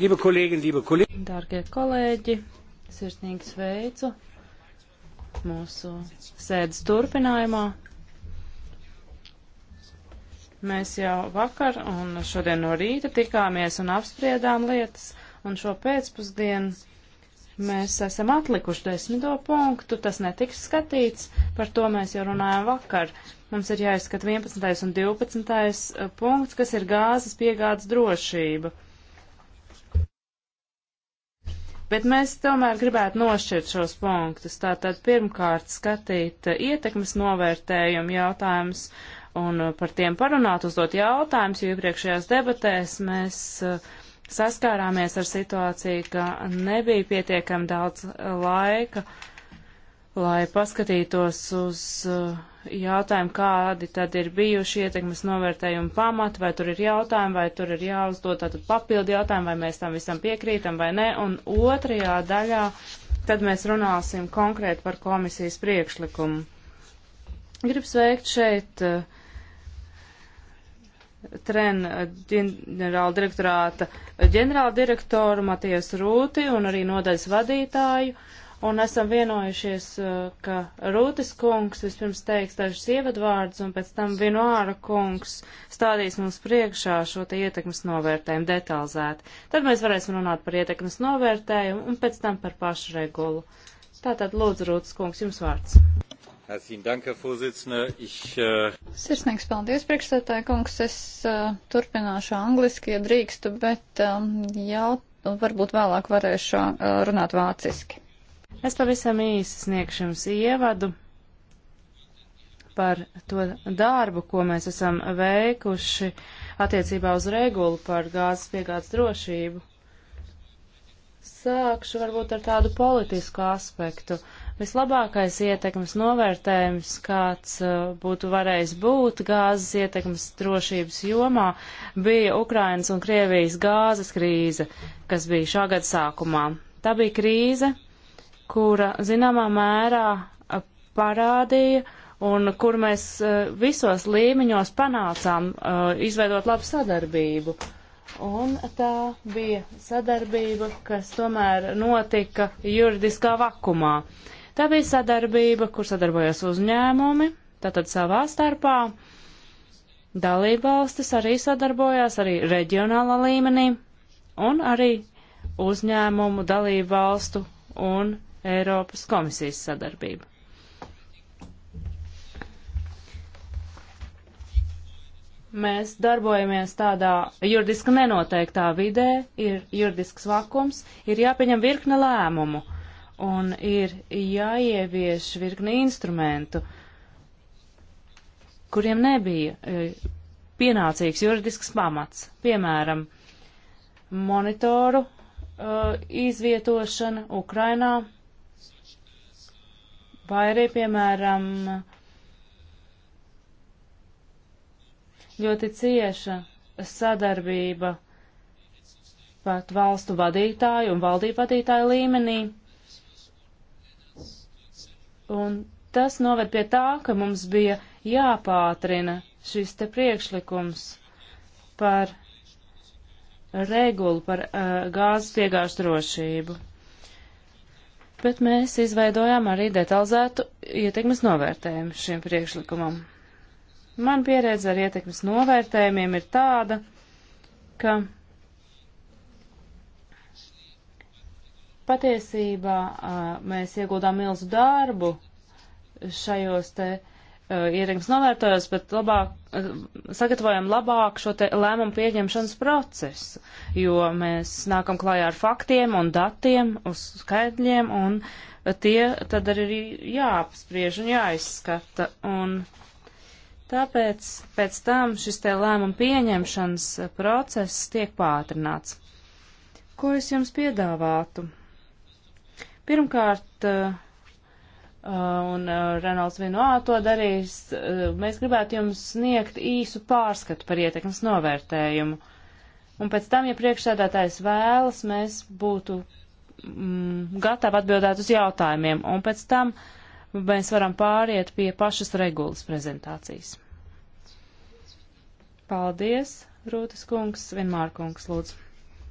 Liebe kolēģi, liebe kolēģi. Dārgie kolēģi, sirsnīgi sveicu mūsu sēdes turpinājumā. Mēs jau vakar un šodien no rīta tikāmies un apspriedām lietas, un šo pēcpusdienu Mēs esam atlikuši desmito punktu, tas netiks skatīts, par to mēs jau runājām vakar. Mums ir jāizskat 11. un 12. Eh, punkts, kas ir gāzes piegādes drošība. Bet mēs tomēr gribētu nošķirt šos punktus. Tātad pirmkārt skatīt ietekmes novērtējumu jautājumus un par tiem parunāt, uzdot jautājumus, jo iepriekšējās debatēs mēs uh, saskārāmies ar situāciju, ka nebija pietiekami daudz laika, lai paskatītos uz uh, jautājumu, kādi tad ir bijuši ietekmes novērtējumi pamati, vai tur ir jautājumi, vai tur ir jāuzdod tātad papildi jautājumi, vai mēs tam visam piekrītam vai nē. Un otrajā daļā tad mēs runāsim konkrēti par komisijas priekšlikumu. Gribu sveikt šeit uh, tren eh, ģenerāla direktorāta ģenerāla direktoru Matiesu Rūti un arī nodaļas vadītāju. Uh, un esam vienojušies, eh, ka Rūtis kungs vispirms teiks dažus ievadvārdus, un pēc tam Vinoāra kungs stādīs mums priekšā šo te ietekmes novērtējumu detalizēti. Tad mēs varēsim runāt par ietekmes novērtējumu un pēc tam par pašu regulu. Tātad lūdzu, Rūtis kungs, jums vārds. Äh, Sirsnīgs paldies, priekšstādāja kungs. Es uh, turpināšu angliski, ja drīkstu, bet um, ähm, jau varbūt vēlāk varēšu uh, runāt vāciski. Es pavisam īsi sniegšu jums ievadu par to darbu, ko mēs esam veikuši attiecībā uz regulu par gāzes piegādes drošību. Sākšu varbūt ar tādu politisku aspektu. Vislabākais ietekmes novērtējums, kāds uh, būtu varējis būt gāzes ietekmes drošības jomā, bija Ukrainas un Krievijas gāzes krīze, kas bija šā gada sākumā. Tā bija krīze, kura zināmā mērā parādīja un kur mēs visos līmeņos panācām izveidot labu sadarbību. Un tā bija sadarbība, kas tomēr notika juridiskā vakumā. Tā bija sadarbība, kur sadarbojas uzņēmumi, tātad savā starpā. Dalībvalstis arī sadarbojās arī reģionālā līmenī un arī uzņēmumu dalībvalstu un Eiropas komisijas sadarbību. Mēs darbojamies tādā juridiski nenoteiktā vidē, ir juridisks vakums, ir jāpieņem virkne lēmumu un ir jāievieš virkne instrumentu, kuriem nebija e, pienācīgs juridisks pamats. Piemēram, monitoru uh, izvietošana Ukrainā Vai arī, piemēram, ļoti cieša sadarbība pat valstu vadītāju un valdību vadītāju līmenī. Un tas noved pie tā, ka mums bija jāpātrina šis te priekšlikums par regulu par uh, gāzes piegāžu drošību bet mēs izveidojām arī detalizētu ietekmes novērtējumu šiem priekšlikumam. Man pieredze ar ietekmes novērtējumiem ir tāda, ka patiesībā mēs ieguldām milzu darbu šajos te uh, Eh, ietekmes novērtējos, bet labāk, eh, sagatavojam labāk šo te lēmumu pieņemšanas procesu, jo mēs nākam klājā ar faktiem un datiem, uz skaidļiem, un tie tad arī jāapspriež un jāizskata. Un tāpēc pēc tam šis te lēmumu pieņemšanas process tiek pātrināts. Ko es jums piedāvātu? Pirmkārt, uh, Uh, un uh, Renalds Vinoā to darīs. Uh, mēs gribētu jums sniegt īsu pārskatu par ietekmes novērtējumu. Un pēc tam, ja priekšsēdētājs vēlas, mēs būtu mm, gatavi atbildēt uz jautājumiem. Un pēc tam mēs varam pāriet pie pašas regulas prezentācijas. Paldies, Rūtis kungs, vienmēr kungs, lūdzu.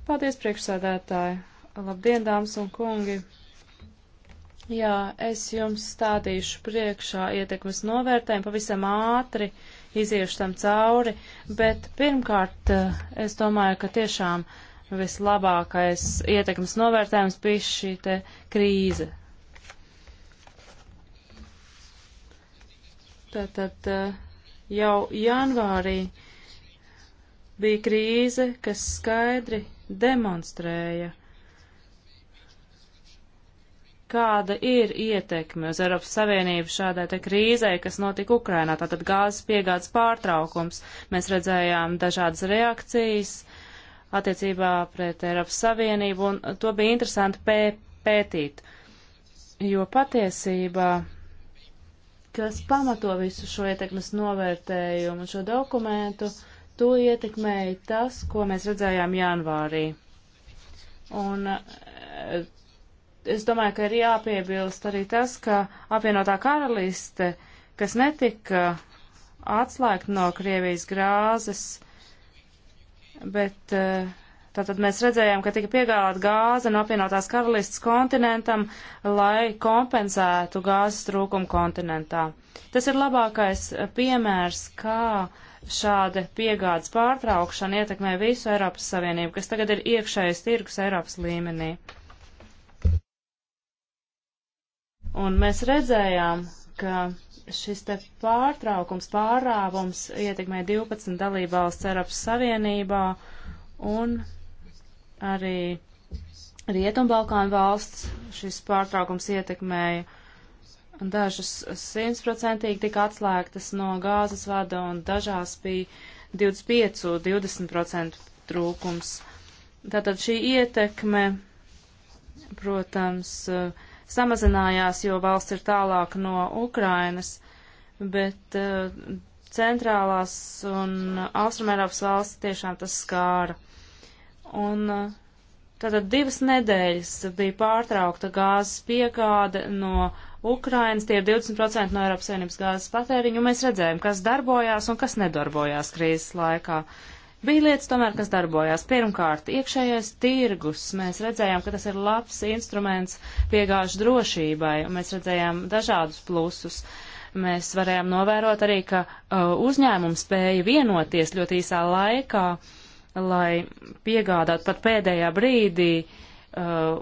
Paldies, priekšsēdētāji. Labdien, dāmas un kungi! Jā, es jums stādīšu priekšā ietekmes novērtējumu, pavisam ātri iziešu tam cauri, bet pirmkārt eh, es domāju, ka tiešām vislabākais ietekmes novērtējums bija šī te krīze. Tātad eh, jau janvārī bija krīze, kas skaidri demonstrēja kāda ir ietekme uz Eiropas Savienību šādai te krīzē, kas notika Ukrainā, tātad gāzes piegādes pārtraukums. Mēs redzējām dažādas reakcijas attiecībā pret Eiropas Savienību, un to bija interesanti pē pētīt, jo patiesībā, kas pamato visu šo ietekmes novērtējumu, šo dokumentu, to ietekmēja tas, ko mēs redzējām janvārī. Un es domāju, ka ir jāpiebilst arī tas, ka apvienotā karaliste, kas netika atslēgt no Krievijas grāzes, bet eh, tātad mēs redzējām, ka tika piegādāt gāze no apvienotās karalistes kontinentam, lai kompensētu gāzes trūkumu kontinentā. Tas ir labākais eh, piemērs, kā šāda piegādes pārtraukšana ietekmē visu Eiropas Savienību, kas tagad ir iekšējais tirgus Eiropas līmenī. Un mēs redzējām, ka šis te pārtraukums, pārāvums ietekmē 12 dalībvalsts Eiropas Savienībā un arī Rietumbalkānu valsts šis pārtraukums ietekmēja. Dažas simtprocentīgi tika atslēgtas no gāzes vada un dažās bija 25-20% trūkums. Tātad šī ietekme, protams, uh, samazinājās, jo valsts ir tālāk no Ukrainas, bet uh, centrālās un austrumēropas valsts tiešām tas skāra. Un uh, tātad divas nedēļas bija pārtraukta gāzes piegāde no Ukrainas, tie ir 20% no Eiropas Savienības gāzes patēriņu, un mēs redzējām, kas darbojās un kas nedarbojās krīzes laikā. Uh, Bija lietas tomēr, kas darbojās. Pirmkārt, iekšējais tirgus. Mēs redzējām, ka tas ir labs instruments piegāžu drošībai, un mēs redzējām dažādus plusus. Mēs varējām novērot arī, ka uh, uzņēmums spēja vienoties ļoti īsā laikā, lai piegādātu pat pēdējā brīdī uh,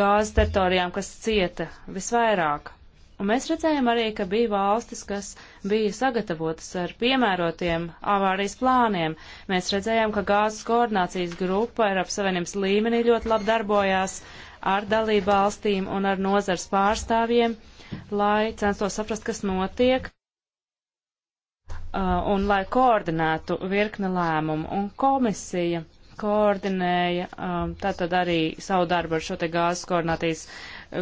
gāzes teritorijām, kas cieta visvairāk. Un mēs redzējām arī, ka bija valstis, kas bija sagatavotas ar piemērotiem avārijas plāniem. Mēs redzējām, ka gāzes koordinācijas grupa Eiropas Savienības līmenī ļoti labi darbojās ar dalību valstīm un ar nozars pārstāvjiem, lai censtos saprast, kas notiek uh, un lai koordinētu virkni lēmumu. Un komisija koordinēja um, tātad arī savu darbu ar šo te gāzes koordinācijas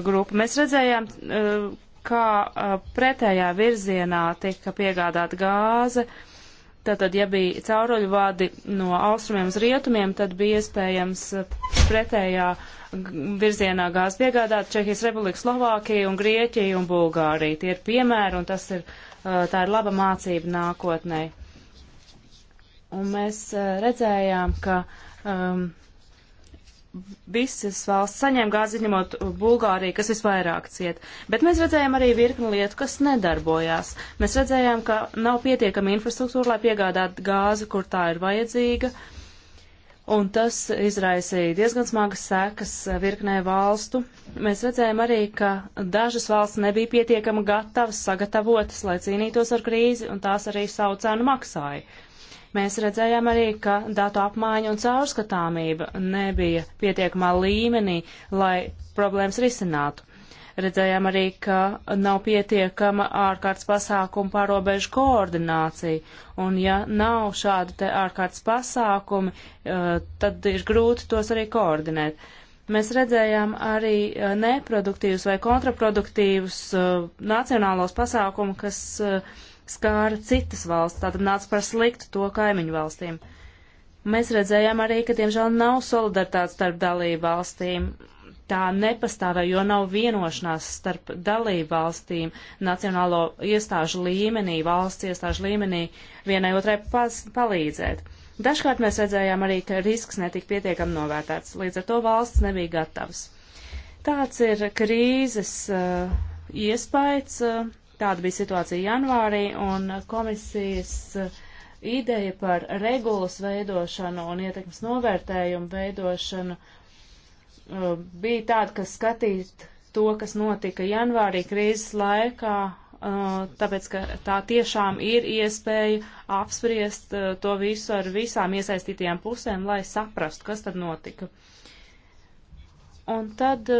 grupu. Mēs redzējām, uh, kā pretējā virzienā tika piegādāta gāze. Tātad, ja bija cauruļu vadi no austrumiem uz rietumiem, tad bija iespējams pretējā virzienā gāzes piegādāt Čehijas Republika, Slovākija un Grieķija un Bulgārija. Tie ir piemēri un tas ir, tā ir laba mācība nākotnē. Un mēs redzējām, ka um, visas valsts saņēma gāzi, izņemot Bulgāriju, kas visvairāk ciet. Bet mēs redzējām arī virkni lietu, kas nedarbojās. Mēs redzējām, ka nav pietiekama infrastruktūra, lai piegādātu gāzi, kur tā ir vajadzīga. Un tas izraisīja diezgan smagas sekas virknē valstu. Mēs redzējām arī, ka dažas valsts nebija pietiekama gatavas, sagatavotas, lai cīnītos ar krīzi, un tās arī savu cenu maksāja. Mēs redzējām arī, ka datu apmaiņa un caurskatāmība nebija pietiekamā līmenī, lai problēmas risinātu. Redzējām arī, ka nav pietiekama ārkārtas pasākuma pārobežu koordinācija, un ja nav šādi te ārkārtas pasākumi, eh, tad ir grūti tos arī koordinēt. Mēs redzējām arī eh, neproduktīvus vai kontraproduktīvus eh, nacionālos pasākumus, kas skāra citas valsts, tātad nāca par sliktu to kaimiņu valstīm. Mēs redzējām arī, ka diemžēl nav solidaritātes starp dalību valstīm. Tā nepastāvēja, jo nav vienošanās starp dalību valstīm, nacionālo iestāžu līmenī, valsts iestāžu līmenī vienai otrai palīdzēt. Dažkārt mēs redzējām arī, ka risks netika pietiekami novērtēts, līdz ar to valsts nebija gatavas. Tāds ir krīzes uh, iespējas. Uh, Tāda bija situācija janvārī, un komisijas uh, ideja par regulas veidošanu un ietekmes novērtējumu veidošanu uh, bija tāda, kas skatīt to, kas notika janvārī krīzes laikā, uh, tāpēc, ka tā tiešām ir iespēja apspriest to visu ar visām iesaistītajām pusēm, lai saprastu, kas tad notika. Un tad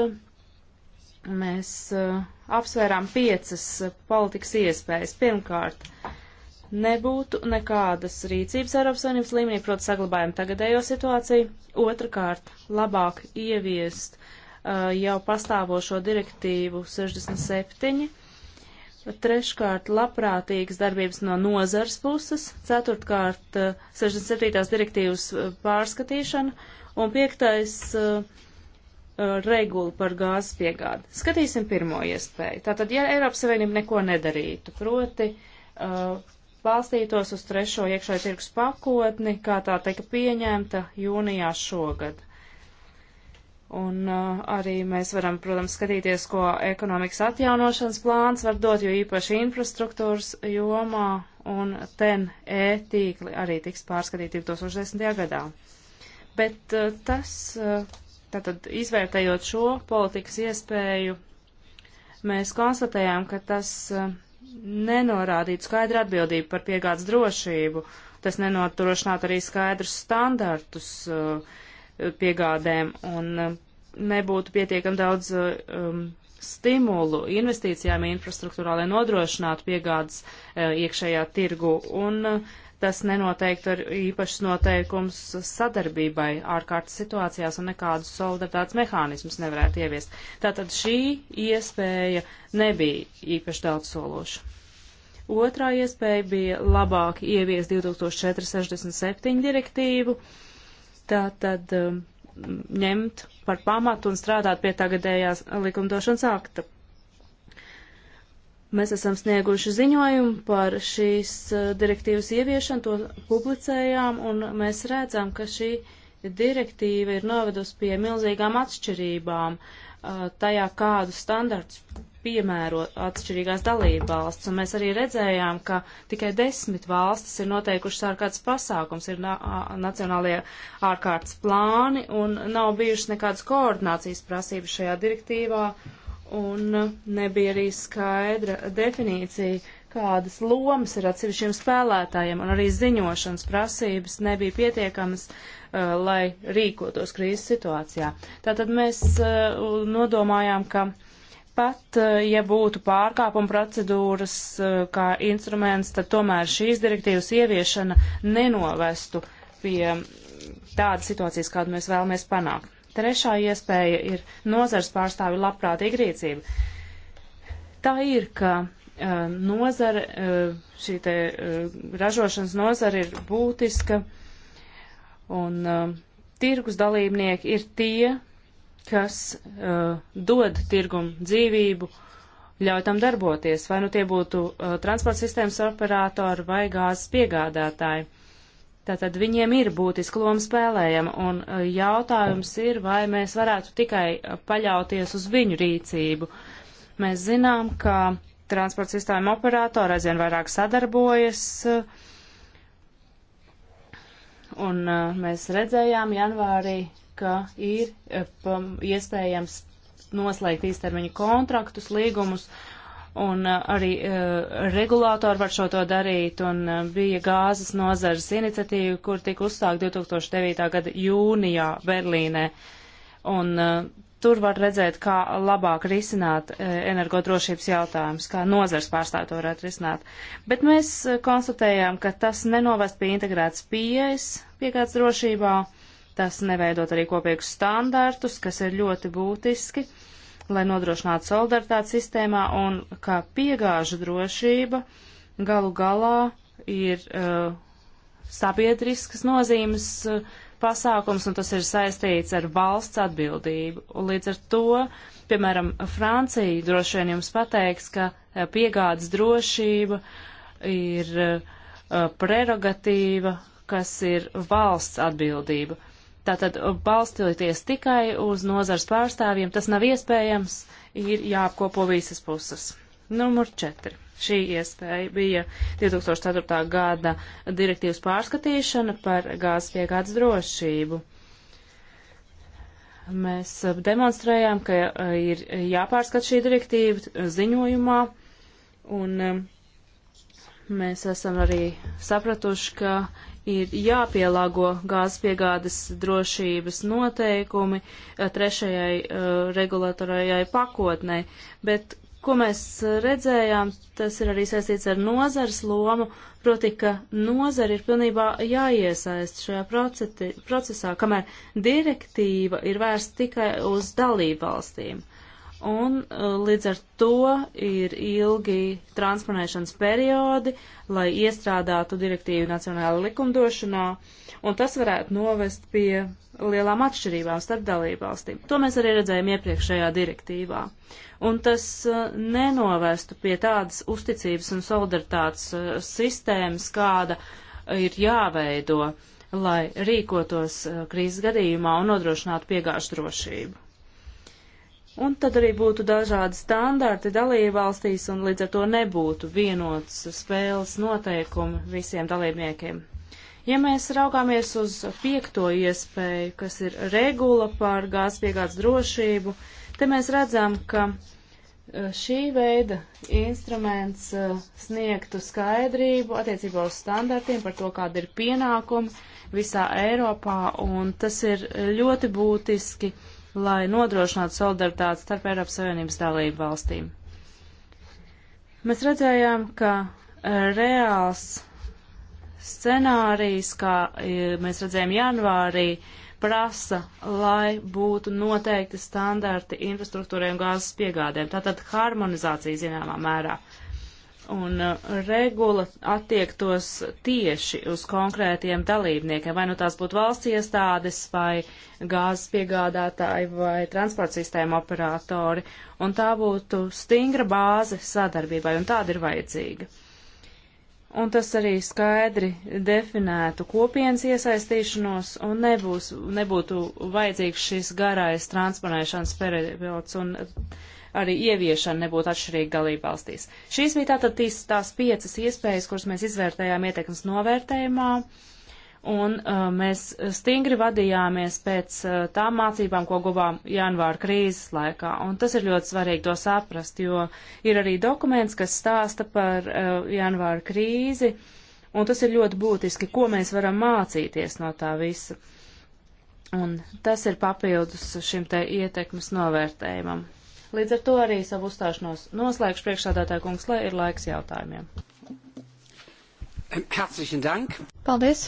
mēs uh, apsvērām piecas politikas iespējas. Pirmkārt, nebūtu nekādas rīcības Eiropas Savienības līmenī, proti saglabājam tagadējo situāciju. Otrakārt, labāk ieviest uh, jau pastāvošo direktīvu 67. Treškārt, labprātīgas darbības no nozars puses. Ceturtkārt, uh, 67. direktīvas uh, pārskatīšana. Un piektais, uh, Uh, regulu par gāzes piegādi. Skatīsim pirmo iespēju. Tātad, ja Eiropas Savienība neko nedarītu, proti uh, balstītos uz trešo iekšēju tirgus pakotni, kā tā tika pieņemta jūnijā šogad. Un uh, arī mēs varam, protams, skatīties, ko ekonomikas atjaunošanas plāns var dot, jo īpaši infrastruktūras jomā un ten E tīkli arī tiks pārskatīti 2010. gadā. Bet uh, tas. Uh, Tātad, izvērtējot šo politikas iespēju, mēs konstatējām, ka tas uh, nenorādītu skaidru atbildību par piegādes drošību, tas nenodrošinātu arī skaidrus standartus uh, piegādēm un uh, nebūtu pietiekam daudz um, stimulu investīcijām infrastruktūrā, lai nodrošinātu piegādes uh, iekšējā tirgu. Un uh, tas nenoteikti ir īpašs noteikums sadarbībai ārkārtas situācijās un nekādus solidaritātes mehānismus nevarētu ieviest. Tātad šī iespēja nebija īpaši daudz sološa. Otrā iespēja bija labāk ieviest 2467 direktīvu, tātad um, ņemt par pamatu un strādāt pie tagadējās likumdošanas akta Mēs esam snieguši ziņojumu par šīs eh, direktīvas ieviešanu, to publicējām, un mēs redzam, ka šī direktīva ir novedusi pie milzīgām atšķirībām eh, tajā, kādu standarts piemēro atšķirīgās dalībvalsts, un mēs arī redzējām, ka tikai desmit valstis ir noteikušas ārkārtas pasākums, ir na nacionālie ārkārtas plāni, un nav bijušas nekādas koordinācijas prasības šajā direktīvā, un nebija arī skaidra definīcija, kādas lomas ir atsevišķiem spēlētājiem, un arī ziņošanas prasības nebija pietiekamas, uh, lai rīkotos krīzes situācijā. Tātad mēs uh, nodomājām, ka pat, uh, ja būtu pārkāpuma procedūras uh, kā instruments, tad tomēr šīs direktīvas ieviešana nenovestu pie tādas situācijas, kādu mēs vēlamies panākt. Trešā iespēja ir nozars pārstāvi labprātīga rīcība. Tā ir, ka uh, nozara, uh, šī te uh, ražošanas nozara ir būtiska un tirgus dalībnieki ir tie, kas dod tirgumu dzīvību, ļauj tam darboties, vai nu tie būtu transporta sistēmas operatori vai gāzes piegādātāji. Tātad viņiem ir būtiska loma spēlējama, un e, jautājums ir, vai mēs varētu tikai e, paļauties uz viņu rīcību. Mēs zinām, ka transporta sistēma operātori aizvien vairāk sadarbojas, e, un mēs redzējām janvārī, ka ir iespējams noslēgt īstermiņa kontraktus, līgumus, uh, un uh, arī uh, regulātori var šo to darīt, un uh, bija gāzes nozares iniciatīva, kur tika uzsākt 2009. gada jūnijā Berlīnē. Un uh, tur var redzēt, kā labāk risināt uh, energodrošības jautājumus, kā nozars pārstāvju to varētu risināt. Bet mēs uh, konstatējām, ka tas nenovest pie integrētas pieejas piegādes drošībā, tas neveidot arī kopīgus standārtus, kas ir ļoti būtiski. Uh, lai nodrošinātu solidaritāti sistēmā un kā piegāžu drošība galu galā ir uh, sabiedriskas nozīmes uh, pasākums un tas ir saistīts ar valsts atbildību. Un līdz ar to, piemēram, Francija droši vien jums pateiks, ka uh, piegādes drošība ir uh, prerogatīva, kas ir valsts atbildība. Tātad uh, balstoties tikai uz nozars pārstāvjiem, tas nav iespējams, ir jāapkopo visas puses. Numur 4. Šī iespēja bija 2004. gada direktīvas pārskatīšana par gāzes piegādes drošību. Mēs uh, demonstrējām, ka uh, ir jāpārskat šī direktīva ziņojumā, un um, mēs esam arī sapratuši, ka ir jāpielāgo gāzes piegādes drošības noteikumi eh, trešajai uh, eh, regulatorajai pakotnei, bet ko mēs eh, redzējām, tas ir arī saistīts ar nozares lomu, proti, ka nozara ir pilnībā jāiesaist šajā procesi, procesā, kamēr direktīva ir vērsta tikai uz dalību valstīm. Uh, un uh, līdz ar to ir ilgi transponēšanas periodi, lai iestrādātu direktīvu nacionālajā likumdošanā, un tas varētu novest pie lielām atšķirībām starp dalībvalstīm. To mēs arī redzējām iepriekšējā direktīvā. Un tas uh, nenovestu pie tādas uzticības un solidaritātes uh, sistēmas, kāda ir jāveido, lai rīkotos krīzes gadījumā un nodrošinātu piegāžu drošību. Un tad arī būtu dažādi standarti dalībvalstīs, un līdz ar to nebūtu vienots spēles noteikumi visiem dalībniekiem. Ja mēs raugāmies uz piekto iespēju, kas ir regula par gāzes piegādes drošību, te mēs redzam, ka e, šī veida instruments e, sniegtu skaidrību attiecībā uz standartiem par to, kāda ir pienākuma visā Eiropā, un tas ir ļoti būtiski lai nodrošinātu solidaritāti starp Eiropas Savienības dalību valstīm. Mēs redzējām, ka e, reāls scenārijs, kā e, mēs redzējām janvārī, prasa, lai būtu noteikti standarti infrastruktūrai un gāzes piegādēm. Tātad harmonizācija zināmā mērā. Uh, un uh, regula attiektos tieši uz konkrētiem dalībniekiem, vai nu tās būtu valsts iestādes, vai gāzes piegādātāji, vai transporta sistēma operatori, un tā būtu stingra bāze sadarbībai, un tāda ir vajadzīga. Un tas arī skaidri definētu kopienas iesaistīšanos, un nebūs, nebūtu vajadzīgs šis garais transponēšanas periods. Un, uh, arī ieviešana nebūtu atšķirīga dalība valstīs. Šīs bija tātad tīs, tās piecas iespējas, kuras mēs izvērtējām ietekmes novērtējumā. Un uh, mēs stingri vadījāmies pēc uh, tām mācībām, ko guvām janvāra krīzes laikā. Un tas ir ļoti svarīgi to saprast, jo ir arī dokuments, kas stāsta par uh, janvāra krīzi, un tas ir ļoti būtiski, ko mēs varam mācīties no tā visa. Un tas ir papildus šim te ietekmes novērtējumam. Līdz ar to arī savu uzstāšanos noslēgšu priekšsādātāju kungs, lai ir laiks jautājumiem. Herzlichen Dank! Paldies!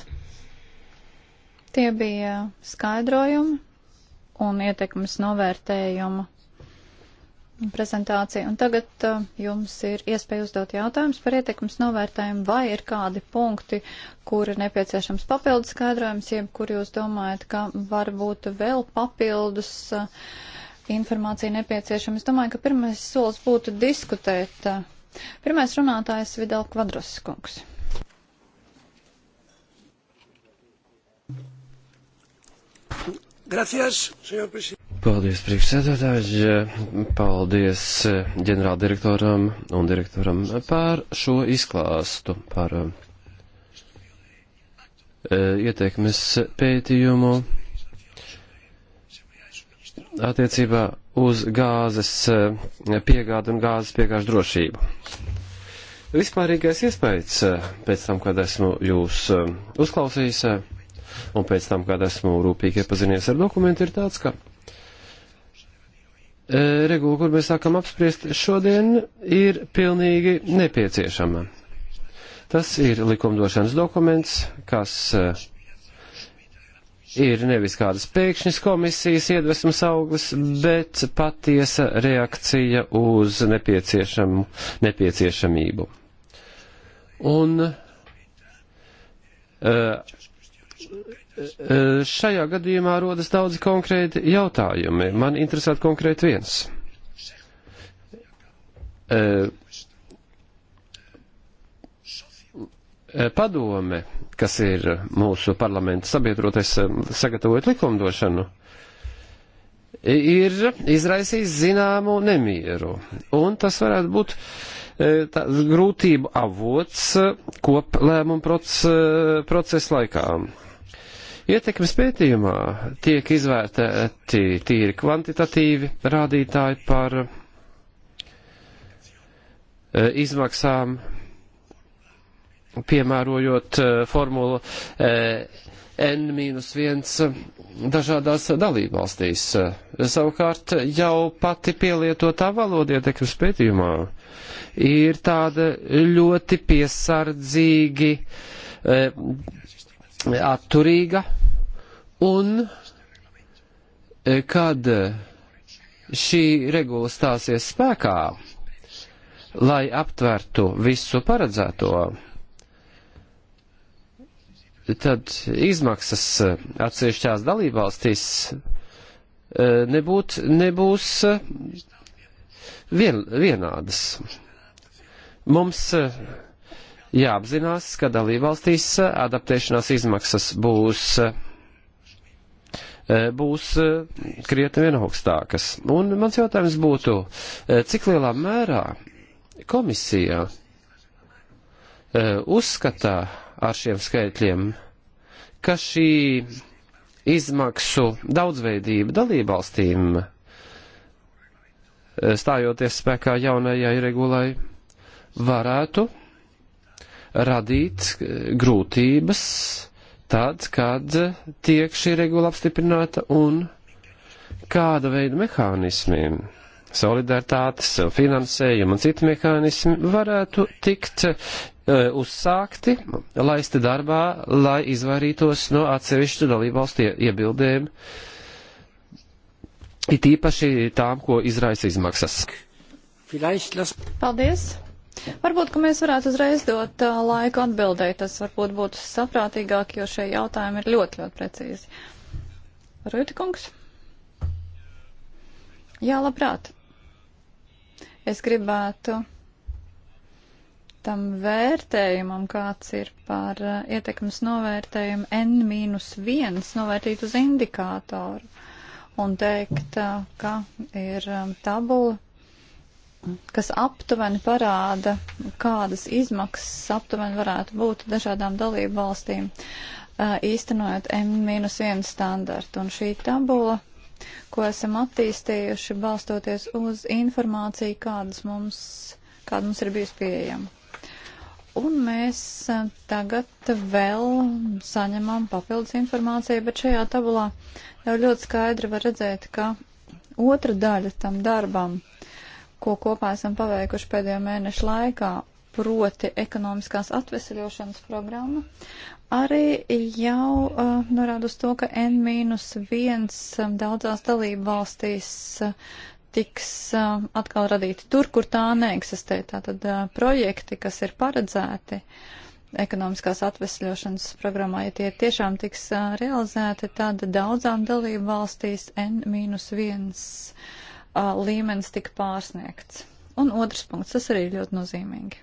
Tie bija skaidrojumi un ietekmes novērtējuma prezentācija. Un tagad uh, jums ir iespēja uzdot jautājumus par ietekmes novērtējumu, vai ir kādi punkti, kur ir nepieciešams papildus skaidrojums, jeb kur jūs domājat, ka varbūt vēl papildus uh, informācija nepieciešama. Es domāju, ka pirmais solis būtu diskutēt. Pirmais runātājs Vidal Kvadraskungs. Gracias, señor presidente. Paldies, priekšsēdētāji. Paldies ģenerāldirektoram un direktoram par šo izklāstu, par eh, ieteikmes pētījumu attiecībā uz gāzes eh, piegādu un gāzes piegāžu drošību. Vispārīgais iespējas eh, pēc tam, kad esmu jūs eh, uzklausījis un pēc tam, kad esmu rūpīgi iepazinies ar dokumentu, ir tāds, ka regula, kur mēs sākam apspriest šodien, ir pilnīgi nepieciešama. Tas ir likumdošanas dokuments, kas ir nevis kādas pēkšņas komisijas iedvesmas auglis, bet patiesa reakcija uz nepieciešam, nepieciešamību. Un eh, eh, šajā gadījumā rodas daudzi konkrēti jautājumi. Man interesētu konkrēti viens. Eh, Eh, padome, kas ir mūsu parlamenta sabiedrotais eh, sagatavojot likumdošanu, ir izraisījis zināmu nemieru. Un tas varētu būt eh, tā, grūtību avots koplēmumu proc, procesa laikā. Ietekmes pētījumā tiek izvērtēti tīri kvantitatīvi rādītāji par izmaksām piemērojot eh, formulu eh, N-1 dažādās dalībvalstīs. Savukārt jau pati pielietotā valoda ietekmes pētījumā ir tāda ļoti piesardzīgi eh, atturīga un kad šī regula stāsies spēkā, lai aptvertu visu paredzēto, tad izmaksas eh, atsevišķās dalībvalstīs eh, nebūt, nebūs eh, vien, vienādas. Mums jāapzinās, ka dalībvalstīs adaptēšanās izmaksas būs, būs krietni vien augstākas. Un mans jautājums būtu, cik lielā mērā komisija uzskatā, ar šiem skaitļiem, ka šī izmaksu daudzveidība dalībvalstīm eh, stājoties spēkā jaunajai regulai varētu radīt eh, grūtības tad, kad tiek šī regula apstiprināta un kāda veida mehānismiem, solidaritātes, finansējuma un citi mehānismi varētu tikt E, uzsākti, laisti darbā, lai izvairītos no atsevišķu dalībvalstu iebildēm, it īpaši tām, ko izraisa izmaksas. Paldies! Varbūt, ka mēs varētu uzreiz dot uh, laiku atbildēt, tas varbūt būtu saprātīgāk, jo šie jautājumi ir ļoti, ļoti precīzi. Rūtikungs? Jā, labprāt. Es gribētu tam vērtējumam, kāds ir par uh, ietekmes novērtējumu N-1 novērtīt uz indikātoru un teikt, uh, ka ir um, tabula, kas aptuveni parāda, kādas izmaksas aptuveni varētu būt dažādām dalību valstīm uh, īstenojot N-1 standartu. Un šī tabula ko esam attīstījuši, balstoties uz informāciju, kādas mums, kāda mums ir bijusi pieejama. Un mēs eh, tagad vēl saņemam papildus informāciju, bet šajā tabulā jau ļoti skaidri var redzēt, ka otra daļa tam darbam, ko kopā esam paveikuši pēdējo mēnešu laikā, proti ekonomiskās atvesaļošanas programma, arī jau uh, norāda uz to, ka N-1 daudzās dalību valstīs uh, tiks uh, atkal radīti tur, kur tā neeksistē. Tātad uh, projekti, kas ir paredzēti ekonomiskās atvesļošanas programmā, ja tie tiešām tiks uh, realizēti, tad daudzām dalību valstīs N-1 līmenis tika pārsniegts. Un otrs punkts, tas arī ļoti nozīmīgi.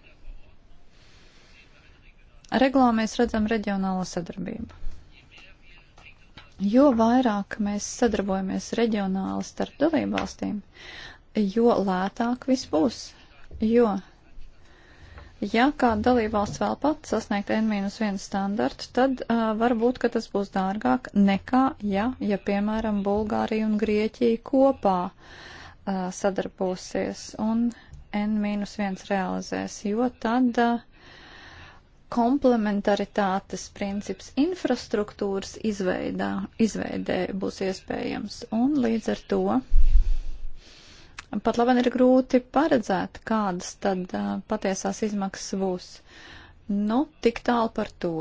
Regulā mēs redzam reģionālo sadarbību. Jo vairāk mēs sadarbojamies reģionāli starp dalībvalstīm, jo lētāk viss būs. Jo, ja kāda dalībvalsts vēl pats sasniegt N-1 standartu, tad uh, varbūt, ka tas būs dārgāk nekā, ja, ja piemēram, Bulgārija un Grieķija kopā uh, sadarbosies un N-1 realizēs, jo tad uh, komplementaritātes princips infrastruktūras izveidā, izveidē būs iespējams. Un līdz ar to pat labam ir grūti paredzēt, kādas tad uh, patiesās izmaksas būs. Nu, tik tālu par to.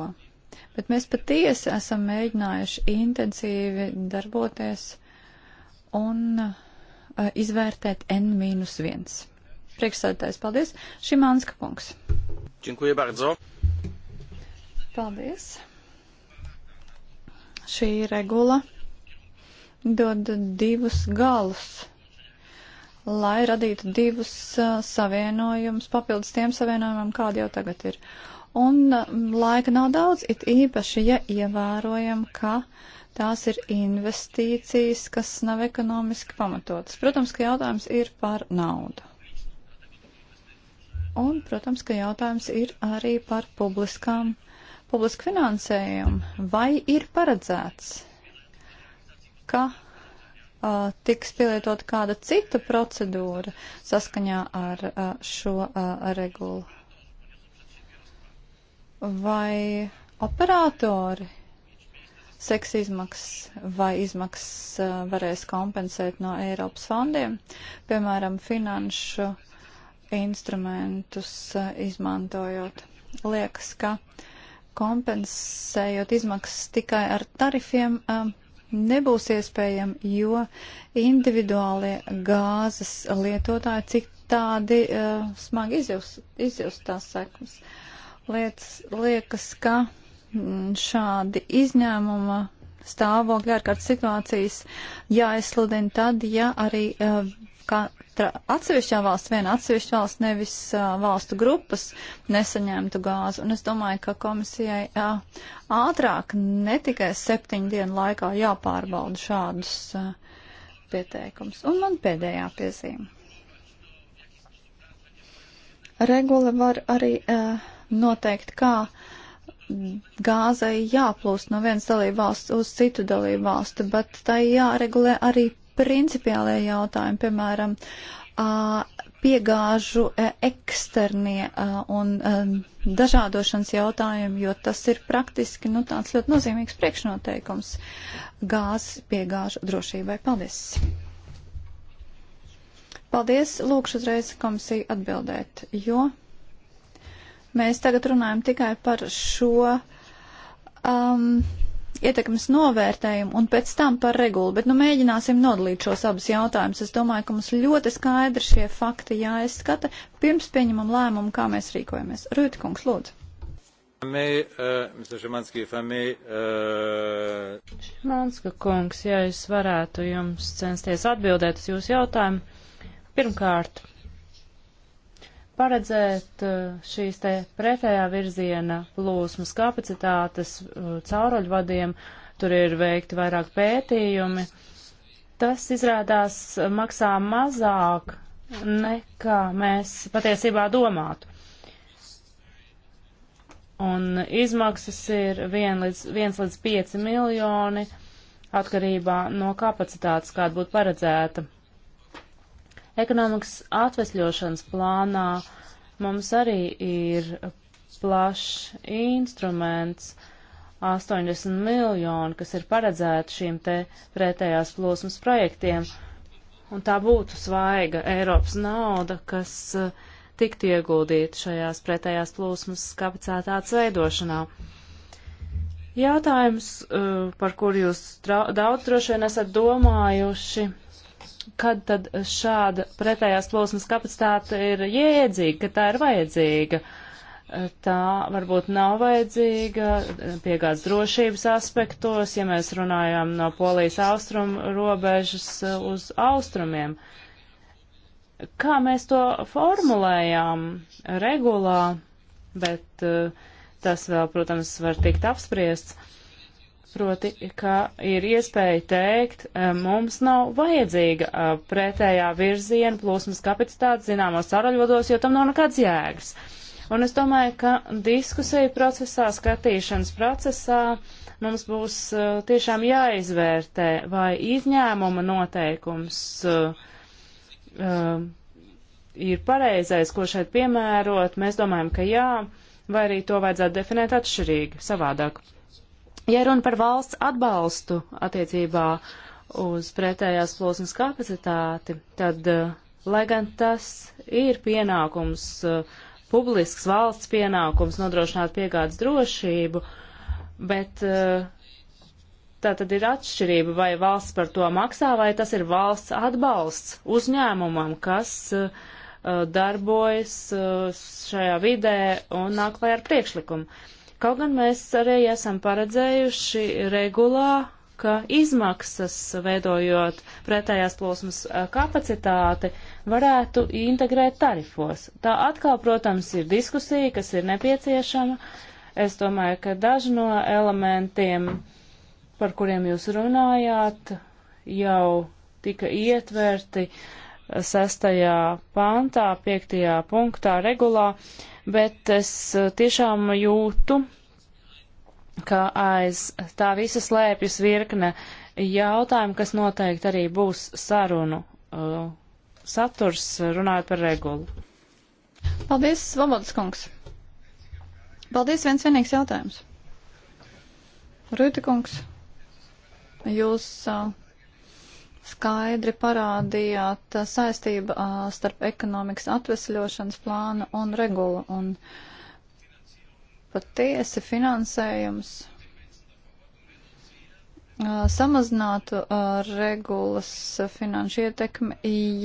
Bet mēs patiesi esam mēģinājuši intensīvi darboties un uh, izvērtēt N-1. Priekšsēdētājs, paldies. Šimanska kungs. Dziękuję bardzo. Paldies. Šī regula dod divus galus, lai radītu divus uh, savienojumus papildus tiem savienojumam, kādi jau tagad ir. Un uh, laika nav daudz, it īpaši, ja ievērojam, ka tās ir investīcijas, kas nav ekonomiski pamatotas. Protams, ka jautājums ir par naudu. Un, protams, ka jautājums ir arī par publiskām uh, publisku finansējumu, vai ir paredzēts, ka uh, tiks pielietot kāda cita procedūra saskaņā ar uh, šo uh, regulu? Vai operatori seks izmaksas vai izmaksas uh, varēs kompensēt no Eiropas fondiem, piemēram, finanšu instrumentus uh, izmantojot? Liekas, ka uh, kompensējot izmaksas tikai ar tarifiem, um, nebūs iespējami, jo individuālie gāzes lietotāji cik tādi uh, smagi izjust, izjust tās sekmes. Lietas, liekas, ka mm, šādi izņēmuma stāvokļi ārkārtas situācijas jāizsludina tad, ja arī uh, kā katra atsevišķā valsts, viena atsevišķa valsts, nevis uh, valstu grupas nesaņemtu gāzi. Un es domāju, ka komisijai uh, ātrāk ne tikai septiņu dienu laikā jāpārbauda šādus uh, pieteikums. Un man pēdējā piezīme. Regula var arī uh, noteikt, kā gāzai jāplūst no vienas dalību valsts uz citu dalību valsti, bet tai jāregulē arī principiālie jautājumi, piemēram, piegāžu eksternie un dažādošanas jautājumi, jo tas ir praktiski nu, tāds ļoti nozīmīgs priekšnoteikums gāzes piegāžu drošībai. Paldies! Paldies! Lūkšu uzreiz komisiju atbildēt, jo mēs tagad runājam tikai par šo. Um, ietekmes novērtējumu un pēc tam par regulu, bet nu mēģināsim nodalīt šos abus jautājumus. Es domāju, ka mums ļoti skaidri šie fakti jāizskata pirms pieņemam lēmumu, kā mēs rīkojamies. Rūtkungs, lūdzu. Šimanska kungs, ja es varētu jums censties atbildēt uz jūsu jautājumu. Pirmkārt, paredzēt uh, šīs te pretējā virziena plūsmas kapacitātes uh, cauruļvadiem, tur ir veikti vairāk pētījumi. Tas izrādās maksā mazāk nekā mēs patiesībā domātu. Un izmaksas ir 1 līdz, 1 līdz 5 miljoni atkarībā no kapacitātes, kāda būtu paredzēta. Ekonomikas atvesļošanas plānā mums arī ir plašs instruments 80 miljoni, kas ir paredzēti šīm te pretējās plosmas projektiem, un tā būtu svaiga Eiropas nauda, kas eh, tiktu ieguldīta šajās pretējās plosmas kapacitātes veidošanā. Jautājums, eh, par kur jūs daudz droši vien esat domājuši, kad tad šāda pretējās plosmas kapacitāte ir jēdzīga, ka tā ir vajadzīga. Tā varbūt nav vajadzīga piegādes drošības aspektos, ja mēs runājam no polijas austrumu robežas uz austrumiem. Kā mēs to formulējām regulā, bet eh, tas vēl, protams, var tikt apspriests proti, ka ir iespēja teikt, e, mums nav vajadzīga e, pretējā virziena plūsmas kapacitāte zināmos saraļvados, jo tam nav nekāds jēgas. Un es domāju, ka diskusiju procesā, skatīšanas procesā mums būs e, tiešām jāizvērtē, vai izņēmuma noteikums ir pareizais, ko šeit piemērot. Mēs domājam, ka jā, vai arī to vajadzētu definēt atšķirīgi, savādāk. Ja runa par valsts atbalstu attiecībā uz pretējās plosnes kapacitāti, tad, eh, lai gan tas ir pienākums, eh, publisks valsts pienākums nodrošināt piegādes drošību, bet eh, tā tad ir atšķirība, vai valsts par to maksā, vai tas ir valsts atbalsts uzņēmumam, kas darbojas šajā vidē un nāk klajā ar priekšlikumu. Kaut gan mēs arī esam paredzējuši regulā, ka izmaksas, veidojot pretējās plosmas kapacitāti, varētu integrēt tarifos. Tā atkal, protams, ir diskusija, kas ir nepieciešama. Es domāju, ka daži no elementiem, par kuriem jūs runājāt, jau tika ietverti sestajā pāntā, piektajā punktā regulā. Uh, bet es eh, tiešām jūtu, ka aiz tā visa slēpjas virkne jautājumu, kas noteikti arī būs sarunu uh, saturs, runājot par regulu. Paldies, Svobodas kungs. Paldies, viens vienīgs jautājums. Rūti kungs, jūs uh, skaidri parādījāt uh, saistību uh, starp ekonomikas atvesļošanas plānu un regulu. Un patiesi finansējums uh, samazinātu regulas finanšu ietekmi,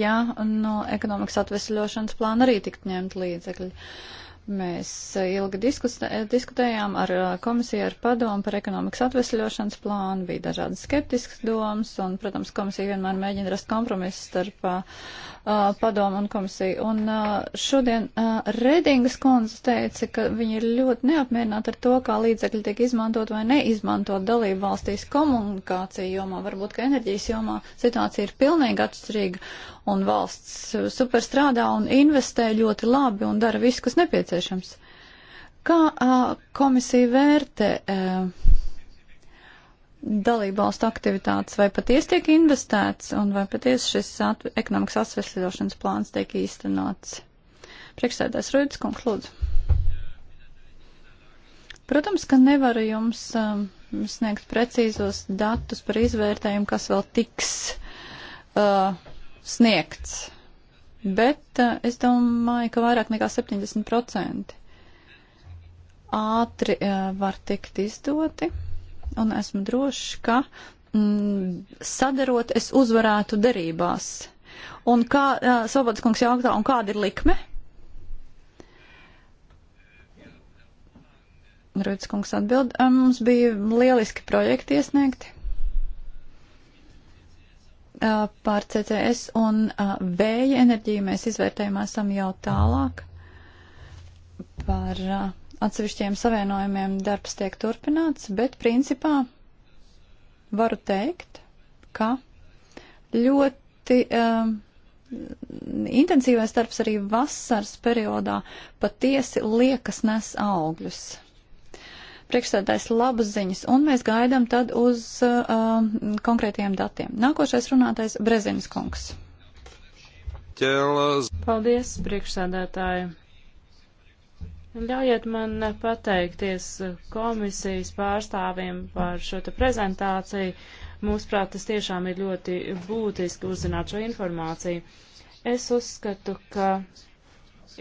ja no ekonomikas atvesļošanas plāna arī tiktu ņemt līdzekļi. Uh, Mēs eh, ilgi eh, diskutējām ar eh, komisiju, ar padomu par ekonomikas atvesļošanas plānu, bija dažādas skeptiskas domas, un, protams, komisija vienmēr mēģina rast kompromisu starp uh, padomu un komisiju. Un uh, šodien uh, Redingas kundze teica, ka viņi ir ļoti neapmierināti ar to, kā līdzekļi tiek izmantot vai neizmantot dalību valstīs komunikāciju jomā, varbūt, ka enerģijas jomā situācija ir pilnīgi atšķirīga, un valsts superstrādā un investē ļoti labi un dara visu, kas nepieciešams. Kā uh, komisija vērtē uh, dalībvalstu aktivitātes, vai patiesi tiek investēts un vai patiesi šis at ekonomikas atvesļošanas plāns tiek īstenots? Priekšsēdājs Rūdis Kungs, lūdzu. Protams, ka nevaru jums um, sniegt precīzos datus par izvērtējumu, kas vēl tiks uh, sniegts. Bet uh, es domāju, ka vairāk nekā 70% ātri uh, var tikt izdoti, un esmu drošs, ka mm, sadarot es uzvarētu derībās. Un kā uh, eh, Svobodas kungs jautā, un kāda ir likme? Rūtas kungs atbild, mums bija lieliski projekti iesniegti par CCS un vēja enerģiju mēs izvērtējumā esam jau tālāk par atsevišķiem savienojumiem darbs tiek turpināts, bet principā varu teikt, ka ļoti um, intensīvais darbs arī vasaras periodā patiesi liekas nes augļus priekšsēdājs labas ziņas, un mēs gaidām tad uz uh, um, konkrētiem datiem. Nākošais runātais Brezins kungs. Ķēlas. Paldies, priekšsēdētāji. Ļaujiet man pateikties komisijas pārstāvim par šo te prezentāciju. Mūsuprāt, tas tiešām ir ļoti būtiski uzzināt šo informāciju. Es uzskatu, ka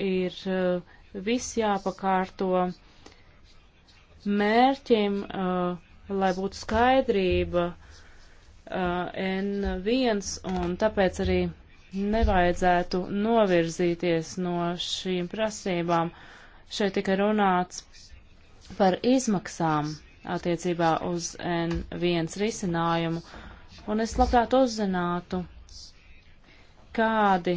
ir uh, viss jāpakārto. Uh, mērķim, uh, lai būtu skaidrība uh, N1, un tāpēc arī nevajadzētu novirzīties no šīm prasībām. Šeit tika runāts par izmaksām attiecībā uz N1 risinājumu, un es labprāt uzzinātu, kādi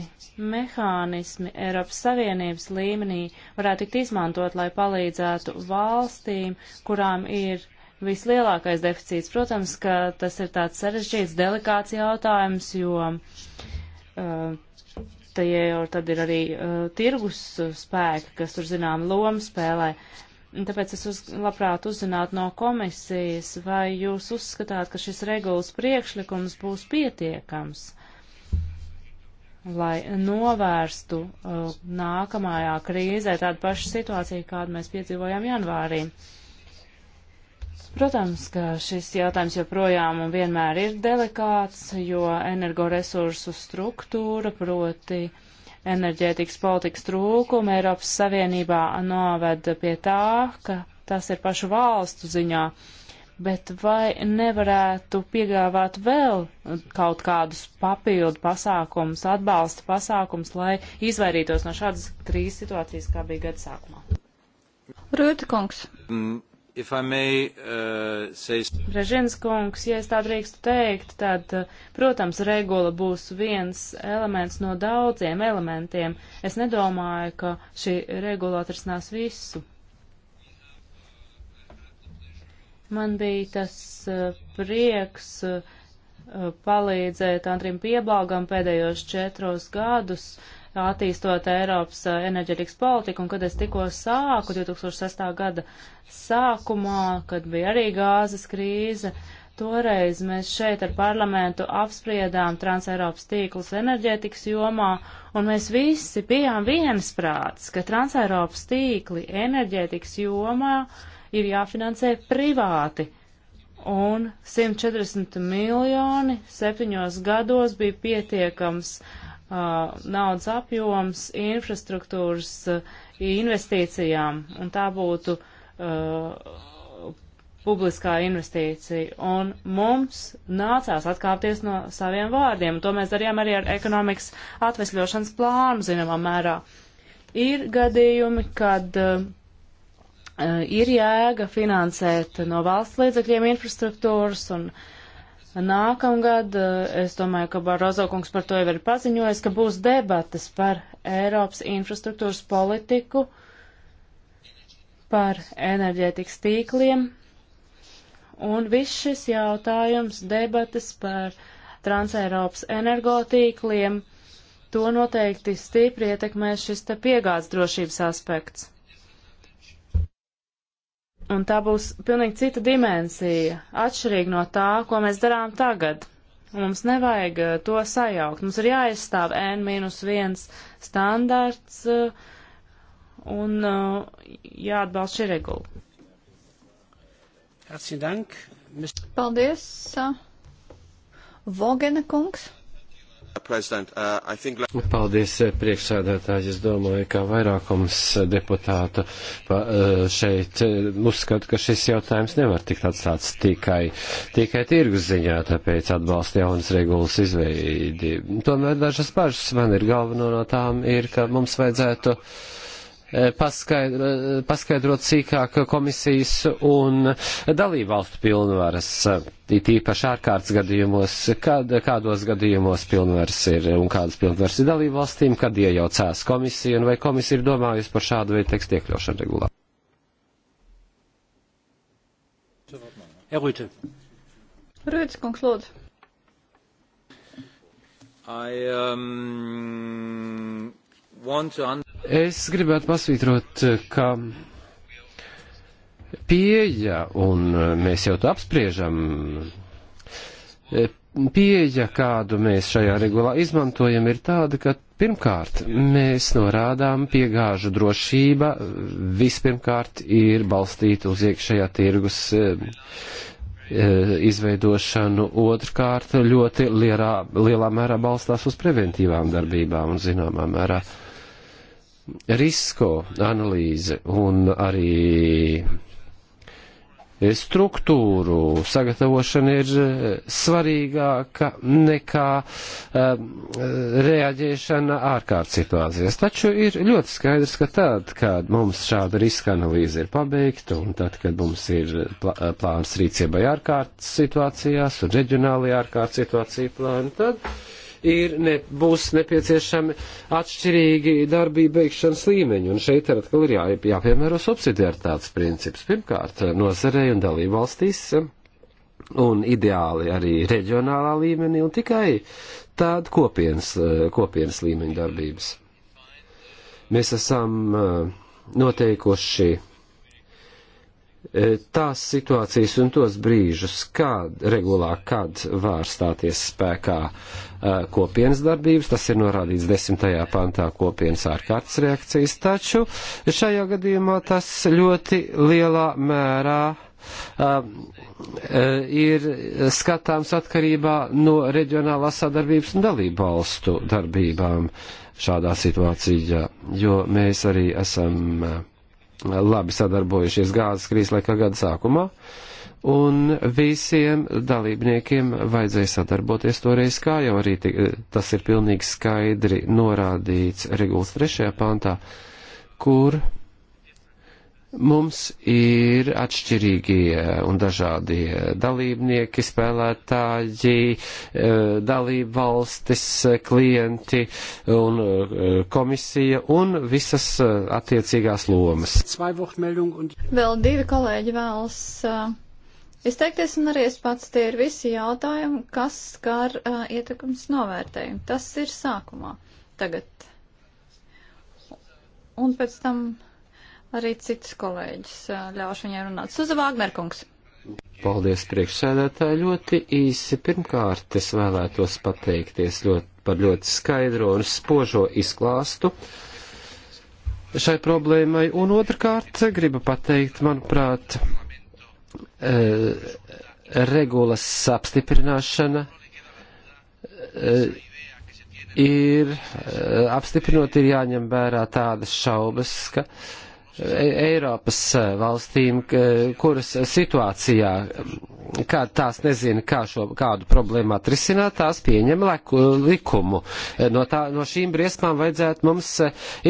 mehānismi Eiropas Savienības līmenī varētu tikt izmantot, lai palīdzētu valstīm, kurām ir vislielākais deficīts. Protams, ka tas ir tāds sarežģīts, delikāts jautājums, jo uh, tajā jau tad ir arī uh, tirgus spēki, kas tur zinām lomu spēlē. Tāpēc es uz, labprāt uzzinātu no komisijas, vai jūs uzskatāt, ka šis regulas priekšlikums būs pietiekams lai novērstu uh, nākamajā krīzē tādu pašu situāciju, kādu mēs piedzīvojām janvārī. Protams, ka šis jautājums joprojām un vienmēr ir delikāts, jo energoresursu struktūra, proti enerģētikas politikas trūkuma Eiropas Savienībā noved pie tā, ka tas ir pašu valstu ziņā. Uh, bet vai nevarētu piegāvāt vēl kaut kādus papildu pasākumus, atbalsta pasākumus, lai izvairītos no šādas krīzes situācijas, kā bija gada sākumā? Rūta kungs. Mm. May, uh, say... Brežins kungs, ja es tā drīkstu teikt, tad, uh, protams, regula būs viens elements no daudziem elementiem. Es nedomāju, ka šī regula atrisinās visu. Man bija tas eh, prieks eh, palīdzēt Andrim Piebalgam pēdējos četros gadus, attīstot Eiropas eh, enerģetikas politiku, un kad es tikko sāku 2006. gada sākumā, kad bija arī gāzes krīze, toreiz mēs šeit ar parlamentu apspriedām Transeiropas tīklus enerģetikas jomā, un mēs visi bijām viensprāts, ka Transeiropas tīkli enerģetikas jomā uh, ir jāfinansē privāti. Un 140 miljoni septiņos gados bija pietiekams uh, naudas apjoms infrastruktūras uh, investīcijām, un tā būtu uh, publiskā investīcija. Un mums nācās atkāpties no saviem vārdiem. To mēs darījām arī ar ekonomikas atvesļošanas plānu, zināmā mērā. Ir gadījumi, kad uh, Eh, ir jēga finansēt no valsts līdzekļiem infrastruktūras un nākamgad, eh, es domāju, ka Barozo kungs par to jau ir paziņojis, ka būs debatas par Eiropas infrastruktūras politiku, par enerģētikas tīkliem, un viss šis jautājums debatas par Transeiropas energotīkliem, to noteikti stipri ietekmēs šis te piegādes drošības aspekts. Un tā būs pilnīgi cita dimensija, atšķirīga no tā, ko mēs darām tagad. Un mums nevajag uh, to sajaukt. Mums ir jāizstāv N-1 standarts uh, un uh, jāatbalsta šī regula. Paldies, Vogena kungs. Uh, Paldies, eh, priekšsēdētāji. Es domāju, ka vairākums eh, deputātu eh, šeit uzskata, ka šis jautājums nevar tikt atstāts tikai, tikai tirgus ziņā, tāpēc atbalsta jaunas regulas izveidi. Tomēr dažas pašas man ir galveno no tām ir, ka mums vajadzētu. Uh, Eh, paskaidrot, eh, paskaidrot sīkāk komisijas un dalībvalstu pilnvaras, eh, it īpaši ārkārtas gadījumos, kad, kādos gadījumos pilnvaras ir un kādas pilnvaras ir dalībvalstīm, kad iejaucās komisija un vai komisija ir domājusi par šādu veidu tekstu iekļaušanu regulā. Herr Rüte. Rüte, kungs, lūdzu. I um, want to Es gribētu pasvītrot, ka pieeja, un mēs jau to apspriežam, pieeja, kādu mēs šajā regulā izmantojam, ir tāda, ka pirmkārt mēs norādām piegāžu drošība vispirmkārt ir balstīta uz iekšējā tirgus e, izveidošanu, otrkārt ļoti lielā, lielā mērā balstās uz preventīvām darbībām un zināmā mērā. Uh, risko analīze un arī e, struktūru sagatavošana ir e, svarīgāka nekā um, reaģēšana ārkārtas situācijas. Taču ir ļoti skaidrs, ka tad, kad mums šāda riska analīze ir pabeigta un tad, kad mums ir plā plāns rīcībai ārkārtas situācijās un reģionālajā ārkārtas situācija plāna, tad ir, ne, būs nepieciešami atšķirīgi darbība beigšanas līmeņi, un šeit ir atkal ir jā, jāpiemēro subsidiaritātes princips. Pirmkārt, nozarei un dalību valstīs, un ideāli arī reģionālā līmenī, un tikai tāda kopienas, kopienas līmeņa darbības. Mēs esam eh, noteikuši E, tās situācijas un tos brīžus, kad regulā, kad var stāties spēkā e, kopienas darbības, tas ir norādīts desmitajā pantā kopienas ārkārtas reakcijas, taču šajā gadījumā tas ļoti lielā mērā e, ir skatāms atkarībā no reģionālās sadarbības un dalību valstu darbībām šādā situācijā, jo mēs arī esam labi sadarbojušies gāzes krīzes laikā gada sākumā, un visiem dalībniekiem vajadzēja sadarboties toreiz, kā jau arī tas ir pilnīgi skaidri norādīts regulas trešajā pantā, kur Mums ir atšķirīgie eh, un dažādie eh, dalībnieki, spēlētāji, eh, dalību valstis, klienti un komisija un visas attiecīgās lomas. Vēl divi kolēģi vēlas izteikties un arī es pats tie ir visi jautājumi, kas skar ietekmes novērtējumu. Tas ir sākumā tagad. Un pēc tam arī citus kolēģus ļaušu viņai runāt. Suza Vāgnerkungs. Paldies priekšsēdētāji ļoti īsi. Pirmkārt, es vēlētos pateikties ļoti, par ļoti skaidro un spožo izklāstu šai problēmai. Un otrkārt, gribu pateikt, manuprāt, e, regulas apstiprināšana e, ir e, apstiprinot ir jāņem vērā tādas šaubas, ka e, E, Eiropas e, valstīm, kuras situācijā, kad tās nezina, kā šo, kādu problēmu atrisināt, tās pieņem leku, likumu. E, no, tā, no šīm briesmām vajadzētu mums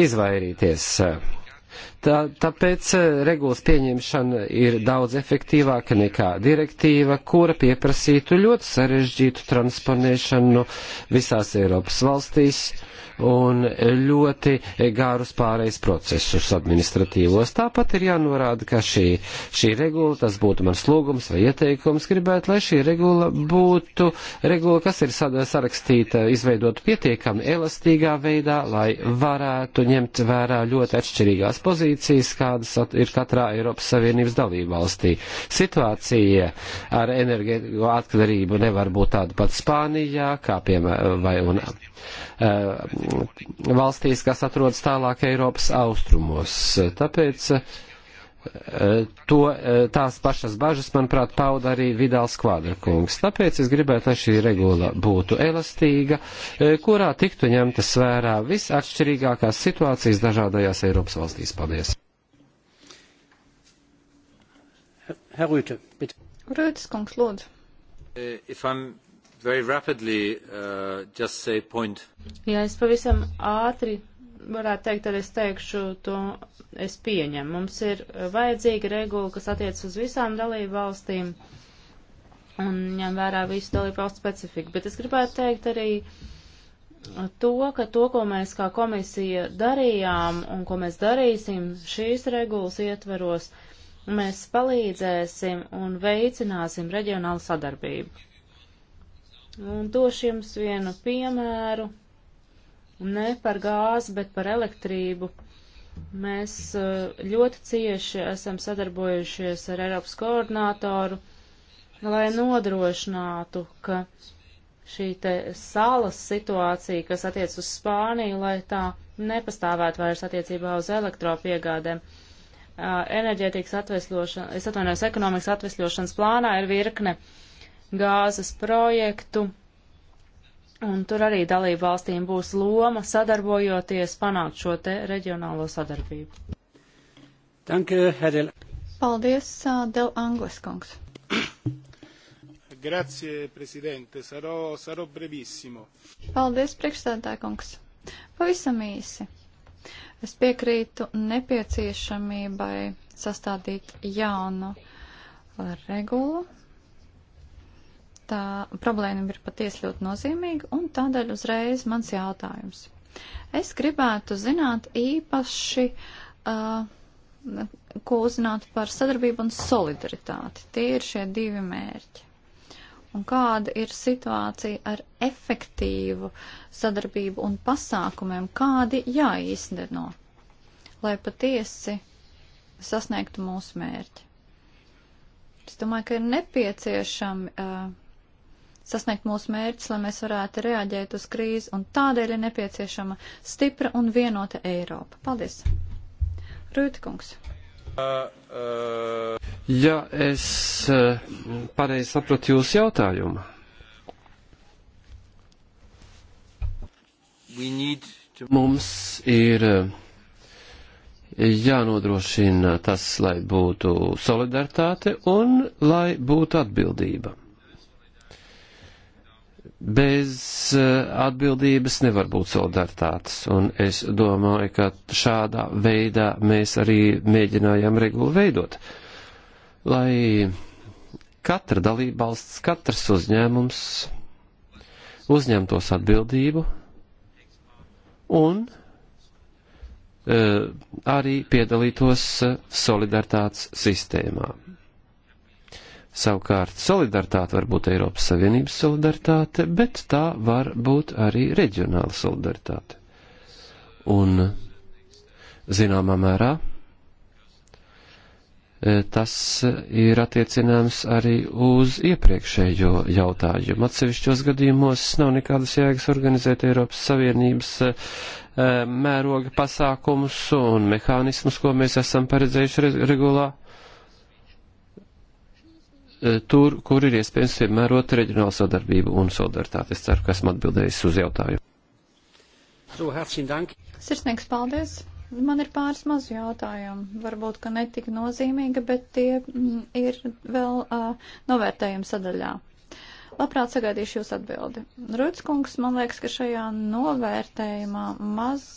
izvairīties. Tā, tāpēc regulas pieņemšana ir daudz efektīvāka nekā direktīva, kura pieprasītu ļoti sarežģītu transponēšanu visās Eiropas valstīs un ļoti garus pārejas procesus administratīvos. Tāpat ir jānorāda, ka šī, šī regula, tas būtu mans lūgums vai ieteikums, gribētu, lai šī regula būtu regula, kas ir sarakstīta, izveidot pietiekami elastīgā veidā, lai varētu ņemt vērā ļoti atšķirīgās pozīcijas, kādas ir katrā Eiropas Savienības dalībvalstī. Situācija ar enerģētisko atkarību nevar būt tāda pat Spānijā, kā piemēram, vai un uh, valstīs, kas atrodas tālāk Eiropas austrumos. Tāpēc eh, to, eh, tās pašas bažas, manuprāt, pauda arī Vidāls Kvadrakungs. Tāpēc es gribētu, lai šī regula būtu elastīga, eh, kurā tiktu ņemtas vērā visatšķirīgākās situācijas dažādajās Eiropas valstīs. Paldies! Herr Rüte, bitte. Rütes kungs, lūdzu. If I'm very rapidly uh, just say point. Ja es pavisam ātri varētu teikt, tad es teikšu to, es pieņemu. Mums ir vajadzīga regula, kas attiec uz visām dalību valstīm un ņem vērā visu dalību valstu specifiku. Bet es gribētu teikt arī to, ka to, ko mēs kā komisija darījām un ko mēs darīsim šīs regulas ietveros, mēs palīdzēsim un veicināsim reģionālu sadarbību. Un došu jums vienu piemēru, ne par gāzi, bet par elektrību. Mēs eh, ļoti cieši esam sadarbojušies ar Eiropas koordinātoru, lai nodrošinātu, ka šī te salas situācija, kas attiec uz Spāniju, lai tā nepastāvētu vairs attiecībā uz elektropiegādēm. Eh, enerģētikas atvesļošanas, es atvainojos, ekonomikas atvesļošanas plānā ir virkne uh, gāzes projektu. Un tur arī dalību valstīm būs loma sadarbojoties panākt šo te reģionālo sadarbību. Danke, Herr Paldies, Del Angles kungs. Grazie, Presidente. Sarò, sarò brevissimo. Paldies, priekšstādātāj kungs. Pavisam īsi. Es piekrītu nepieciešamībai sastādīt jaunu regulu, tā problēma ir patiesi ļoti nozīmīga, un tādēļ uzreiz mans jautājums. Es gribētu zināt īpaši, uh, ko uzzināt par sadarbību un solidaritāti. Tie ir šie divi mērķi. Un kāda ir situācija ar efektīvu sadarbību un pasākumiem, kādi jāīsteno, lai patiesi sasniegtu mūsu mērķi? Es domāju, ka ir nepieciešami uh, sasniegt mūsu mērķus, lai mēs varētu reaģēt uz krīzi, un tādēļ ir nepieciešama stipra un vienota Eiropa. Paldies! Rūtikungs. Ja es eh, pareizi sapratu jūsu jautājumu. To... Mums ir eh, jānodrošina tas, lai būtu solidaritāte un lai būtu atbildība bez eh, atbildības nevar būt solidaritātes, un es domāju, ka šādā veidā mēs arī mēģinājām regulu veidot, lai katra dalībvalsts, katrs uzņēmums uzņemtos atbildību un e, arī piedalītos eh, solidaritātes sistēmām. Savukārt solidaritāte var būt Eiropas Savienības solidaritāte, bet tā var būt arī reģionāla solidaritāte. Un zināmā mērā e, tas ir attiecināms arī uz iepriekšējo jautājumu. Atsevišķos gadījumos nav nekādas jēgas organizēt Eiropas Savienības e, e, mēroga pasākumus un mehānismus, ko mēs esam paredzējuši regulā Eh, tur, kur ir iespējams piemērot reģionālu sadarbību un solidaritāti. Es ceru, ka esmu atbildējis uz jautājumu. So, Sirsnīgs paldies! Man ir pāris mazu jautājumu, varbūt, ka netik nozīmīga, bet tie m, mm, ir vēl uh, novērtējuma sadaļā. Labprāt sagaidīšu jūs atbildi. Rudskungs, man liekas, ka šajā novērtējumā maz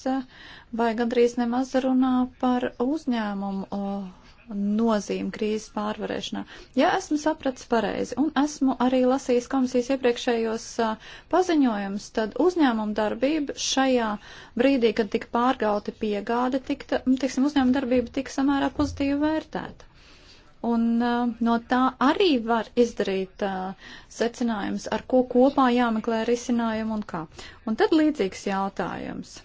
vai gandrīz nemaz runā par uzņēmumu uh, nozīme krīzes pārvarēšanā. Ja esmu sapratis pareizi un esmu arī lasījis komisijas iepriekšējos paziņojumus, tad uzņēmuma darbība šajā brīdī, kad tika pārgauti piegāde, tikta, tiksim, uzņēmuma darbība tika samērā pozitīvi vērtēta. Un uh, no tā arī var izdarīt uh, secinājums, ar ko kopā jāmeklē risinājumu un kā. Un tad līdzīgs jautājums.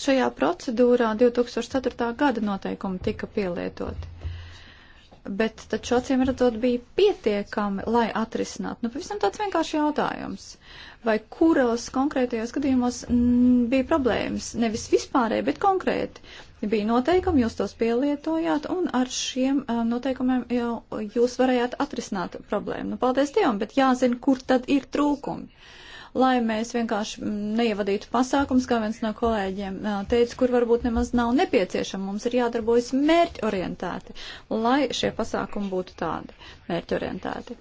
Šajā procedūrā 2004. gada noteikumi tika pielietoti. Bet taču acīm redzot bija pietiekami, lai atrisinātu. Nu, pavisam tāds vienkārši jautājums. Vai kuros konkrētajos gadījumos m, mm, bija problēmas? Nevis vispārēji, bet konkrēti. Bija noteikumi, jūs tos pielietojāt, un ar šiem um, noteikumiem jau jūs varējāt atrisināt problēmu. Nu, paldies Dievam, bet jāzina, kur tad ir trūkumi. Uh, lai mēs vienkārši mm, neievadītu pasākums, kā viens no kolēģiem teica, kur varbūt nemaz nav nepieciešama. Mums ir jādarbojas mērķorientēti, lai šie pasākumi būtu tādi mērķorientēti.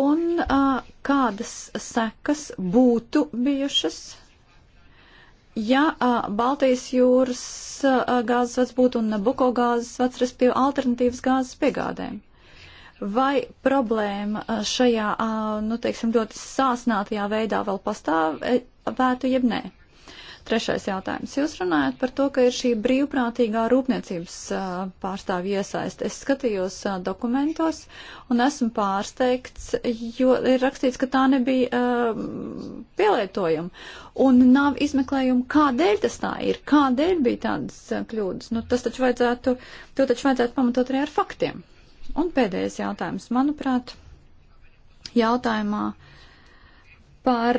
Un uh, kādas sekas būtu bijušas ja uh, Baltijas jūras uh, gāzes vats būtu un Nabuko gāzes vats, respektīvi alternatīvas gāzes piegādēm. Vai problēma uh, šajā, uh, nu, teiksim, ļoti sāsnātajā veidā vēl pastāvētu, jeb nē? Trešais jautājums. Jūs runājat par to, ka ir šī brīvprātīgā rūpniecības uh, pārstāvja iesaiste. Es skatījos dokumentos un esmu pārsteigts, jo ir rakstīts, ka tā nebija pielietojuma. Un nav izmeklējuma, kādēļ tas tā ir, kādēļ bija tādas kļūdas. Nu, tas taču vajadzētu, to taču vajadzētu pamatot arī ar faktiem. Un pēdējais jautājums, manuprāt, jautājumā par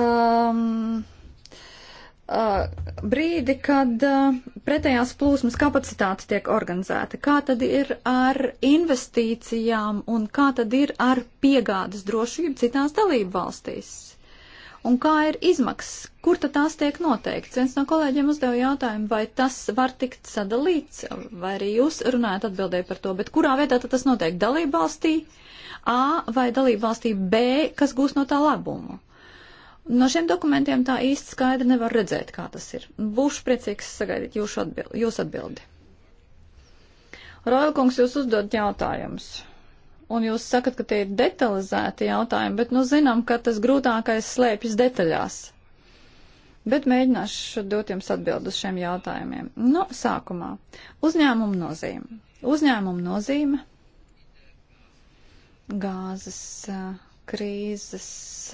um, uh, brīdi, kad uh, pretējās plūsmas kapacitāte tiek organizēta. Kā tad ir ar investīcijām un kā tad ir ar piegādes drošību citās dalību valstīs? Un kā ir izmaksas? Kur tad tās tiek noteikts? Viens no kolēģiem uzdeva jautājumu, vai tas var tikt sadalīts, vai arī jūs runājat atbildēju par to, bet kurā vietā tad tas notiek? Dalība valstī A vai dalība valstī B, kas gūs no tā labumu? No šiem dokumentiem tā īsti skaidri nevar redzēt, kā tas ir. Būšu priecīgs sagaidīt jūsu atbildi. Jūs atbildi. Roilkungs, jūs uzdod jautājumus un jūs sakat, ka tie ir detalizēti jautājumi, bet nu zinām, ka tas grūtākais slēpjas detaļās. Bet mēģināšu dot jums atbildu uz šiem jautājumiem. Nu, sākumā. Uzņēmuma nozīme. Uzņēmuma nozīme gāzes eh, krīzes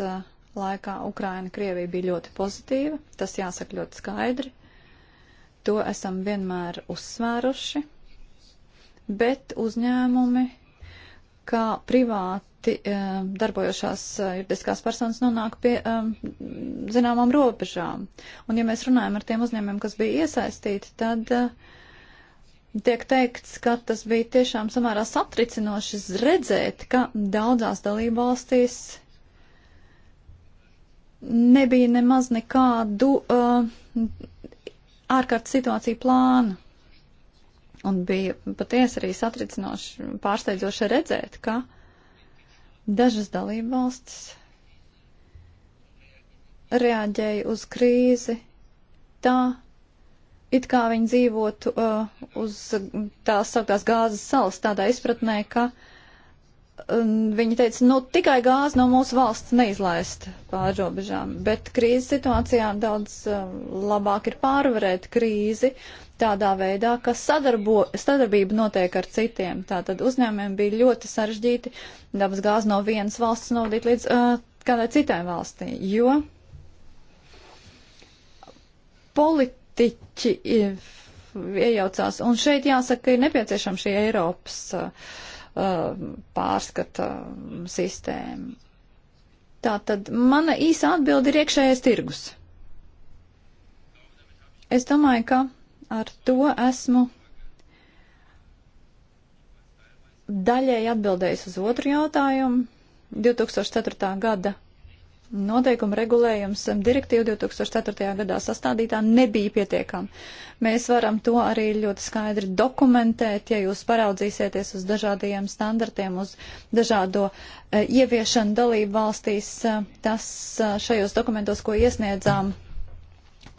eh, laikā Ukraina, Krievija bija ļoti pozitīva. Tas jāsaka ļoti skaidri. To esam vienmēr uzsvēruši. Bet uzņēmumi kā privāti eh, darbojošās eh, juridiskās personas nonāk pie eh, zināmām robežām. Un ja mēs runājam ar tiem uzņēmumiem, kas bija iesaistīti, tad tiek teikts, ka tas bija tiešām samērā satricinoši redzēt, ka daudzās dalībvalstīs nebija nemaz nekādu uh, ārkārtas situāciju plānu. Un bija patiesi arī satricinoši, pārsteidzoši redzēt, ka dažas dalība valstis reaģēja uz krīzi tā, it kā viņi dzīvotu uh, uz tās sauktās gāzes salas tādā izpratnē, ka uh, Viņi teica, nu tikai gāzi no mūsu valsts neizlaist pāri robežām, bet krīzes situācijā daudz um, labāk ir pārvarēt krīzi tādā veidā, ka sadarbo, sadarbība notiek ar citiem. Tātad uzņēmumiem bija ļoti sarežģīti dabas gāzi no vienas valsts novadīt līdz uh, kādai citai valstī, jo politiķi eh, iejaucās. Un šeit jāsaka, ka ir nepieciešama šī Eiropas. Uh, Uh, pārskata um, sistēmu. Tā tad mana īsa atbilde ir iekšējais tirgus. Es domāju, ka ar to esmu daļēji atbildējis uz otru jautājumu. 2004. gada Noteikuma regulējums direktīva 2004. gadā sastādītā nebija pietiekama. Mēs varam to arī ļoti skaidri dokumentēt, ja jūs paraudzīsieties uz dažādajiem standartiem, uz dažādo e, ieviešanu dalību valstīs. Eh, tas eh, šajos dokumentos, ko iesniedzām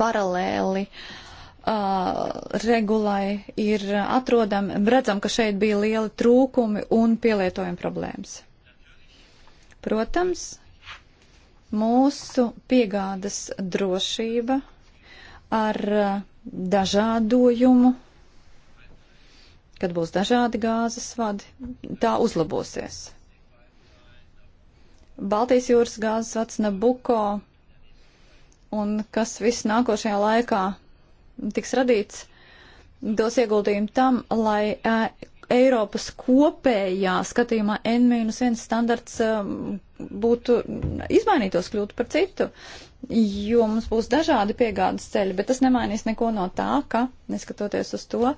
paralēli uh, regulai, ir atrodam. Redzam, ka šeit bija lieli trūkumi un pielietojuma problēmas. Protams, Mūsu piegādes drošība ar eh, dažādojumu, kad būs dažādi gāzes vadi, tā uzlabosies. Baltijas jūras gāzes vads Nabuko un kas viss nākošajā laikā tiks radīts, dos ieguldījumu tam, lai eh, Eiropas kopējā skatījumā N-1 standarts um, būtu izmainītos, kļūtu par citu, jo mums būs dažādi piegādes ceļi, bet tas nemainīs neko no tā, ka, neskatoties uz to,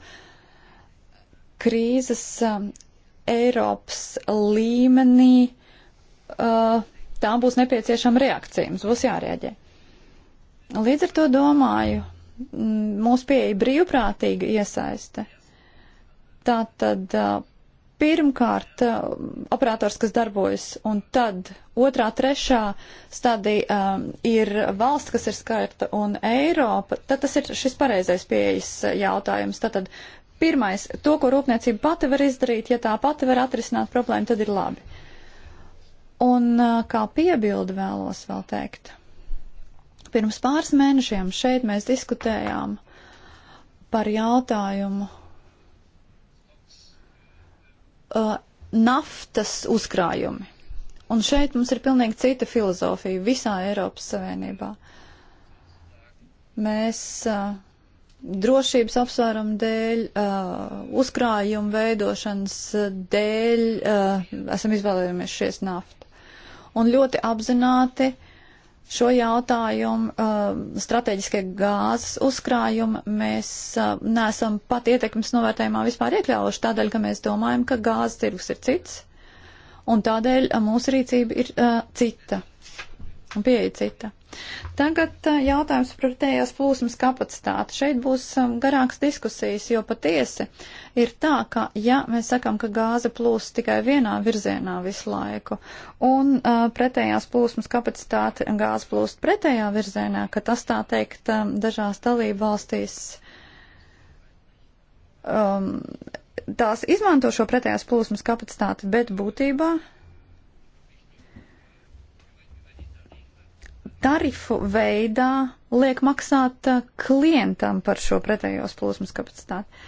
krīzes um, Eiropas līmenī uh, tā būs nepieciešama reakcija, mums būs jārēģē. Līdz ar to domāju, mūsu pieeja brīvprātīga iesaiste Tātad pirmkārt operators, kas darbojas, un tad otrā, trešā stadija um, ir valsts, kas ir skarta, un Eiropa, tad tas ir šis pareizais pieejas jautājums. Tātad pirmais, to, ko rūpniecība pati var izdarīt, ja tā pati var atrisināt problēmu, tad ir labi. Un kā piebildi vēlos vēl teikt. Pirms pāris mēnešiem šeit mēs diskutējām par jautājumu uh, naftas uzkrājumi. Un šeit mums ir pilnīgi cita filozofija visā Eiropas Savienībā. Mēs uh, drošības apsvērumu dēļ, uh, uzkrājumu veidošanas dēļ uh, esam izvēlējumies šies naftu. Un ļoti apzināti šo jautājumu. Uh, strateģiskie gāzes uzkrājumi mēs uh, neesam pat ietekmes novērtējumā vispār iekļāvuši, tādēļ, ka mēs domājam, ka gāzes tirgus ir cits, un tādēļ uh, mūsu rīcība ir uh, cita un pieeja cita. Tagad eh, jautājums par pretējās plūsmas kapacitāti. Šeit būs eh, garāks diskusijas, jo patiesi ir tā, ka ja mēs sakam, ka gāze plūs tikai vienā virzienā visu laiku un uh, pretējās plūsmas kapacitāte gāze plūst pretējā virzienā, ka tas tā teikt um, dažās dalību valstīs. Um, tās izmanto šo pretējās plūsmas kapacitāti, bet būtībā tarifu veidā liek maksāt eh, klientam par šo pretējos plūsmas kapacitāti.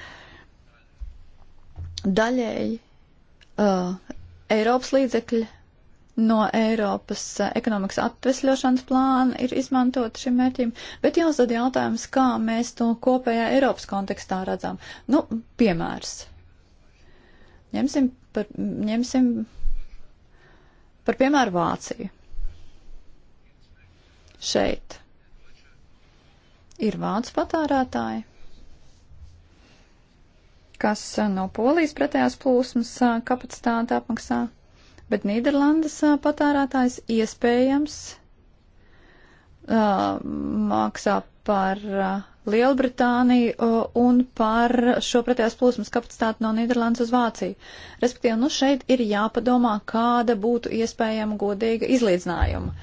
Daļēji uh, Eiropas līdzekļi no Eiropas eh, ekonomikas atvesļošanas plāna ir izmantota šim mērķim, bet jāuzdod jautājums, kā mēs to kopējā Eiropas kontekstā redzam. Nu, piemērs. Ņemsim par, ņemsim par piemēru Vāciju šeit ir vācu patārētāji, kas no polijas pretējās plūsmas kapacitāti apmaksā, bet Nīderlandes patārētājs iespējams uh, maksā par uh, Lielbritāniju un par šo pretējās plūsmas kapacitāti no Nīderlandes uz Vāciju. Respektīvi, nu šeit ir jāpadomā, kāda būtu iespējama godīga izlīdzinājuma uh,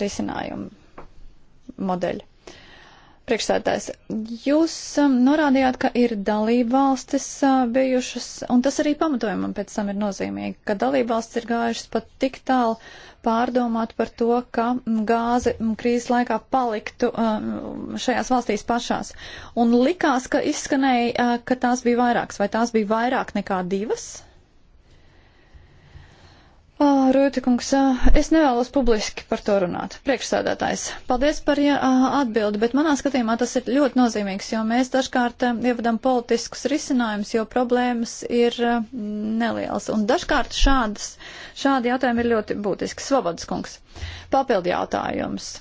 risinājumu modeļu. Priekšsētājs, jūs um, norādījāt, ka ir dalībvalstis uh, bijušas, un tas arī pamatojumam pēc tam ir nozīmīgi, ka dalībvalstis ir gājušas pat tik tālu pārdomāt par to, ka mm, gāze mm, krīzes laikā paliktu um, šajās valstīs pašās. Un likās, ka izskanēja, uh, ka tās bija vairākas, vai tās bija vairāk nekā divas? Rūtikungs, es nevēlos publiski par to runāt. Priekšsēdētājs, paldies par jā, atbildi, bet manā skatījumā tas ir ļoti nozīmīgs, jo mēs dažkārt ievadam politiskus risinājumus, jo problēmas ir nelielas. Un dažkārt šādas, šādi jautājumi ir ļoti būtiski. Svobodas kungs, papildi jautājums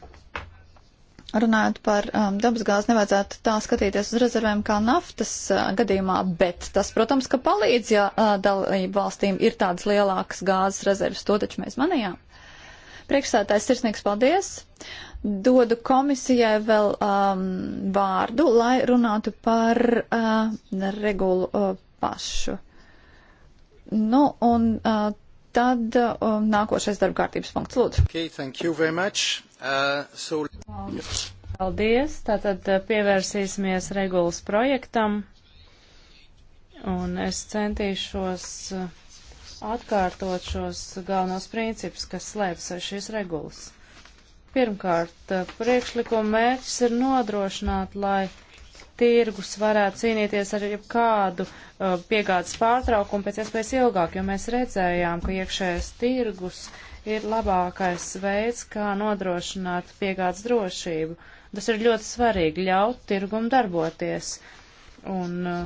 runājot par um, dabasgāzi, nevajadzētu tā skatīties uz rezervēm kā naftas uh, gadījumā, bet tas, protams, ka palīdz, ja uh, dalību valstīm ir tādas lielākas gāzes rezerves. To taču mēs manījām. Priekšsētājs sirsnīgs paldies. Dodu komisijai vēl um, vārdu, lai runātu par uh, regulu uh, pašu. Nu, un uh, tad uh, nākošais darbkārtības punkts, lūdzu. Okay, Uh, so... Paldies. Tātad uh, pievērsīsimies regulas projektam. Un es centīšos uh, atkārtot šos galvenos principus, kas slēpjas aiz šīs regulas. Pirmkārt, uh, priekšlikuma mērķis ir nodrošināt, lai tirgus varētu cīnīties ar jebkādu uh, piegādes pārtraukumu pēc iespējas ilgāk, jo mēs redzējām, ka iekšējais tirgus uh, ir labākais veids, kā nodrošināt piegādes drošību. Tas ir ļoti svarīgi ļaut tirgumu darboties un uh,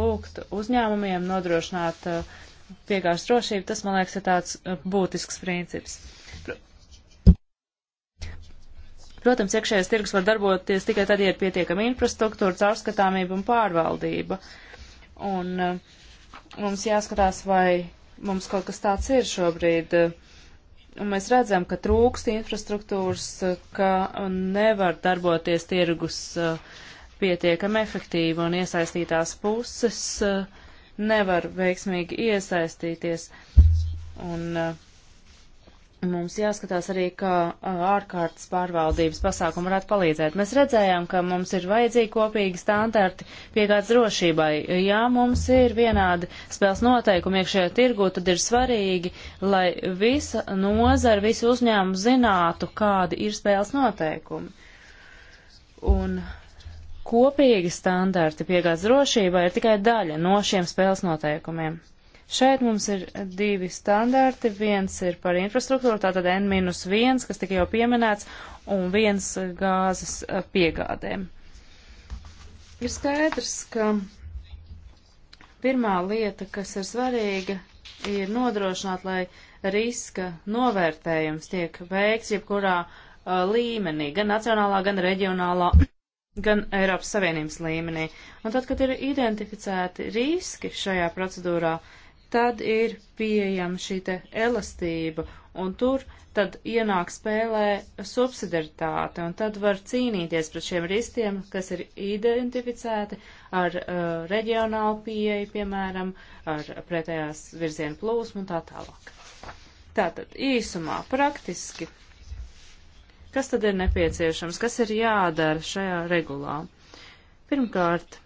lūgt uzņēmumiem nodrošināt uh, piegādes drošību. Tas, man liekas, ir tāds uh, būtisks princips. Protams, iekšējais tirgus var darboties tikai tad, ja ir pietiekama infrastruktūra, caurskatāmība un pārvaldība. Un mums jāskatās, vai mums kaut kas tāds ir šobrīd. Un mēs redzam, ka trūkst infrastruktūras, ka nevar darboties tirgus uh, pietiekami efektīvi un iesaistītās puses uh, nevar veiksmīgi iesaistīties. Un uh, Mums jāskatās arī, kā ārkārtas pārvaldības pasākumu varētu palīdzēt. Mēs redzējām, ka mums ir vajadzīgi kopīgi standarti piegādes drošībai. Ja mums ir vienādi spēles noteikumi iekšējā tirgu, tad ir svarīgi, lai visa nozara, visi uzņēmumi zinātu, kādi ir spēles noteikumi. Un kopīgi standarti piegādes drošībai ir tikai daļa no šiem spēles noteikumiem. Šeit mums ir divi standarti. Viens ir par infrastruktūru, tātad N-1, kas tika jau pieminēts, un viens gāzes eh, piegādēm. Ir skaidrs, ka pirmā lieta, kas ir svarīga, ir nodrošināt, lai riska novērtējums tiek veikts jebkurā uh, līmenī, gan nacionālā, gan reģionālā, gan Eiropas Savienības līmenī. Un tad, kad ir identificēti riski šajā procedūrā, uh, tad ir pieejama šī te elastība, un tur tad ienāk spēlē subsidaritāte, un tad var cīnīties pret šiem ristiem, kas ir identificēti ar uh, reģionālu pieeju, piemēram, ar pretējās virzienu plūsmu un tā tālāk. Tātad īsumā, praktiski, kas tad ir nepieciešams, kas ir jādara šajā regulā? Pirmkārt,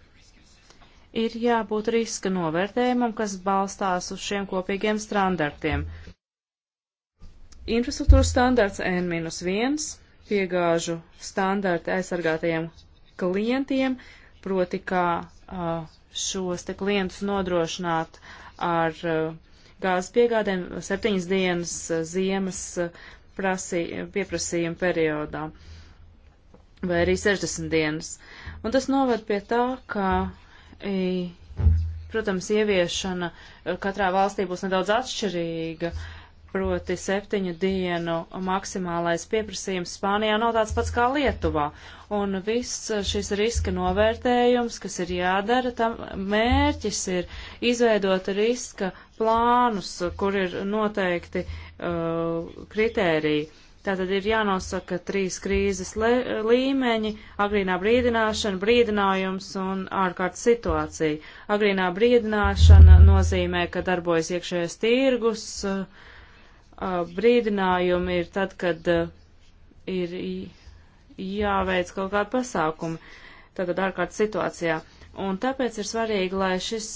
ir jābūt riska novērtējumam, kas balstās uz šiem kopīgiem standartiem. Infrastruktūras standarts N-1, piegāžu standarti aizsargātajiem klientiem, proti kā šos te klientus nodrošināt ar gāzes piegādēm septiņas dienas ziemas prasī, pieprasījuma periodā vai arī 60 dienas. Un tas noved pie tā, ka Protams, ieviešana eh, katrā valstī būs nedaudz atšķirīga, proti septiņu dienu maksimālais pieprasījums Spānijā nav tāds pats kā Lietuvā. Un viss eh, šis riska novērtējums, kas ir jādara, tam mērķis ir izveidot riska plānus, kur ir noteikti uh, kritēriji Tātad ir jānosaka trīs krīzes līmeņi - agrīnā brīdināšana, brīdinājums un ārkārtas situācija. Agrīnā brīdināšana nozīmē, ka darbojas iekšējais tirgus, brīdinājumi ir tad, kad ir jāveic kaut kāda pasākuma, tātad ārkārtas situācijā. Un tāpēc ir svarīgi, lai šis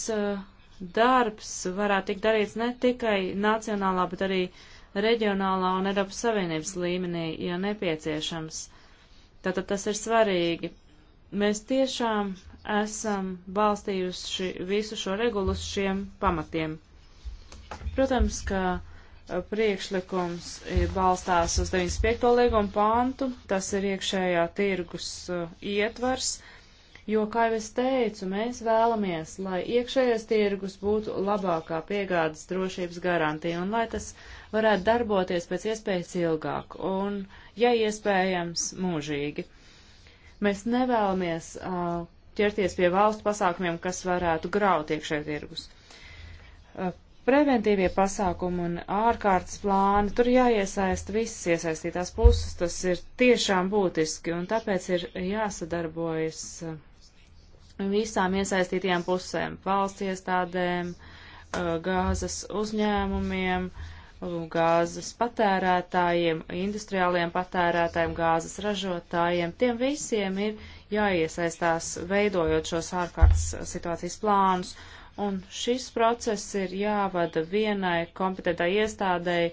darbs varētu tikt darīts ne tikai nacionālā, bet arī uh, reģionālā un Eiropas Savienības līmenī, ja nepieciešams. Tātad tas ir svarīgi. Mēs tiešām esam balstījuši visu šo regulu uz šiem pamatiem. Protams, ka uh, priekšlikums eh, balstās uz 95. līgumu pāntu, tas ir iekšējā tirgus uh, ietvars, jo, kā jau es teicu, mēs vēlamies, lai iekšējais tirgus būtu labākā piegādes drošības garantija un lai tas varētu darboties pēc iespējas ilgāk un, ja iespējams, mūžīgi. Mēs nevēlamies uh, ķerties pie valstu pasākumiem, kas varētu graut iekšē tirgus. Uh, preventīvie pasākumi un ārkārtas plāni, tur jāiesaista visas iesaistītās puses, tas ir tiešām būtiski, un tāpēc ir jāsadarbojas uh, visām iesaistītajām pusēm - valsts iestādēm, uh, gāzes uzņēmumiem, uh, gāzes patērētājiem, industriāliem patērētājiem, gāzes ražotājiem. Tiem visiem ir jāiesaistās veidojot šos ārkārtas situācijas plānus. Un šis process ir jāvada vienai kompetentai iestādēji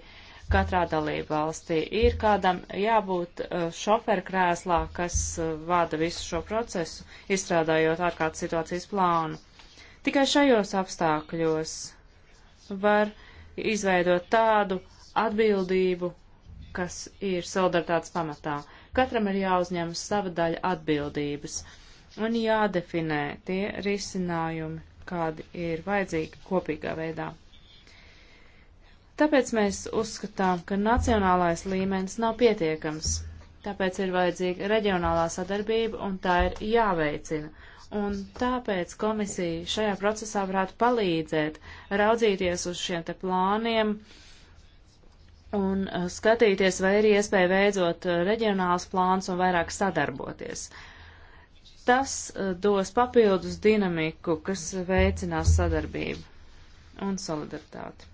katrā dalība valstī. Ir kādam jābūt uh, šoferkrēslā, kas uh, vada visu šo procesu, izstrādājot ārkārtas situācijas plānu. Tikai šajos apstākļos var uh, izveidot tādu atbildību, kas ir solidaritātes pamatā. Katram ir jāuzņemas sava daļa atbildības un jādefinē tie risinājumi, kādi ir vajadzīgi kopīgā veidā. Tāpēc mēs uzskatām, ka nacionālais līmenis nav pietiekams. Tāpēc ir vajadzīga reģionālā sadarbība un tā ir jāveicina Un tāpēc komisija šajā procesā varētu palīdzēt, raudzīties uz šiem te plāniem un uh, skatīties, vai ir iespēja veidzot uh, reģionāls plāns un vairāk sadarboties. Tas uh, dos papildus dinamiku, kas veicinās sadarbību un solidaritāti.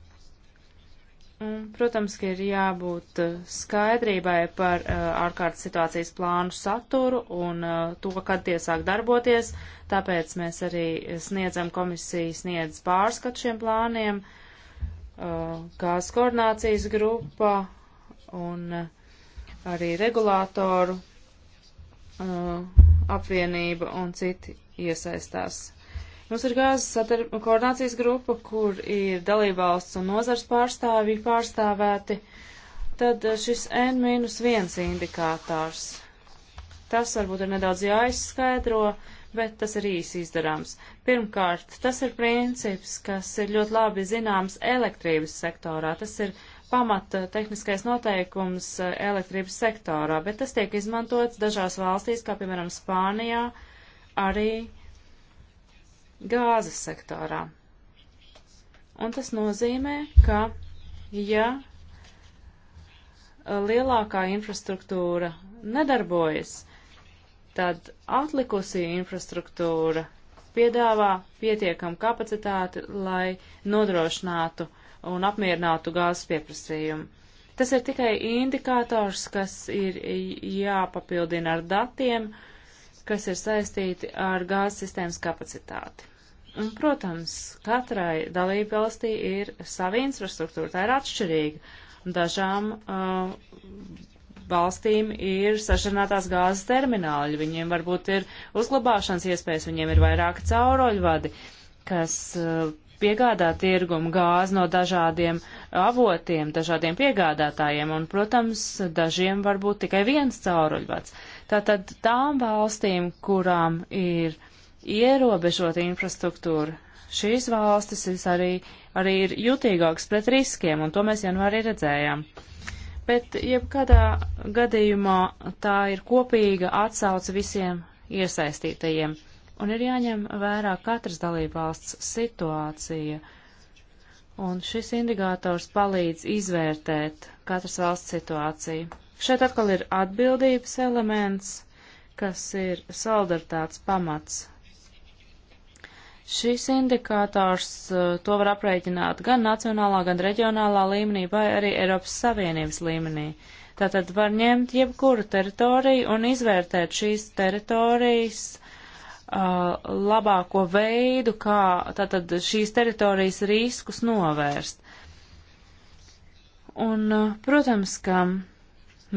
Un, protams, ka ir jābūt eh, skaidrībai par uh, ārkārtas situācijas plānu saturu un uh, to, kad tie sāk darboties, tāpēc mēs arī sniedzam komisiju sniedz pārskatu šiem plāniem, uh, gāzes koordinācijas grupa un uh, arī regulātoru uh, apvienība un citi iesaistās. Mums ir gāzes koordinācijas grupa, kur ir dalībvalsts un nozars pārstāvji pārstāvēti. Tad eh, šis N-1 indikātors. Tas varbūt ir nedaudz jāizskaidro, bet tas ir īsi izdarāms. Pirmkārt, tas ir princips, kas ir ļoti labi zināms elektrības sektorā. Tas ir pamata eh, tehniskais noteikums eh, elektrības sektorā, bet tas tiek izmantots dažās valstīs, kā piemēram Spānijā, arī gāzes sektorā. Un tas nozīmē, ka ja e, lielākā infrastruktūra nedarbojas, tad atlikusī infrastruktūra piedāvā pietiekamu kapacitāti, lai nodrošinātu un apmierinātu gāzes pieprasījumu. Tas ir tikai indikators, kas ir jāpapildina ar datiem, uh, kas ir saistīti ar gāzes sistēmas kapacitāti. Un, protams, katrai dalību valstī ir sava infrastruktūra, tā ir atšķirīga. Dažām uh, valstīm ir sašķirinātās gāzes termināļi, viņiem varbūt ir uzglabāšanas iespējas, viņiem ir vairāk cauroļvadi, kas uh, piegādā tirgumu gāzi no dažādiem avotiem, dažādiem piegādātājiem, un, protams, dažiem varbūt tikai viens cauruļvats. Uh, Tātad tām valstīm, kurām ir ierobežota infrastruktūra, šīs valstis arī, arī ir jutīgākas pret riskiem, un to mēs janvārī redzējām. Bet jebkadā gadījumā tā ir kopīga atsauce visiem iesaistītajiem, un ir jāņem vērā katras dalībvalsts situācija. Un šis indikators palīdz izvērtēt katras valsts situāciju. Šeit atkal ir atbildības elements, kas ir solidaritātes pamats. Šis indikātors uh, to var aprēķināt gan nacionālā, gan reģionālā līmenī vai arī Eiropas Savienības līmenī. Tātad var ņemt jebkuru teritoriju un izvērtēt šīs teritorijas uh, labāko veidu, kā tātad šīs teritorijas riskus novērst. Un, uh, protams, ka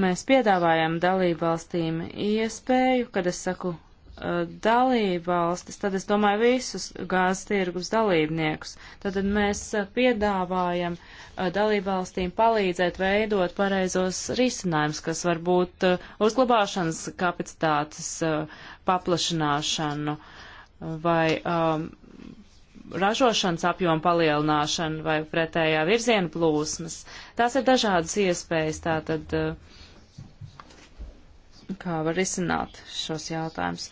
Mēs piedāvājam dalībvalstīm iespēju, kad es saku dalībvalstis, tad es domāju visus gāzes tirgus dalībniekus. Tad mēs piedāvājam dalībvalstīm palīdzēt veidot pareizos risinājumus, kas var būt uzglabāšanas kapacitātes paplašināšanu vai um, ražošanas apjoma palielināšanu vai pretējā virziena plūsmas. Tās ir dažādas iespējas tātad. Uh, kā var risināt šos jautājumus.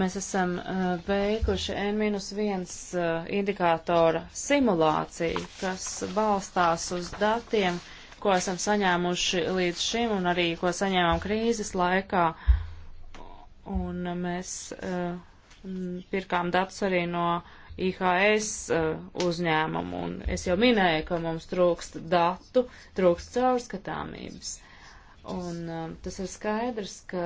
Mēs esam uh, veikuši N-1 indikātora simulāciju, kas balstās uz datiem, ko esam saņēmuši līdz šim un arī ko saņēmām krīzes laikā. Un mēs uh, pirkām datus arī no IHS uh, uzņēmumu, un es jau minēju, ka mums trūkst datu, trūkst caurskatāmības. Un um, tas ir skaidrs, ka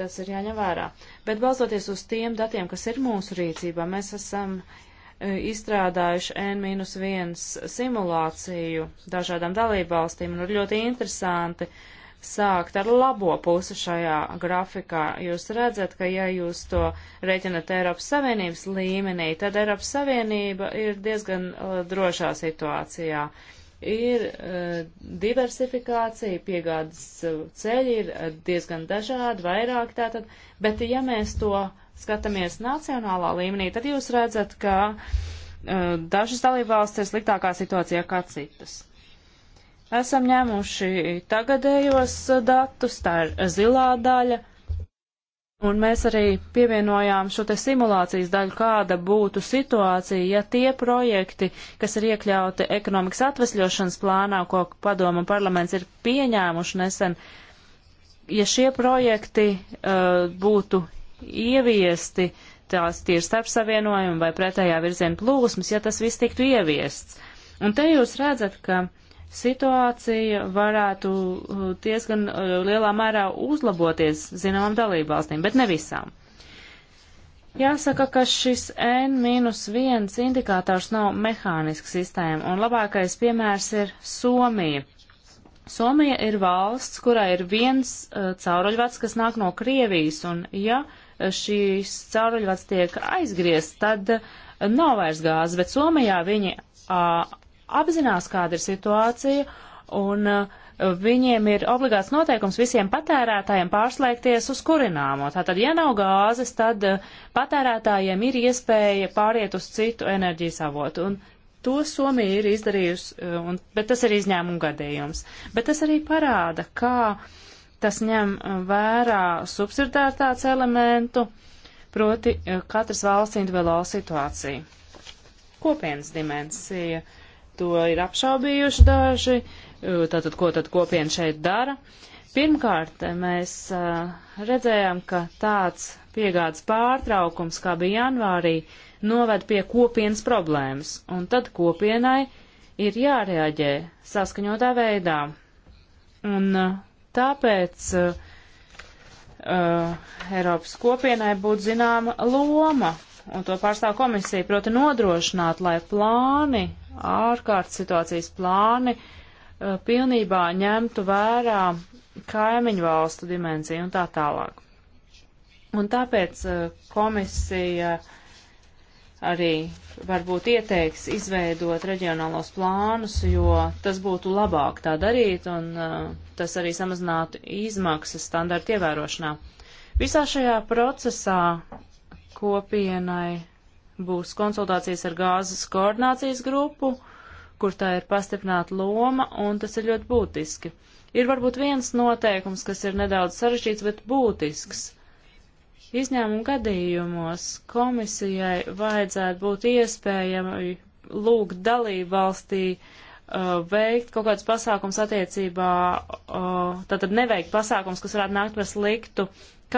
tas ir jāņem vērā. Bet balstoties uz tiem datiem, kas ir mūsu rīcībā, mēs esam uh, izstrādājuši N-1 simulāciju dažādām dalībvalstīm, un ir ļoti interesanti sākt ar labo pusi šajā grafikā. Jūs redzat, ka ja jūs to reiķinat Eiropas Savienības līmenī, tad Eiropas Savienība ir diezgan uh, drošā situācijā. Uh, ir eh, diversifikācija, piegādes eh, ceļi ir eh, diezgan dažādi, vairāk tātad, bet ja mēs to skatāmies nacionālā līmenī, tad jūs redzat, ka dažas dalībvalstis ir sliktākā situācijā kā citas. Esam ņēmuši tagadējos datus, tā ir zilā daļa, uh, Un mēs arī pievienojām šo te simulācijas daļu, kāda būtu situācija, ja tie projekti, kas ir iekļauti ekonomikas atvesļošanas plānā, ko padomu parlaments ir pieņēmuši nesen, ja šie projekti uh, būtu ieviesti, tās tie ir starpsavienojumi vai pretējā virziena plūsmas, ja tas viss tiktu ieviests. Un te jūs redzat, ka uh, situācija varētu uh, diezgan uh, lielā mērā uzlaboties zināmām dalībvalstīm, bet ne visām. Jāsaka, ka šis N-1 indikātors nav mehānisks sistēma, un labākais piemērs ir Somija. Somija ir valsts, kurā ir viens uh, cauruļvads, kas nāk no Krievijas, un ja uh, šīs cauruļvads tiek aizgriezt, tad uh, nav vairs gāzes, bet Somijā viņi uh, apzinās, kāda ir situācija, un uh, viņiem ir obligāts noteikums visiem patērētājiem pārslēgties uz kurināmo. Tātad, ja nav gāzes, tad uh, patērētājiem ir iespēja pāriet uz citu enerģijas avotu. Un to Somija ir izdarījusi, uh, un, bet tas ir izņēmuma gadījums. Bet tas arī parāda, kā tas ņem vērā subsidārtāts elementu, proti katras valsts individuāla situācija. Kopienas dimensija. Uh, to ir apšaubījuši daži, tātad ko tad kopiena šeit dara. Pirmkārt, mēs redzējām, ka tāds piegādes pārtraukums, kā bija janvārī, noved pie kopienas problēmas, un tad kopienai ir jārēģē saskaņotā veidā. Un tāpēc uh, Eiropas kopienai būtu zināma loma un to pārstāv komisija, proti nodrošināt, lai plāni, ārkārtas situācijas plāni, eh, pilnībā ņemtu vērā kaimiņu valstu dimensiju un tā tālāk. Un tāpēc eh, komisija arī varbūt ieteiks izveidot reģionālos plānus, jo tas būtu labāk tā darīt un eh, tas arī samazinātu izmaksas standartu ievērošanā. Visā šajā procesā kopienai būs konsultācijas ar gāzes koordinācijas grupu, kur tā ir pastiprināta loma, un tas ir ļoti būtiski. Ir varbūt viens noteikums, kas ir nedaudz sarežģīts, bet būtisks. Izņēmumu gadījumos komisijai vajadzētu būt iespējami lūgt dalību valstī uh, veikt kaut kāds pasākums attiecībā, uh, tātad neveikt pasākums, kas varētu nākt par sliktu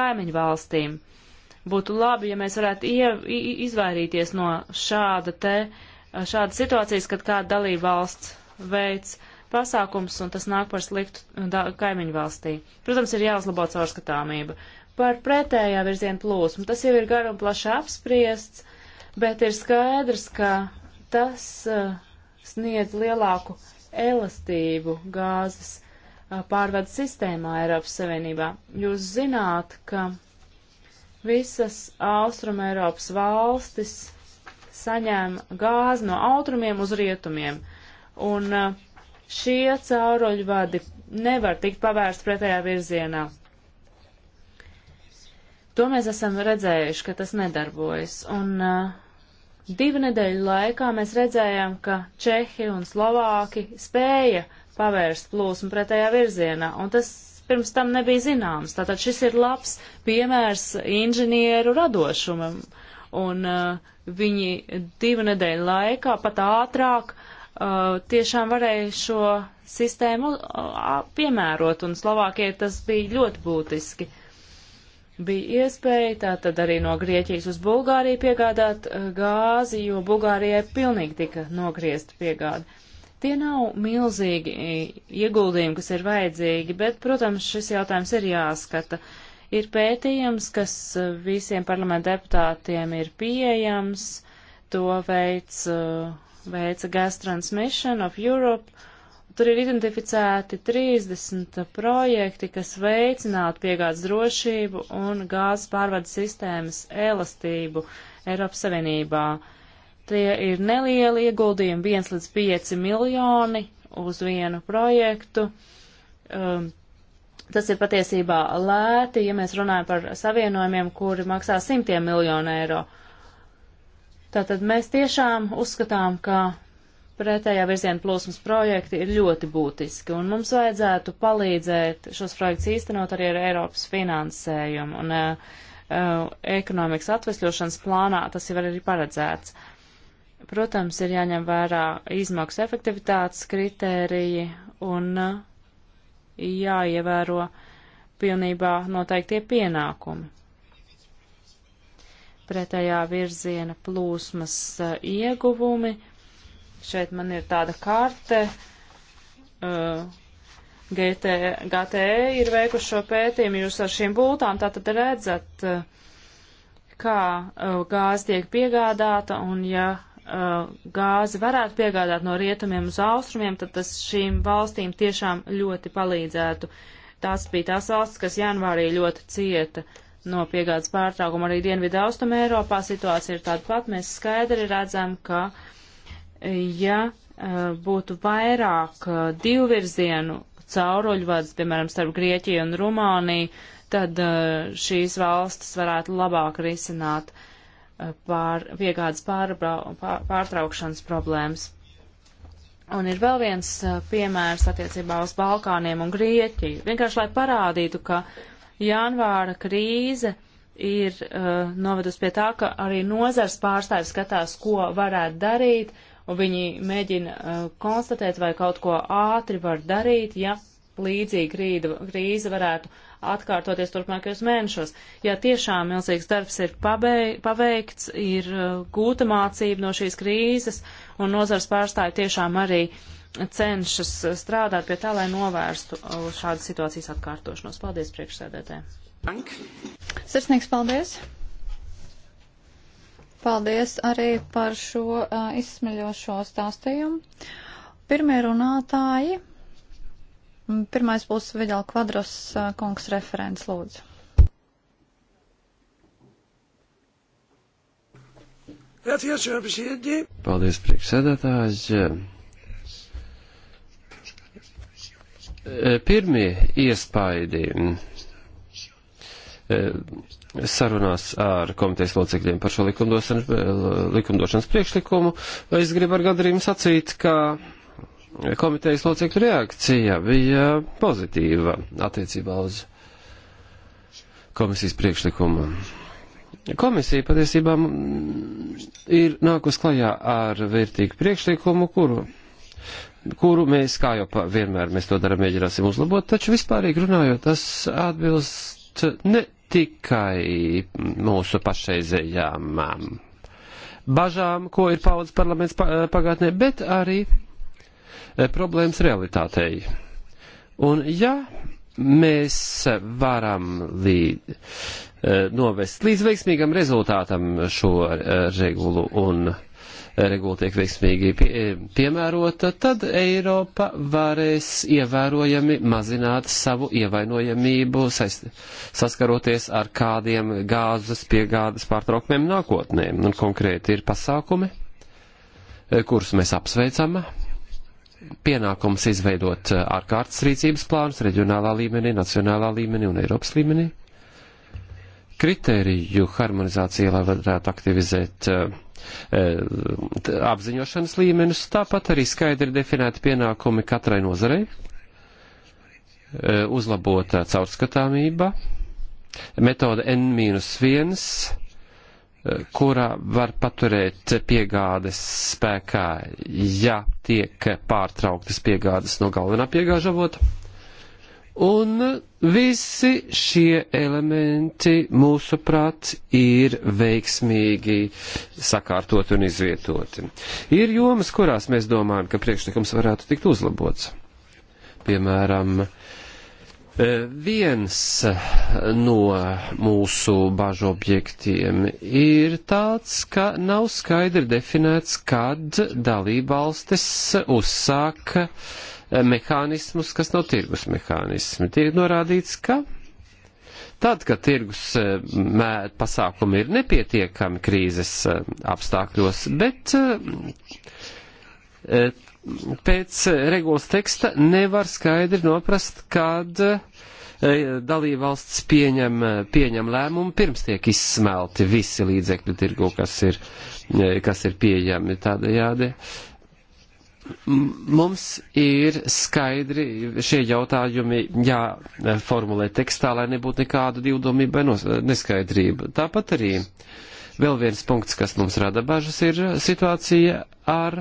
kaimiņu valstīm. Uh, Būtu labi, ja mēs varētu ie, izvairīties no šāda te, šāda situācijas, kad kāda dalība valsts veids pasākums un tas nāk par sliktu uh, kaimiņu valstī. Protams, ir jāuzlabo caurskatāmība. Par pretējā virziena plūsmu tas jau ir gar un plaši apspriests, bet ir skaidrs, ka tas uh, sniedz lielāku elastību gāzes uh, pārvades sistēmā Eiropas Savienībā. Jūs zināt, ka Visas Austrum Eiropas valstis saņēma gāzi no autrumiem uz rietumiem, un uh, šie cauroļvadi nevar tikt pavērst pretējā virzienā. To mēs esam redzējuši, ka tas nedarbojas. Un uh, divu nedēļu laikā mēs redzējām, ka Čehi un Slovāki spēja pavērst plūsmu pretējā virzienā, un tas pirms tam nebija zināms. Tātad šis ir labs piemērs inženieru radošumam. Un uh, viņi divu nedēļu laikā, pat ātrāk, uh, tiešām varēja šo sistēmu uh, piemērot, un Slovākijai tas bija ļoti būtiski. Bija iespēja tātad arī no Grieķijas uz Bulgāriju piegādāt uh, gāzi, jo Bulgārijai pilnīgi tika nogriezta piegāda. Uh, Tie nav milzīgi ieguldījumi, kas ir vajadzīgi, bet, protams, šis jautājums ir jāskata. Ir pētījums, kas visiem parlamenta deputātiem ir pieejams, to veids, uh, veica Gas Transmission of Europe. Tur ir identificēti 30 projekti, kas veicinātu piegādes drošību un gāzes pārvades sistēmas elastību Eiropas Savienībā. Uh, Tie ir nelieli ieguldījumi, 1 līdz 5 miljoni uz vienu projektu. Um, tas ir patiesībā lēti, ja mēs runājam par savienojumiem, kuri maksā simtiem miljonu eiro. Tātad mēs tiešām uzskatām, ka pretējā virziena plūsmas projekti ir ļoti būtiski, un mums vajadzētu palīdzēt šos projektus īstenot arī ar Eiropas finansējumu, un uh, uh ekonomikas atvesļošanas plānā tas jau arī paredzēts. Uh, Protams, ir jāņem vērā izmaksu efektivitātes kritēriji un uh, jāievēro pilnībā noteiktie pienākumi. Pretējā virziena plūsmas uh, ieguvumi. Šeit man ir tāda karte. Uh, GT, GTE ir veikuši šo pētījumu. Jūs ar šiem būtām tātad redzat, uh, kā gāze tiek piegādāta, un ja Uh, gāzi varētu piegādāt no rietumiem uz austrumiem, tad tas šīm valstīm tiešām ļoti palīdzētu. Tās bija tās valstis, kas janvārī ļoti cieta no piegādes pārtraukuma. Arī Dienvidu austrumu Eiropā situācija ir tāda pat. Mēs skaidri redzam, ka ja uh, būtu vairāk uh, divvirzienu cauruļvads, piemēram, starp Grieķiju un Rumāniju, tad šīs valstis varētu labāk risināt uh, pār, piegādes pārbrau, pār, pārtraukšanas problēmas. Un ir vēl viens eh, piemērs attiecībā uz Balkāniem un Grieķiju. Vienkārši, lai parādītu, ka janvāra krīze ir uh, novedus pie tā, ka arī nozars pārstāvis skatās, ko varētu darīt, un viņi mēģina uh, konstatēt, vai kaut ko ātri var darīt, ja līdzīgi krīze varētu atkārtoties turpmākajos mēnešos. Ja tiešām milzīgs darbs ir paveikts, ir uh, gūta mācība no šīs krīzes, un nozars pārstāja tiešām arī cenšas uh, strādāt pie tā, lai novērstu uh, šādas situācijas atkārtošanos. Paldies, priekšsēdētē. Sirsnīgs paldies! Paldies arī par šo uh, izsmeļošo stāstījumu. Pirmie runātāji Pirmais būs Vidal Kvadros kungs referents, lūdzu. Paldies, priekšsēdētājs. Pirmie iespaidi sarunās ar komitejas locekļiem par šo likumdošanas, likumdošanas priekšlikumu. Es gribu ar gadarījumu sacīt, ka komitejas locekļu reakcija bija pozitīva attiecībā uz komisijas priekšlikumu. Komisija patiesībā ir nākus klajā ar vērtīgu priekšlikumu, kuru, kuru mēs, kā jau pa, vienmēr mēs to darām, mēģināsim uzlabot, taču vispārīgi runājot, tas atbilst ne tikai mūsu pašreizējām um, bažām, ko ir paudz parlaments pagātnē, bet arī Eh, problēmas realitātei. Un ja mēs varam līd, eh, novest līdz veiksmīgam rezultātam šo eh, regulu un regula tiek veiksmīgi pie, piemērota, tad Eiropa varēs ievērojami mazināt savu ievainojamību, saist, saskaroties ar kādiem gāzes piegādes pārtraukumiem nākotnē. Un konkrēti ir pasākumi, kurus mēs apsveicam pienākums izveidot eh, ārkārtas rīcības plānus reģionālā līmenī, nacionālā līmenī un Eiropas līmenī. Kritēriju harmonizācija, lai varētu aktivizēt uh, apziņošanas līmenis, tāpat arī skaidri definēti pienākumi katrai nozarei, uzlabota caurskatāmība, metode N-1 kurā var paturēt piegādes spēkā, ja tiek pārtrauktas piegādes no galvenā piegāža avota. Un visi šie elementi, mūsuprāt, ir veiksmīgi sakārtoti un izvietoti. Ir jomas, kurās mēs domājam, ka priekšlikums varētu tikt uzlabots. Piemēram, uh, E, viens no mūsu bažu objektiem ir tāds, ka nav skaidri definēts, kad dalībvalstis uzsāk mehānismus, kas nav tirgus mehānismi. Tiek norādīts, ka Tad, kad tirgus e, mē, pasākumi ir nepietiekami krīzes e, apstākļos, bet pēc regulas teksta nevar skaidri noprast, kad e, dalībvalsts pieņem, e, pieņem lēmumu pirms tiek izsmelti visi līdzekļi tirgu, kas ir, e, kas ir pieejami tādējādi. Mums ir skaidri šie jautājumi jāformulē tekstā, lai nebūtu nekāda divdomība vai neskaidrība. Tāpat arī vēl viens punkts, kas mums rada bažas, ir situācija ar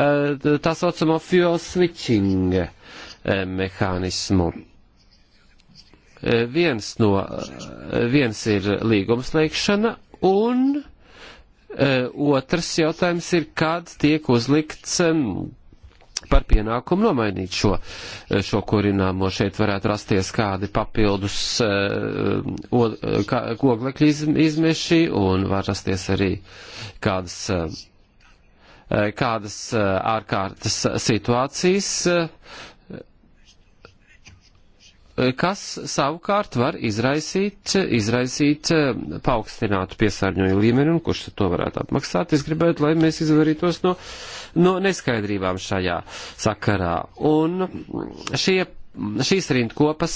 Eh, tā saucamo fuel switching eh, mehānismu. Eh, viens, no, viens ir līgumslēgšana un otrs jautājums ir, kad tiek uzlikts par pienākumu nomainīt šo, šo kurināmo. Šeit varētu rasties kādi papildus uh, oglekļa izmeši un var rasties arī kādas uh, Eh, kādas eh, ārkārtas situācijas, eh, kas savukārt var izraisīt, izraisīt paaugstinātu piesārņoju līmeni un kurš to varētu apmaksāt. Es gribētu, lai mēs izvarītos no, no neskaidrībām šajā sakarā. Un šie, šīs rindkopas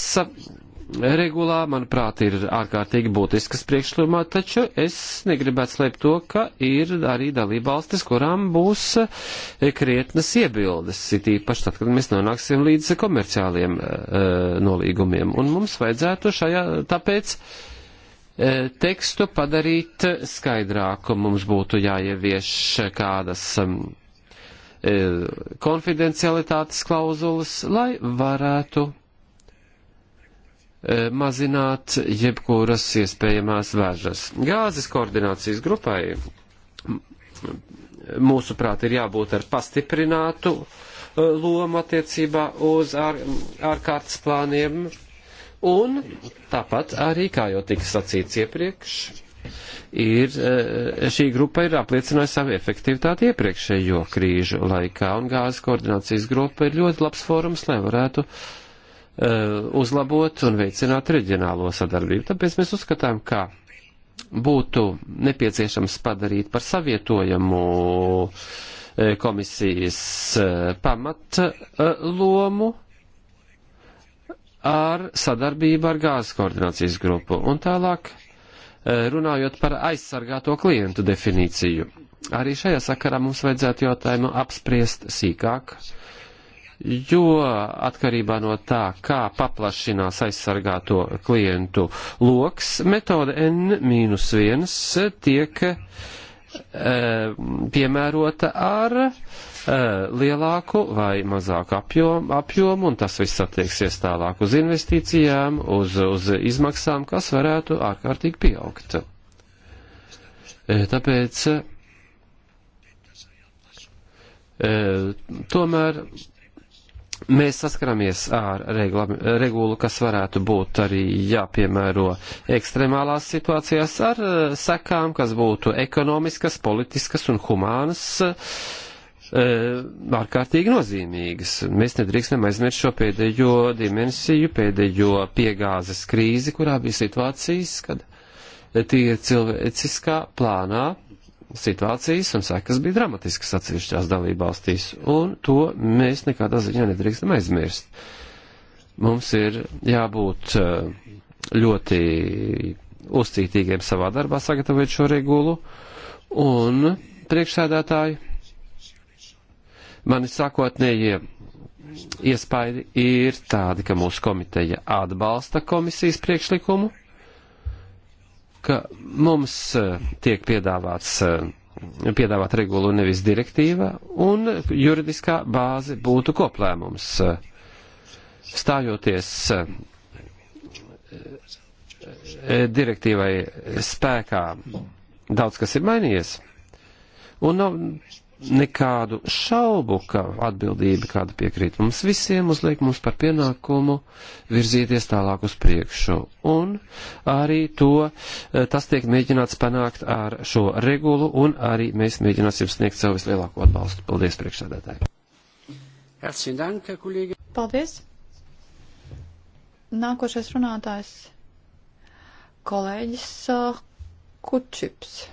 regulā, manuprāt, ir ārkārtīgi būtiskas priekšlikumā, taču es negribētu slēpt to, ka ir arī dalībvalstis, kurām būs eh, krietnas iebildes, it īpaši tad, kad mēs nonāksim līdz komerciāliem uh, nolīgumiem. Un mums vajadzētu šajā tāpēc eh, tekstu padarīt skaidrāku. Mums būtu jāievieš kādas mm, konfidencialitātes klauzulas, lai varētu E, mazināt jebkuras iespējamās vēžas. Gāzes koordinācijas grupai mūsuprāt ir jābūt ar pastiprinātu e, lomu attiecībā uz ār, ārkārtas plāniem un tāpat arī, kā jau tika sacīts iepriekš, ir, e, šī grupa ir apliecinājusi savu efektivitāti iepriekšējo krīžu laikā un gāzes koordinācijas grupa ir ļoti labs fórums, lai varētu uh, Uh, uzlabot un veicināt reģionālo sadarbību. Tāpēc mēs uzskatām, ka būtu nepieciešams padarīt par savietojamu uh, komisijas uh, pamatlomu ar sadarbību ar gāzes koordinācijas grupu. Un tālāk, runājot par aizsargāto klientu definīciju. Arī šajā sakarā mums vajadzētu jautājumu apspriest sīkāk. Uh, jo atkarībā no tā, kā paplašinās aizsargāto klientu loks, metode N-1 tiek e, piemērota ar e, lielāku vai mazāku apjomu, apjomu, un tas viss attieksies tālāk uz investīcijām, uz, uz izmaksām, kas varētu ārkārtīgi pieaugt. E, tāpēc tomēr mēs saskaramies ar regla, regulu, kas varētu būt arī jāpiemēro ekstremālās situācijās ar eh, sekām, kas būtu ekonomiskas, politiskas un humānas eh, ārkārtīgi nozīmīgas. Mēs nedrīkstam aizmirst šo pēdējo dimensiju, pēdējo piegāzes krīzi, kurā bija situācijas, kad eh, tie cilvēciskā plānā situācijas un sekas bija dramatiskas atsevišķās dalībvalstīs, un to mēs nekādā ziņā nedrīkstam aizmirst. Mums ir jābūt eh, ļoti uzcītīgiem savā darbā, sagatavot šo regulu, un priekšsēdētāji mani sākotnējie iespaidi ir tādi, ka mūsu komiteja atbalsta komisijas priekšlikumu ka mums eh, tiek piedāvāts eh, piedāvāt regulu nevis direktīva, un juridiskā bāze būtu koplēmums. Stājoties eh, direktīvai spēkā, daudz kas ir mainījies, un nav nekādu šaubu, ka atbildība kāda piekrīt mums visiem, uzliek mums par pienākumu virzīties tālāk uz priekšu. Un arī to, eh, tas tiek mēģināts panākt ar šo regulu, un arī mēs mēģināsim sniegt savu vislielāko atbalstu. Paldies, priekšsēdētāji! Paldies! Nākošais runātājs kolēģis eh, Kučips.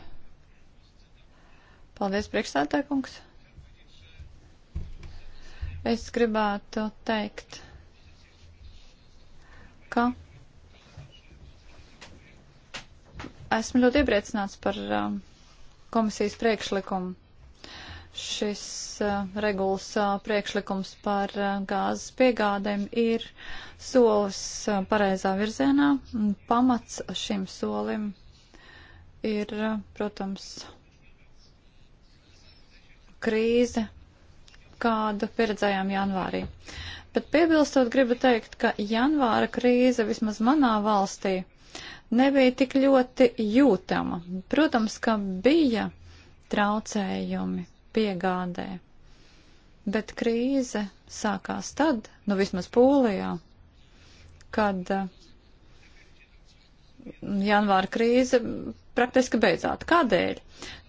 Paldies, priekšstādātāj kungs. Es gribētu teikt, ka esmu ļoti iepriecināts par um, komisijas priekšlikumu. Šis uh, regulas uh, priekšlikums par uh, gāzes piegādēm ir solis uh, pareizā virzienā. Pamats šim solim ir, uh, protams, krīze, kādu pieredzējām janvārī. Bet piebilstot, gribu teikt, ka janvāra krīze vismaz manā valstī nebija tik ļoti jūtama. Protams, ka bija traucējumi piegādē, bet krīze sākās tad, nu vismaz pūlijā, kad mm, janvāra krīze praktiski beidzāt. Kādēļ?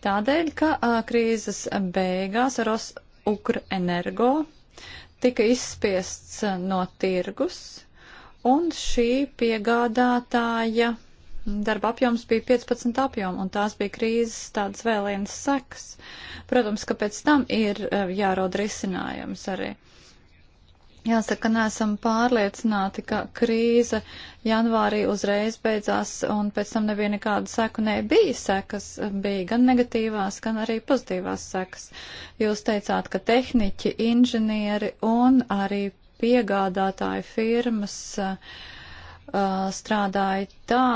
Tādēļ, ka a, krīzes beigās Ros Ukr Energo tika izspiests no tirgus, un šī piegādātāja darba apjoms bija 15 apjomu, un tās bija krīzes tādas vēlienas sekas. Protams, ka pēc tam ir jāroda risinājums arī. Uh, Jāsaka, neesam pārliecināti, ka krīze janvārī uzreiz beidzās un pēc tam nebija nekāda seku. Nē, bija sekas, bija gan negatīvās, gan arī pozitīvās sekas. Jūs teicāt, ka tehniķi, inženieri un arī piegādātāju firmas uh, strādāja tā,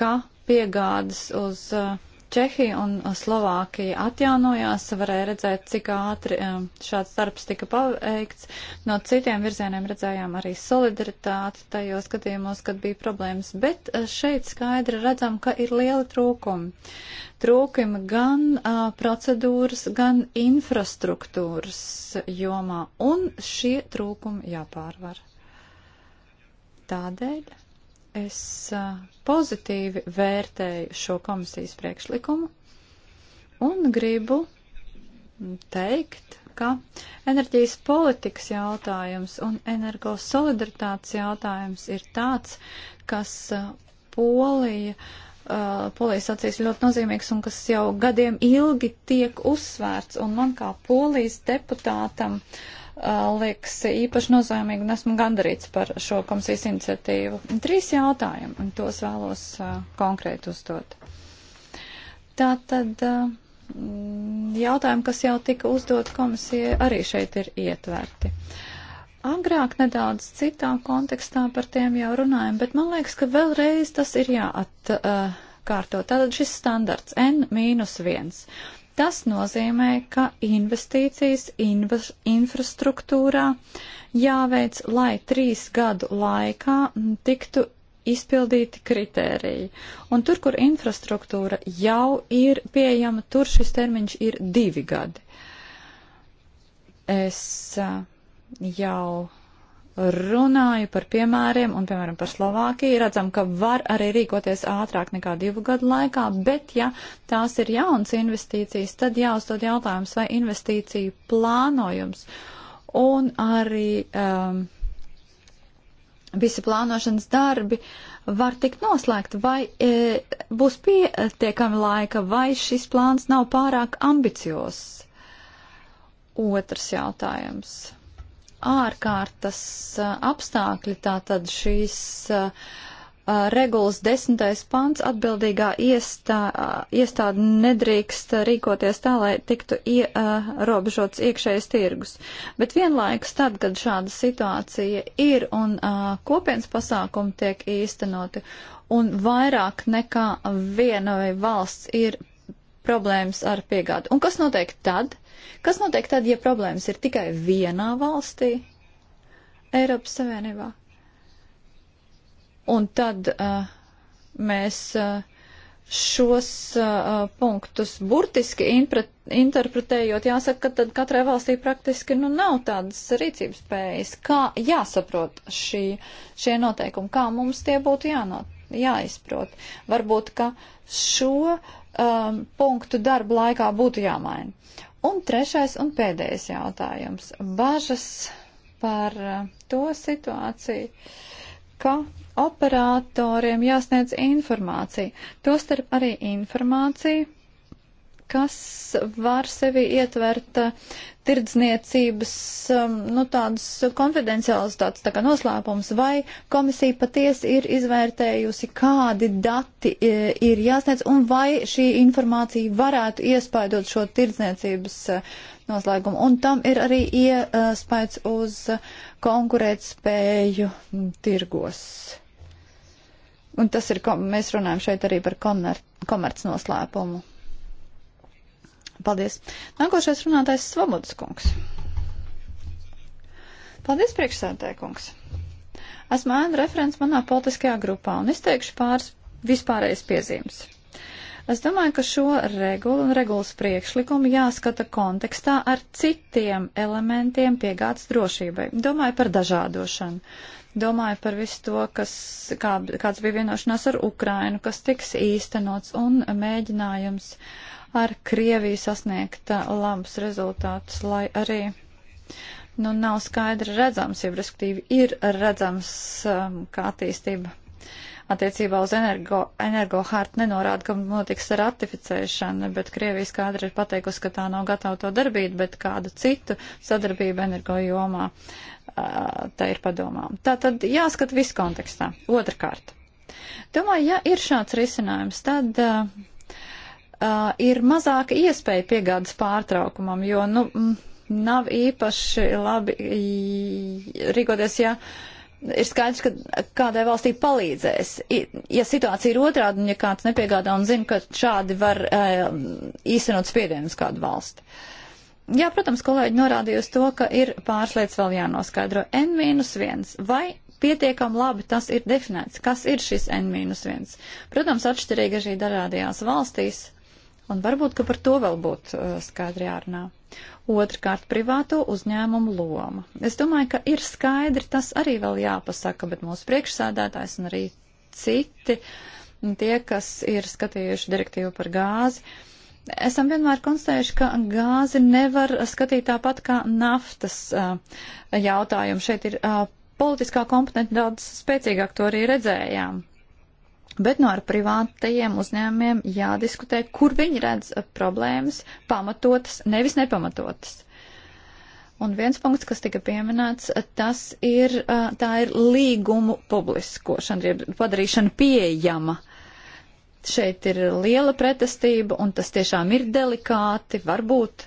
ka piegādas uz. Uh, Čehija un Slovākija atjaunojās, varēja redzēt, cik ātri um, šāds darbs tika paveikts. No citiem virzieniem redzējām arī solidaritāti tajos gadījumos, kad bija problēmas, bet uh, šeit skaidri redzam, ka ir lieli trūkumi. Trūkumi gan uh, procedūras, gan infrastruktūras jomā, un šie trūkumi jāpārvar. Tādēļ Es pozitīvi vērtēju šo komisijas priekšlikumu un gribu teikt, ka enerģijas politikas jautājums un energosolidaritātes jautājums ir tāds, kas Polija, Polijas acīs ļoti nozīmīgs un kas jau gadiem ilgi tiek uzsvērts. Un man kā Polijas deputātam uh, Uh, liekas īpaši nozīmīgi un esmu gandarīts par šo komisijas iniciatīvu. Trīs jautājumi, un tos vēlos uh, konkrēti uzdot. Tātad uh, mm, jautājumi, kas jau tika uzdot komisijai, arī šeit ir ietverti. Agrāk nedaudz citā kontekstā par tiem jau runājam, bet man liekas, ka vēlreiz tas ir jāatkārto. Tātad šis standarts N-1. Tas nozīmē, ka investīcijas invas, infrastruktūrā jāveic, lai trīs gadu laikā tiktu izpildīti kritēriji. Un tur, kur infrastruktūra jau ir pieejama, tur šis termiņš ir divi gadi. Es jau runāju par piemēriem, un piemēram par Slovākiju, redzam, ka var arī rīkoties ātrāk nekā divu gadu laikā, bet ja tās ir jauns investīcijas, tad jāuzdod jautājums, vai investīciju plānojums un arī um, visi plānošanas darbi var tikt noslēgt, vai e, būs pietiekami laika, vai šis plāns nav pārāk ambiciozs. Otrs jautājums ārkārtas uh, apstākļi, tātad šīs uh, uh, regulas desmitais pants atbildīgā iestā, iestāde nedrīkst rīkoties tā, lai tiktu ierobežots iekšējais tirgus. Bet vienlaikus tad, kad šāda situācija ir un kopienas pasākumi tiek īstenoti un vairāk nekā viena vai valsts ir problēmas ar piegādi. Un kas notiek tad? Kas notiek tad, ja problēmas ir tikai vienā valstī, Eiropas Savienībā? Un tad uh, mēs uh, šos uh, punktus burtiski interpretējot, jāsaka, ka tad katrai valstī praktiski nu, nav tādas rīcības spējas, kā jāsaprot šī, šie noteikumi, kā mums tie būtu jānot, jāizprot. Varbūt, ka šo uh, um, punktu darba laikā būtu jāmaina. Un trešais un pēdējais jautājums. Bažas par uh, to situāciju, ka operatoriem jāsniedz informācija. Tostarp arī informācija kas var sevi ietvert eh, tirdzniecības, eh, nu, tādus konfidenciālus, tāds tā kā noslēpums, vai komisija patiesi ir izvērtējusi, kādi dati eh, ir jāsniedz, un vai šī informācija varētu iespaidot šo tirdzniecības noslēgumu. Un tam ir arī iespējas uz konkurētspēju tirgos. Un tas ir, mēs runājam šeit arī par komerc noslēpumu. Paldies. Nākošais runātājs Svobodas kungs. Paldies, priekšsēdētāj kungs. Esmu ēna referents manā politiskajā grupā un izteikšu pāris vispārējas piezīmes. Es domāju, ka šo regulu un regulas priekšlikumu jāskata kontekstā ar citiem elementiem piegādes drošībai. Domāju par dažādošanu. Domāju par visu to, kas, kā, kāds bija vienošanās ar Ukrainu, kas tiks īstenots un mēģinājums uh, ar Krieviju sasniegt uh, labus rezultātus, lai arī nu, nav skaidri redzams, jeb respektīvi ir redzams, um, kā attīstība attiecībā uz energo, energo hārtu nenorāda, ka notiks ratificēšana, bet Krievija skaidri ir pateikusi, ka tā nav gatava to darbīt, bet kādu citu sadarbību energo jomā uh, tā ir padomā. Tā tad jāskat viss kontekstā. Otrakārt. Domāju, ja ir šāds risinājums, tad. Uh, uh, ir mazāka iespēja piegādas pārtraukumam, jo, nu, nav īpaši labi rīkoties, ja ir skaidrs, ka kādai valstī palīdzēs. Ja situācija ir otrāda un ja kāds nepiegādā un zina, ka šādi var uh, īstenot spiedienu uz kādu valsti. Jā, protams, kolēģi norādīja uz to, ka ir pāris lietas vēl jānoskaidro. N-1 vai pietiekam labi tas ir definēts, kas ir šis N-1. Protams, atšķirīgi arī darādījās valstīs Un varbūt, ka par to vēl būtu uh, skaidri jārunā. Otrkārt, privāto uzņēmumu loma. Es domāju, ka ir skaidri tas arī vēl jāpasaka, bet mūsu priekšsādātājs un arī citi, tie, kas ir skatījuši direktīvu par gāzi, esam vienmēr konstatējuši, ka gāzi nevar skatīt tāpat kā naftas uh, jautājumu. Šeit ir uh, politiskā komponenta daudz spēcīgāk, to arī redzējām. Bet no ar privātajiem uzņēmumiem jādiskutē, kur viņi redz problēmas pamatotas, nevis nepamatotas. Un viens punkts, kas tika pieminēts, tas ir, tā ir līgumu publiskošana, ir padarīšana pieejama. Šeit ir liela pretestība, un tas tiešām ir delikāti, varbūt.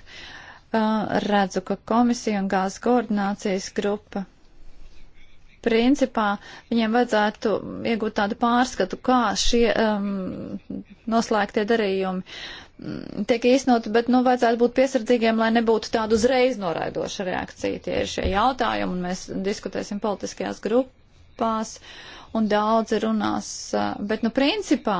Uh, redzu, ka komisija un gāzes koordinācijas grupa principā viņiem vajadzētu iegūt tādu pārskatu, kā šie um, noslēgtie darījumi mm, tiek īstenoti, bet, nu, vajadzētu būt piesardzīgiem, lai nebūtu tāda uzreiz noraidoša reakcija. Tie ir šie jautājumi, un mēs diskutēsim politiskajās grupās, un daudzi runās, uh, bet, nu, principā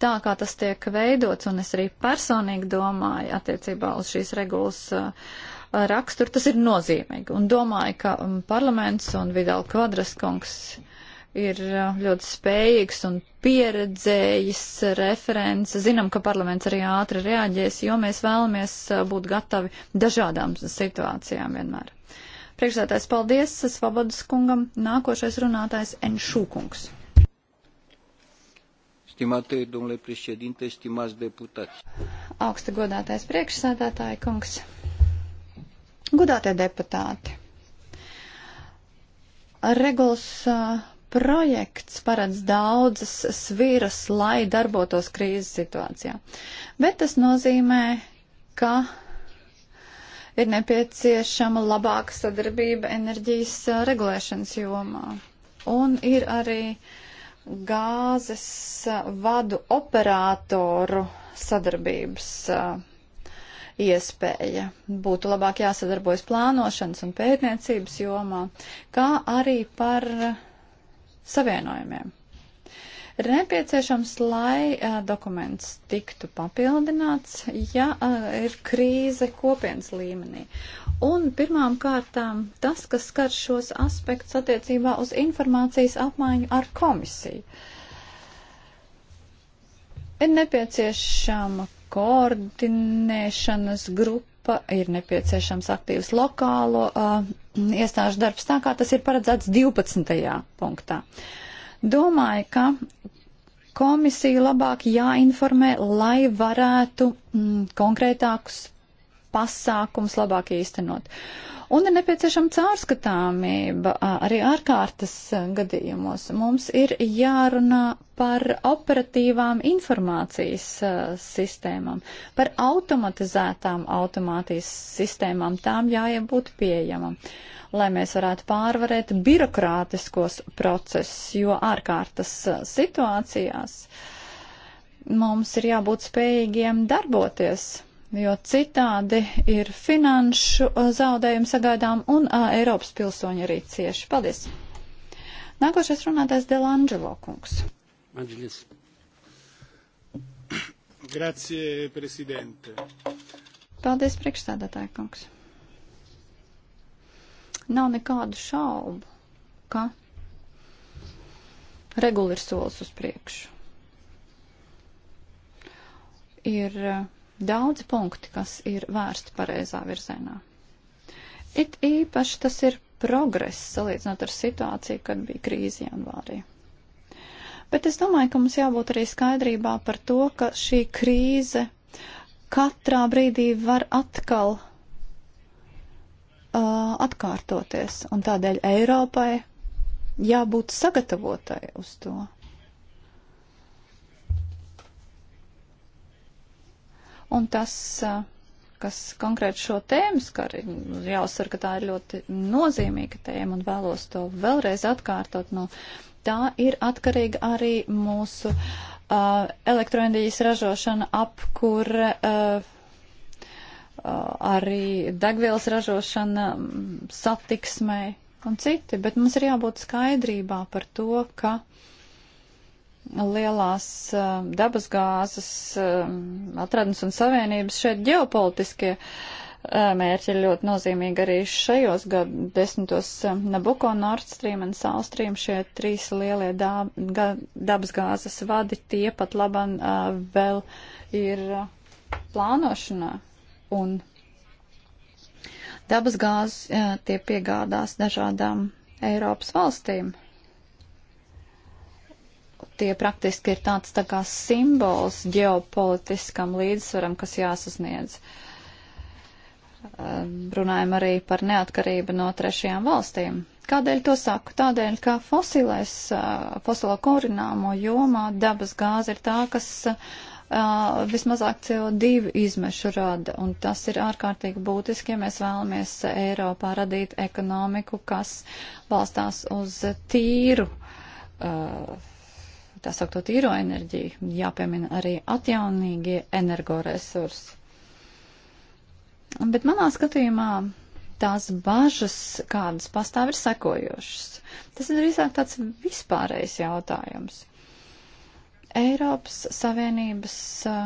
tā kā tas tiek veidots, un es arī personīgi domāju attiecībā uz šīs regulas uh, raksturu, tas ir nozīmīgi. Un domāju, ka um, parlaments un Vidal Kvadraskungs ir uh, ļoti spējīgs un pieredzējis referents. Zinām, ka parlaments arī ātri reaģēs, jo mēs vēlamies uh, būt gatavi dažādām situācijām vienmēr. Priekšsētājs paldies Svabodas kungam. Nākošais runātājs Enšūkungs. Stimate, domnule președinte, stimați deputați. Augsta godātais priekšsēdētāja kungs, Godātie deputāti, regulas projekts paredz daudzas sviras, lai darbotos krīzes situācijā, bet tas nozīmē, ka ir nepieciešama labāka sadarbība enerģijas regulēšanas jomā. Un ir arī gāzes vadu operātoru sadarbības uh, iespēja. Būtu labāk jāsadarbojas plānošanas un pētniecības jomā, kā arī par savienojumiem. Ir nepieciešams, lai uh, dokuments tiktu papildināts, ja uh, ir krīze kopienas līmenī. Un pirmām kārtām tas, kas skar šos aspektus attiecībā uz informācijas apmaiņu ar komisiju. Ir nepieciešama koordinēšanas grupa, ir nepieciešams aktīvs lokālo uh, iestāžu darbs, tā kā tas ir paredzēts 12. punktā. Domāju, ka komisiju labāk jāinformē, lai varētu mm, konkrētākus pasākums labāk īstenot. Uh, Un ir nepieciešama caurskatāmība arī ārkārtas gadījumos. Mums ir jārunā par operatīvām informācijas sistēmām, par automatizētām automātijas sistēmām, tām jāiebūt pieejamam, lai mēs varētu pārvarēt birokrātiskos procesus, jo ārkārtas situācijās mums ir jābūt spējīgiem darboties jo citādi ir finanšu eh, zaudējumi sagaidām un uh, Eiropas pilsoņi arī cieši. Paldies! Nākošais runātais Delangelo kungs. Angelis. Grazie, prezidente. Paldies, priekšstādātāja kungs. Nav nekādu šaubu, ka regula ir solis uz priekšu. Ir uh, daudzi punkti, kas ir vērsti pareizā virzienā. It īpaši tas ir progress salīdzinot ar situāciju, kad bija krīze janvārī. Bet es domāju, ka mums jābūt arī skaidrībā par to, ka šī krīze katrā brīdī var atkal uh, atkārtoties, un tādēļ Eiropai jābūt sagatavotai uz to. Un tas, kas konkrēti šo tēmu skar, jāuzsver, ka tā ir ļoti nozīmīga tēma un vēlos to vēlreiz atkārtot. No nu, tā ir atkarīga arī mūsu uh, elektroenerģijas ražošana, apkure, uh, uh, arī degvielas ražošana, satiksmei un citi, bet mums ir jābūt skaidrībā par to, ka lielās uh, dabasgāzes uh, atradnes un savienības šeit ģeopolitiskie uh, mērķi ir ļoti nozīmīgi arī šajos gadu desmitos Nabuko, Nord Stream un South Stream šie trīs lielie dab dabasgāzes vadi tie pat laban vēl ir plānošanā un dabasgāzes tie piegādās dažādām Eiropas valstīm tie praktiski ir tāds tā kā simbols ģeopolitiskam līdzsvaram, kas jāsasniedz. Ehm, runājam arī par neatkarību no trešajām valstīm. Kādēļ to saku? Tādēļ, ka fosilēs, eh, fosilo kurināmo jomā dabas gāze ir tā, kas Uh, vismazāk CO2 izmešu rada, un tas ir ārkārtīgi būtiski, ja mēs vēlamies Eiropā radīt ekonomiku, kas balstās uz tīru uh, tā sakot, tīro enerģiju. Jāpiemina arī atjaunīgie energoresursi. Bet manā skatījumā tās bažas, kādas pastāv, ir sekojošas. Tas ir drīzāk tāds vispārējs jautājums. Eiropas Savienības uh,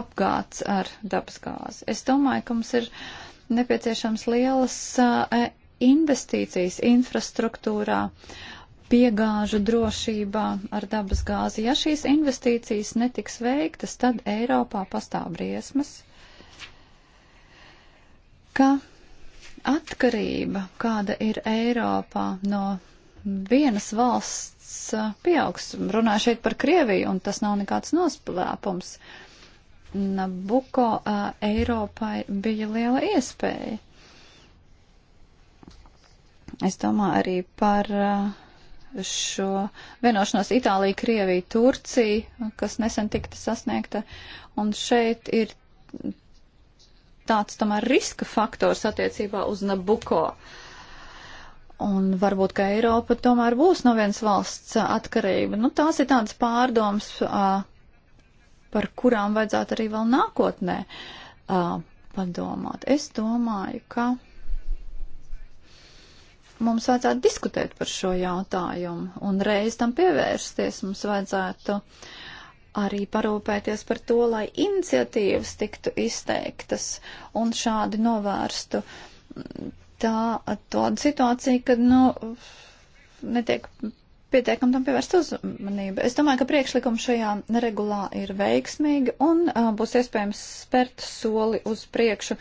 apgāds ar dabasgāzi. Es domāju, ka mums ir nepieciešams lielas uh, investīcijas infrastruktūrā, uh, piegāžu drošībā ar dabas gāzi. Ja šīs investīcijas netiks veiktas, tad Eiropā pastāv briesmas, ka atkarība, kāda ir Eiropā no vienas valsts pieaugs. Runāju šeit par Krieviju, un tas nav nekāds nospēlēpums. Nabuko Eiropai bija liela iespēja. Es domāju arī par uh, šo vienošanos Itālija, Krievija, Turcija, kas nesen tika sasniegta. Un šeit ir tāds tomēr riska faktors attiecībā uz Nabuko. Un varbūt, ka Eiropa tomēr būs no vienas valsts atkarība. Nu, tās ir tādas pārdomas, par kurām vajadzētu arī vēl nākotnē padomāt. Es domāju, ka mums vajadzētu diskutēt par šo jautājumu un reiz tam pievērsties. Mums vajadzētu arī parūpēties par to, lai iniciatīvas tiktu izteiktas un šādi novērstu tā, tādu situāciju, kad, nu, netiek pietiekam tam pievērst uzmanību. Es domāju, ka priekšlikums šajā regulā ir veiksmīgi un uh, būs iespējams spērt soli uz priekšu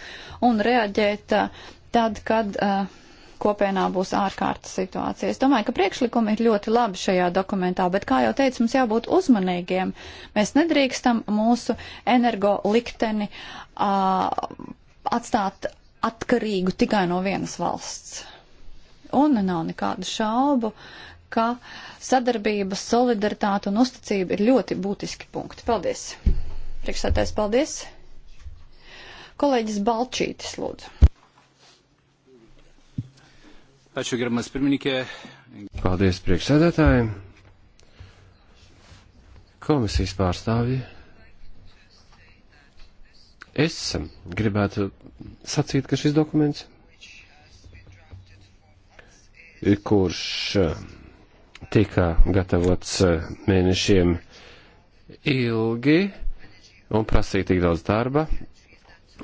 un reaģēt uh, tad, kad. Uh, kopienā būs ārkārtas situācija. Es domāju, ka priekšlikumi ir ļoti labi šajā dokumentā, bet, kā jau teicu, mums jābūt uzmanīgiem. Mēs nedrīkstam mūsu energo likteni uh, atstāt atkarīgu tikai no vienas valsts. Un nav nekādu šaubu, ka sadarbība, solidaritāte un uzticība ir ļoti būtiski punkti. Paldies! Priekšsētājs, paldies! Kolēģis Balčītis, lūdzu. Ačiū, gerbiamas pirmininkė. Paldies priekšsēdētājiem. Komisijas pārstāvji. Es gribētu sacīt, ka šis dokuments, kurš tika gatavots mēnešiem ilgi un prasīja tik daudz darba,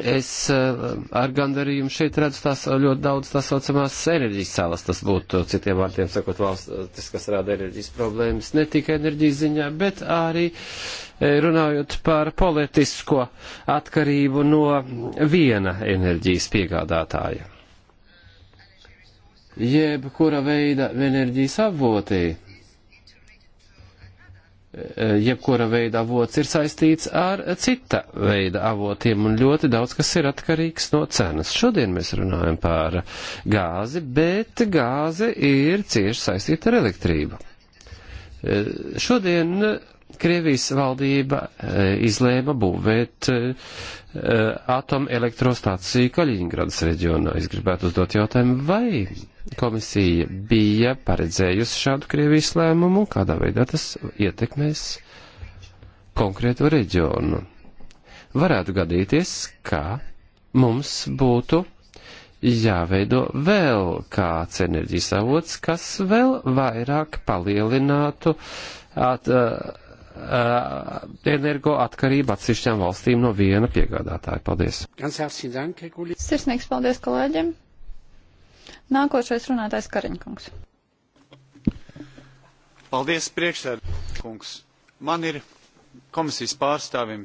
Es eh, ar gandarījumu šeit redzu tās eh, ļoti daudz tā saucamās enerģijas salas, tas būtu, eh, citiem vārdiem sakot, valstis, kas rāda enerģijas problēmas, ne tikai enerģijas ziņā, bet arī runājot par politisko atkarību no viena enerģijas piegādātāja. Jebkura veida enerģijas avotī Eh, jebkura veida avots ir saistīts ar cita veida avotiem, un ļoti daudz kas ir atkarīgs no cenas. Šodien mēs runājam par gāzi, bet gāze ir cieši saistīta ar elektrību. Eh, šodien Krievijas valdība e, izlēma būvēt e, e, atomelektrostāciju Kaļiņgradas reģionā. Es gribētu uzdot jautājumu, vai komisija bija paredzējusi šādu Krievijas lēmumu, kādā veidā tas ietekmēs konkrēto reģionu. Varētu gadīties, ka mums būtu jāveido vēl kāds enerģijas avots, kas vēl vairāk palielinātu at, uh, Uh, energo atkarību atsevišķām valstīm no viena piegādātāja. Paldies! Sirsnīgs paldies kolēģiem! Nākošais runātājs Kariņkungs. Paldies, priekšsēdkungs. Man ir komisijas pārstāvim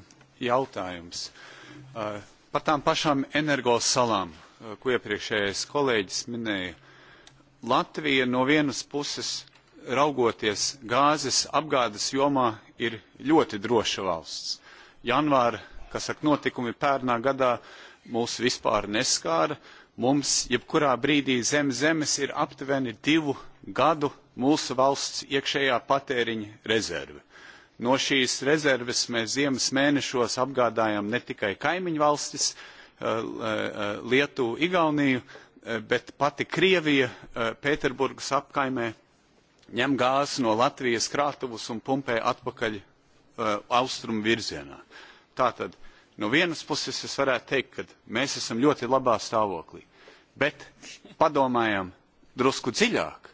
jautājums uh, par tām pašām energosalām, uh, ko iepriekšējais kolēģis minēja. Latvija no vienas puses raugoties gāzes apgādes jomā ir ļoti droša valsts. Janvāra, kas saka, notikumi pērnā gadā mūs vispār neskāra. Mums jebkurā brīdī zem zemes ir aptuveni divu gadu mūsu valsts iekšējā patēriņa rezerve. No šīs rezerves mēs ziemas mēnešos apgādājam ne tikai kaimiņu valstis, eh, eh, Lietuvu, Igauniju, eh, bet pati Krievija Pēterburgas apkaimē ņem gāzi no Latvijas krātuvus un pumpē atpakaļ uh, austrumu virzienā. Tātad, no vienas puses es varētu teikt, ka mēs esam ļoti labā stāvoklī, bet padomājam drusku dziļāk.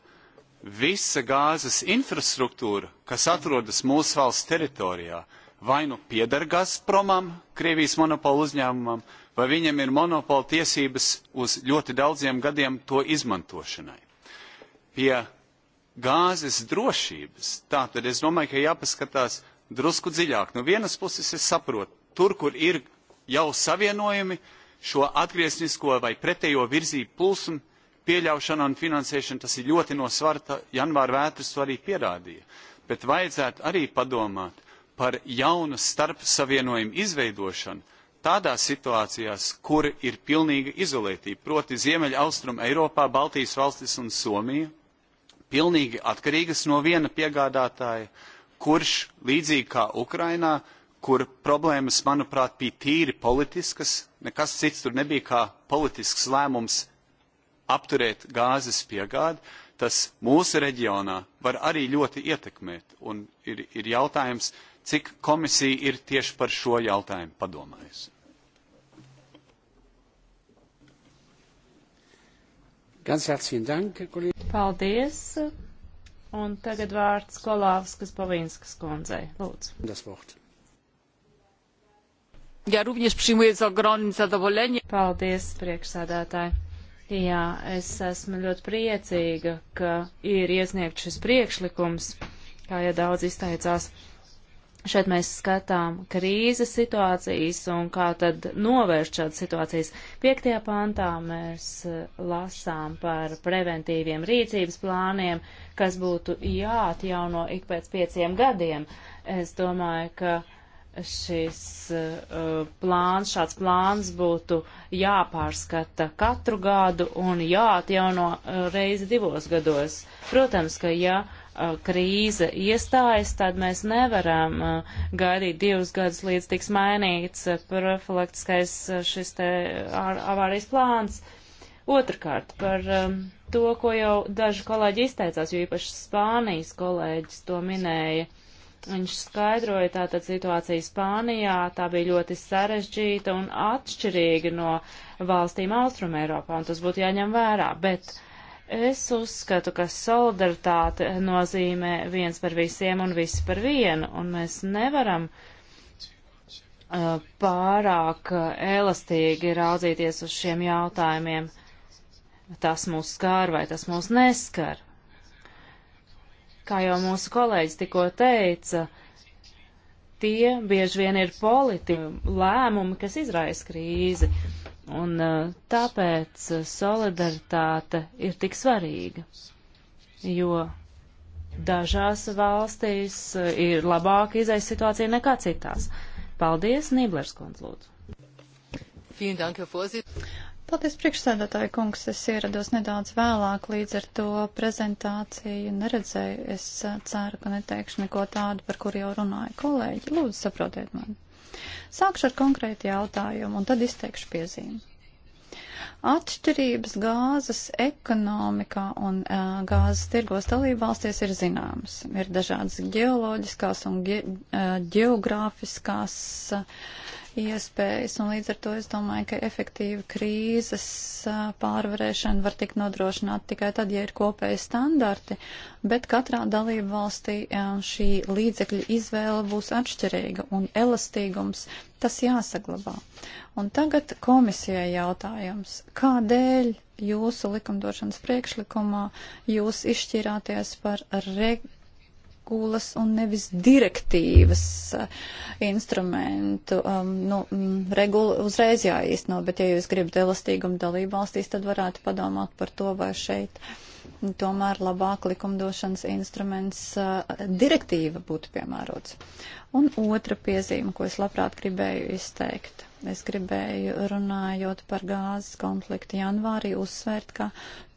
Visa gāzes infrastruktūra, kas atrodas mūsu valsts teritorijā, vai nu pieder Gazpromam, Krievijas monopolu uzņēmumam, vai viņam ir monopola tiesības uz ļoti daudziem gadiem to izmantošanai. Pie gāzes drošības. Tātad es domāju, ka jāpaskatās drusku dziļāk. No vienas puses es saprotu, tur, kur ir jau savienojumi, šo atgrieznisko vai pretējo virzību plūsmu pieļaušana un finansēšana, tas ir ļoti no svarta, janvāra vētras to arī pierādīja. Bet vajadzētu arī padomāt par jaunu starpsavienojumu izveidošanu tādās situācijās, kur ir pilnīga izolētība, proti Ziemeļa Austrum Eiropā, Baltijas valstis un Somija, pilnīgi atkarīgas no viena piegādātāja, kurš līdzīgi kā Ukrainā, kur problēmas, manuprāt, bija tīri politiskas, nekas cits tur nebija kā politisks lēmums apturēt gāzes piegādi, tas mūsu reģionā var arī ļoti ietekmēt. Un ir, ir jautājums, cik komisija ir tieši par šo jautājumu padomājusi. Ganz herzlichen Dank, kolēģi. Paldies. Un tagad vārds Kolāvskas Pavīnskas kundzei. Lūdzu. Das Wort. Ja również przyjmuję z ogromnym zadowoleniem. Paldies, priekšsēdētāji. Jā, es esmu ļoti priecīga, ka ir iesniegts šis priekšlikums, kā jau daudz izteicās. Uh, Šeit mēs skatām krīzes situācijas un kā tad novērst šādas situācijas. Piektajā pantā mēs eh, lasām par preventīviem rīcības plāniem, kas būtu jāatjauno ik pēc pieciem gadiem. Es domāju, ka šis uh, plāns, šāds plāns būtu jāpārskata katru gadu un jāatjauno eh, reizi divos gados. Protams, ka ja. Uh, krīze iestājas, tad mēs nevaram gaidīt divus gadus, līdz tiks mainīts profilaktiskais šis te avārijas plāns. Otrakārt, par to, ko jau daži kolēģi izteicās, jo īpaši Spānijas kolēģis to minēja. Viņš skaidroja tātad situāciju Spānijā, tā bija ļoti sarežģīta un atšķirīga no valstīm Austrum Eiropā, un tas būtu jāņem vērā. Bet uh, Es uzskatu, ka solidaritāte nozīmē viens par visiem un visi par vienu, un mēs nevaram uh, pārāk elastīgi raudzīties uz šiem jautājumiem. Tas mūs skār vai tas mūs neskar. Kā jau mūsu kolēģis tikko teica, tie bieži vien ir politi lēmumi, kas izraisa krīzi. Uh, Un uh, tāpēc uh, solidaritāte ir tik svarīga, jo dažās valstīs uh, ir labāka izaisa situācija nekā citās. Paldies, Nīblers kundz, lūdzu. Paldies, priekšsēdētāji kungs, es ierados nedaudz vēlāk, līdz ar to prezentāciju neredzēju. Es ceru, ka neteikšu neko tādu, par kur jau runāja kolēģi. Lūdzu, saprotiet mani. Sākšu ar konkrētu jautājumu un tad izteikšu piezīmi. Atšķirības gāzes ekonomikā un uh, gāzes tirgos dalībvalstīs ir zināmas. Ir dažādas geoloģiskās un ge uh, geogrāfiskās uh, iespējas, un līdz ar to es domāju, ka efektīva krīzes pārvarēšana var tikt nodrošināta tikai tad, ja ir kopēji standarti, bet katrā dalību valstī šī līdzekļa izvēle būs atšķirīga un elastīgums, tas jāsaglabā. Un tagad komisijai jautājums, kādēļ jūsu likumdošanas priekšlikumā jūs izšķirāties par regulējumu? regulas un nevis direktīvas eh, instrumentu. Um, nu, mm, regula uzreiz jāīsteno, bet ja jūs gribat elastīgumu dalību valstīs, tad varētu padomāt par to, vai šeit. Uh, tomēr labāk likumdošanas instruments eh, direktīva būtu piemērots. Un otra piezīme, ko es labprāt gribēju izteikt. Es gribēju runājot par gāzes konfliktu janvārī uzsvērt, ka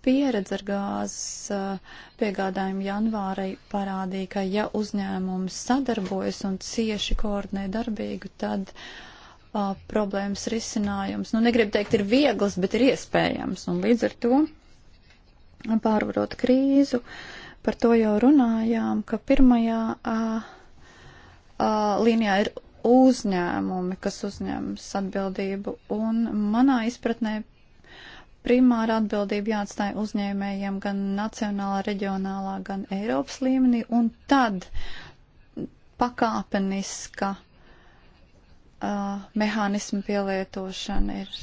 pieredze ar gāzes eh, piegādājumu janvārai parādīja, ka ja uzņēmums sadarbojas un cieši koordinē darbību, tad uh, problēmas risinājums, nu negribu teikt, ir viegls, bet ir iespējams. Un līdz ar to pārvarot krīzu. Par to jau runājām, ka pirmajā a, a, līnijā ir uzņēmumi, kas uzņemas atbildību, un manā izpratnē primāra atbildība jāatstāja uzņēmējiem gan nacionālā, reģionālā, gan Eiropas līmenī, un tad pakāpeniska uh, mehānismu pielietošana ir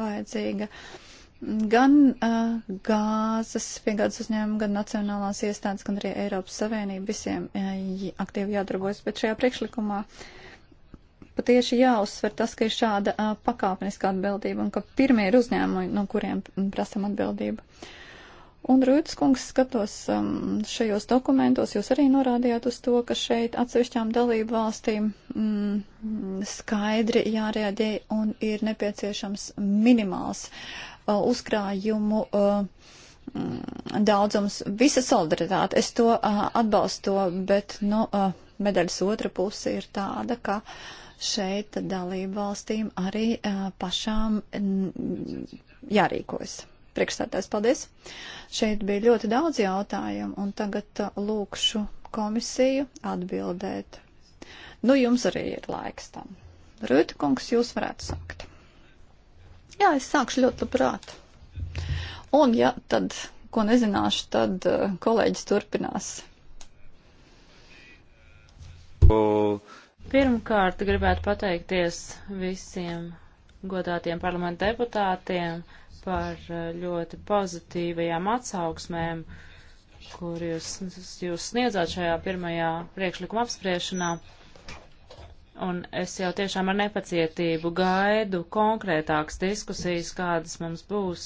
vajadzīga. Uh, gan uh, gāzes piegādes uzņēmumu, gan nacionālās iestādes, gan arī Eiropas Savienība visiem uh, aktīvi jādarbojas. Bet šajā priekšlikumā patieši jāuzsver tas, ka ir šāda uh, pakāpeniska atbildība un ka pirmie ir uzņēmumi, no kuriem prasam atbildību. Un Rūtas kungs skatos um, šajos dokumentos, jūs arī norādījāt uz to, ka šeit atsevišķām dalību valstīm mm, skaidri jārēģē un ir nepieciešams minimāls uh, Uh, uzkrājumu uh, daudzums, visa solidaritāte. Es to uh, atbalstu, bet nu, medaļas otra puse ir tāda, ka šeit dalību valstīm arī pašām jārīkojas. Priekšstādājs, paldies! Šeit bija ļoti daudz jautājumu, un tagad lūkšu komisiju atbildēt. Nu, jums arī ir laiks tam. Rūtikungs, jūs varētu sākt. Jā, es sākšu ļoti labprāt. Un, ja tad, ko nezināšu, tad uh, kolēģis turpinās. Pirmkārt, gribētu pateikties visiem godātiem parlamenta deputātiem par eh, ļoti pozitīvajām atsauksmēm, kur jūs, jūs sniedzāt šajā pirmajā priekšlikuma apspriešanā. Un es jau tiešām ar nepacietību gaidu konkrētākas diskusijas, kādas mums būs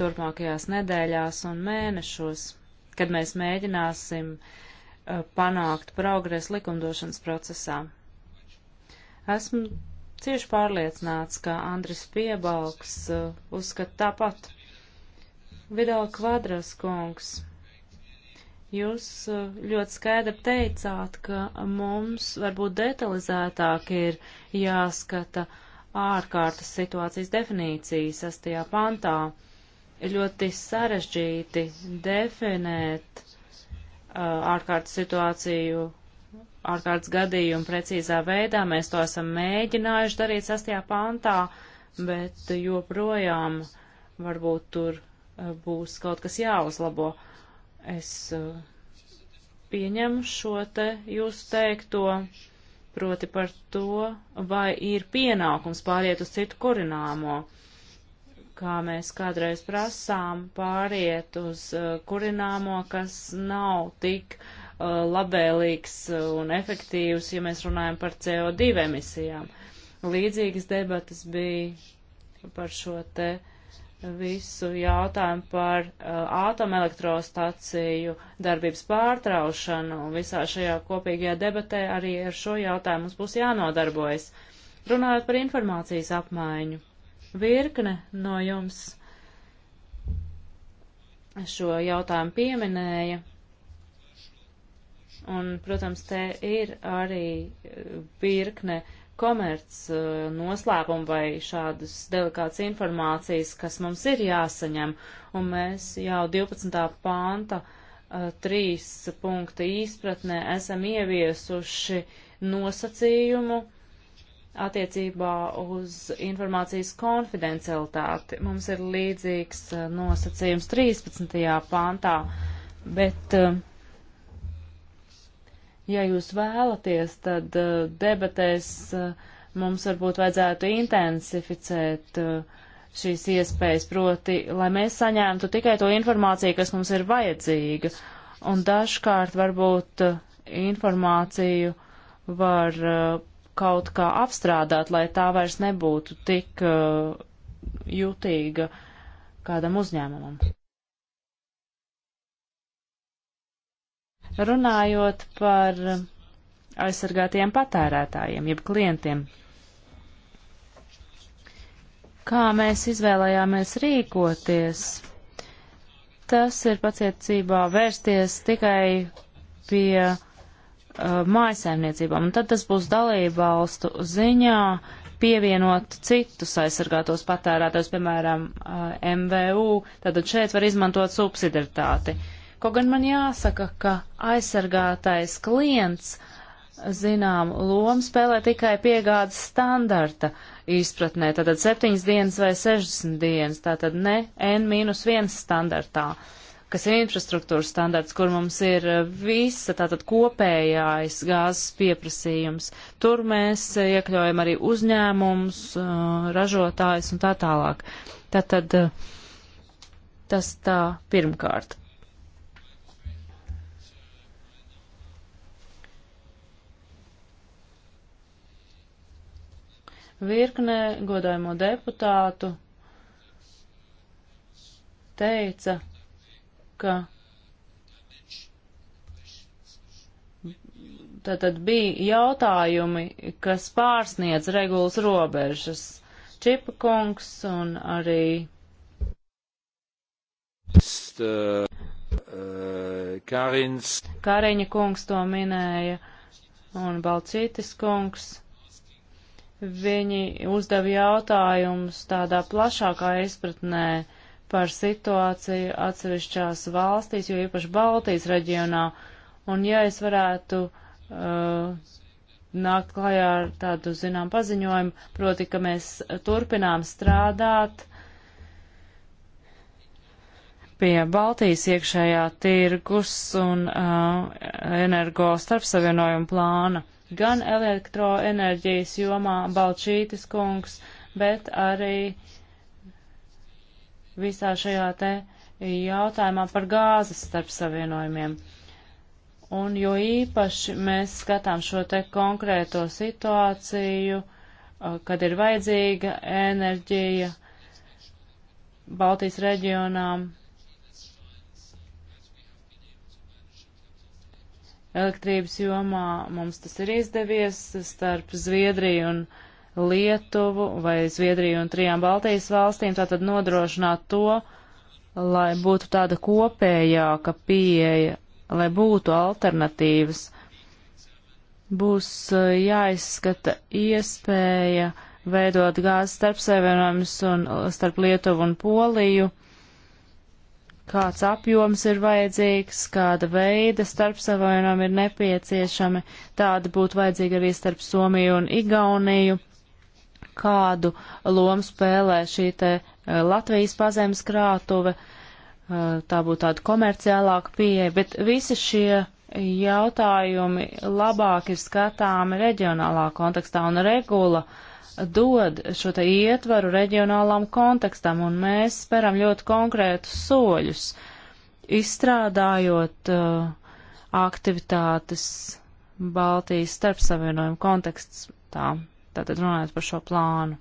turpmākajās nedēļās un mēnešos, kad mēs mēģināsim uh, panākt progresu likumdošanas procesā. Esmu cieši pārliecināts, ka Andris Piebalgs uh, uzskata tāpat. Vidal Kvadras kungs Jūs eh, ļoti skaidri teicāt, ka mums varbūt detalizētāk ir jāskata ārkārtas situācijas definīcija sastajā pantā. Ir ļoti sarežģīti definēt uh, ārkārtas situāciju ārkārtas gadījumu precīzā veidā. Mēs to esam mēģinājuši darīt sastajā pantā, bet joprojām varbūt tur eh, būs kaut kas jāuzlabo. Es uh, pieņemu šo te jūs teikto, proti par to, vai ir pienākums pāriet uz citu kurināmo kā mēs kādreiz prasām, pāriet uz uh, kurināmo, kas nav tik uh, labēlīgs un efektīvs, ja mēs runājam par CO2 emisijām. Līdzīgas debatas bija par šo te uh, visu jautājumu par uh, atomelektrostaciju darbības pārtraušanu un visā šajā kopīgajā debatē arī ar šo jautājumu mums būs jānodarbojas. Runājot par informācijas apmaiņu, virkne no jums šo jautājumu pieminēja. Un, protams, te ir arī uh, virkne komerc eh, noslēpumu vai šādas delikātas informācijas, kas mums ir jāsaņem, un mēs jau 12. panta eh, trīs punkta izpratnē esam ieviesuši nosacījumu attiecībā uz informācijas konfidencialitāti. Mums ir līdzīgs eh, nosacījums 13. pantā, bet uh, Ja jūs vēlaties, tad uh, debatēs uh, mums varbūt vajadzētu intensificēt uh, šīs iespējas, proti, lai mēs saņēmtu tikai to informāciju, kas mums ir vajadzīga. Un dažkārt varbūt informāciju var kaut kā apstrādāt, lai tā vairs nebūtu tik jutīga kādam uzņēmumam. Runājot par aizsargātajiem patērētājiem, jeb klientiem, kā mēs izvēlējāmies rīkoties, tas ir pacietībā vērsties tikai pie uh, mājasēmniecībām, un tad tas būs dalībvalstu ziņā pievienot citus aizsargātos patērētājus, piemēram, uh, MVU, tad šeit var izmantot subsidaritāti. Uh, Kaut gan man jāsaka, ka aizsargātais klients zinām lomu spēlē tikai piegādes standarta izpratnē, tātad 7 dienas vai 60 dienas, tātad ne N-1 standartā, kas ir infrastruktūras standarts, kur mums ir e, visa tātad kopējais gāzes pieprasījums. Tur mēs e, iekļaujam arī uzņēmums, e, ražotājs un tā tālāk. Tātad tas tā pirmkārt. virknē godājumu deputātu teica, ka tātad bija jautājumi, kas pārsniedz regulas robežas. Čipa kungs un arī. Uh, uh, Kārins. Kāriņa kungs to minēja un Balčītis kungs. Viņi uzdeva jautājumus tādā plašākā izpratnē par situāciju atsevišķās valstīs, jo īpaši Baltijas reģionā. Un ja es varētu uh, nākt klajā ar tādu zinām paziņojumu, proti, ka mēs turpinām strādāt pie Baltijas iekšējā tirgus un uh, energo starpsavienojuma plāna gan elektroenerģijas jomā Balčītis kungs, bet arī visā šajā te jautājumā par gāzes starp savienojumiem. Un jo īpaši mēs skatām šo te konkrēto situāciju, kad ir vajadzīga enerģija Baltijas reģionām elektrības jomā. Mums tas ir izdevies starp Zviedriju un Lietuvu vai Zviedriju un trijām Baltijas valstīm, tātad nodrošināt to, lai būtu tāda kopējāka pieeja, lai būtu alternatīvas. Būs eh, jāizskata iespēja veidot gāzes starpsavienojumus un eh, starp Lietuvu un Poliju kāds apjoms ir vajadzīgs, kāda veida starpsavainojumi ir nepieciešami, tāda būtu vajadzīga arī starp Somiju un Igauniju, kādu lomu spēlē šī te eh, Latvijas pazemes krātuve, eh, tā būtu tāda komerciālāka pieeja, bet visi šie jautājumi labāk ir skatāmi reģionālā kontekstā un regula dod šo te ietvaru reģionālam kontekstam, un mēs speram ļoti konkrētus soļus, izstrādājot uh, aktivitātes Baltijas starpsavienojumu kontekstā, tātad runājot par šo plānu.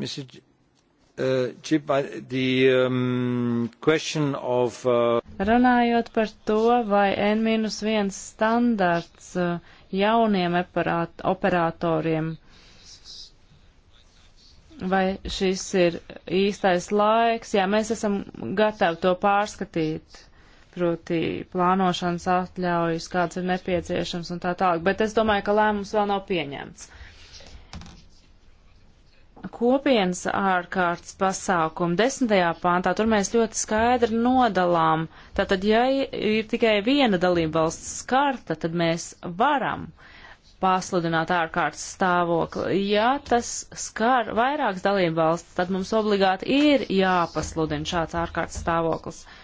Mr. Uh, Chip, the, um, of, uh... Runājot par to, vai N-1 standarts uh, jauniem aparāt, operatoriem. Vai šis ir īstais laiks? Jā, mēs esam gatavi to pārskatīt, proti plānošanas atļaujas, kāds ir nepieciešams un tā tālāk, bet es domāju, ka lēmums vēl nav pieņemts kopienas ārkārtas pasākumu desmitajā pāntā, tur mēs ļoti skaidri nodalām. Tātad, ja ir tikai viena dalība valsts karta, tad mēs varam pasludināt ārkārtas stāvokli. Ja tas skar vairākas dalība valsts, tad mums obligāti ir jāpasludina šāds ārkārtas stāvoklis. Uh,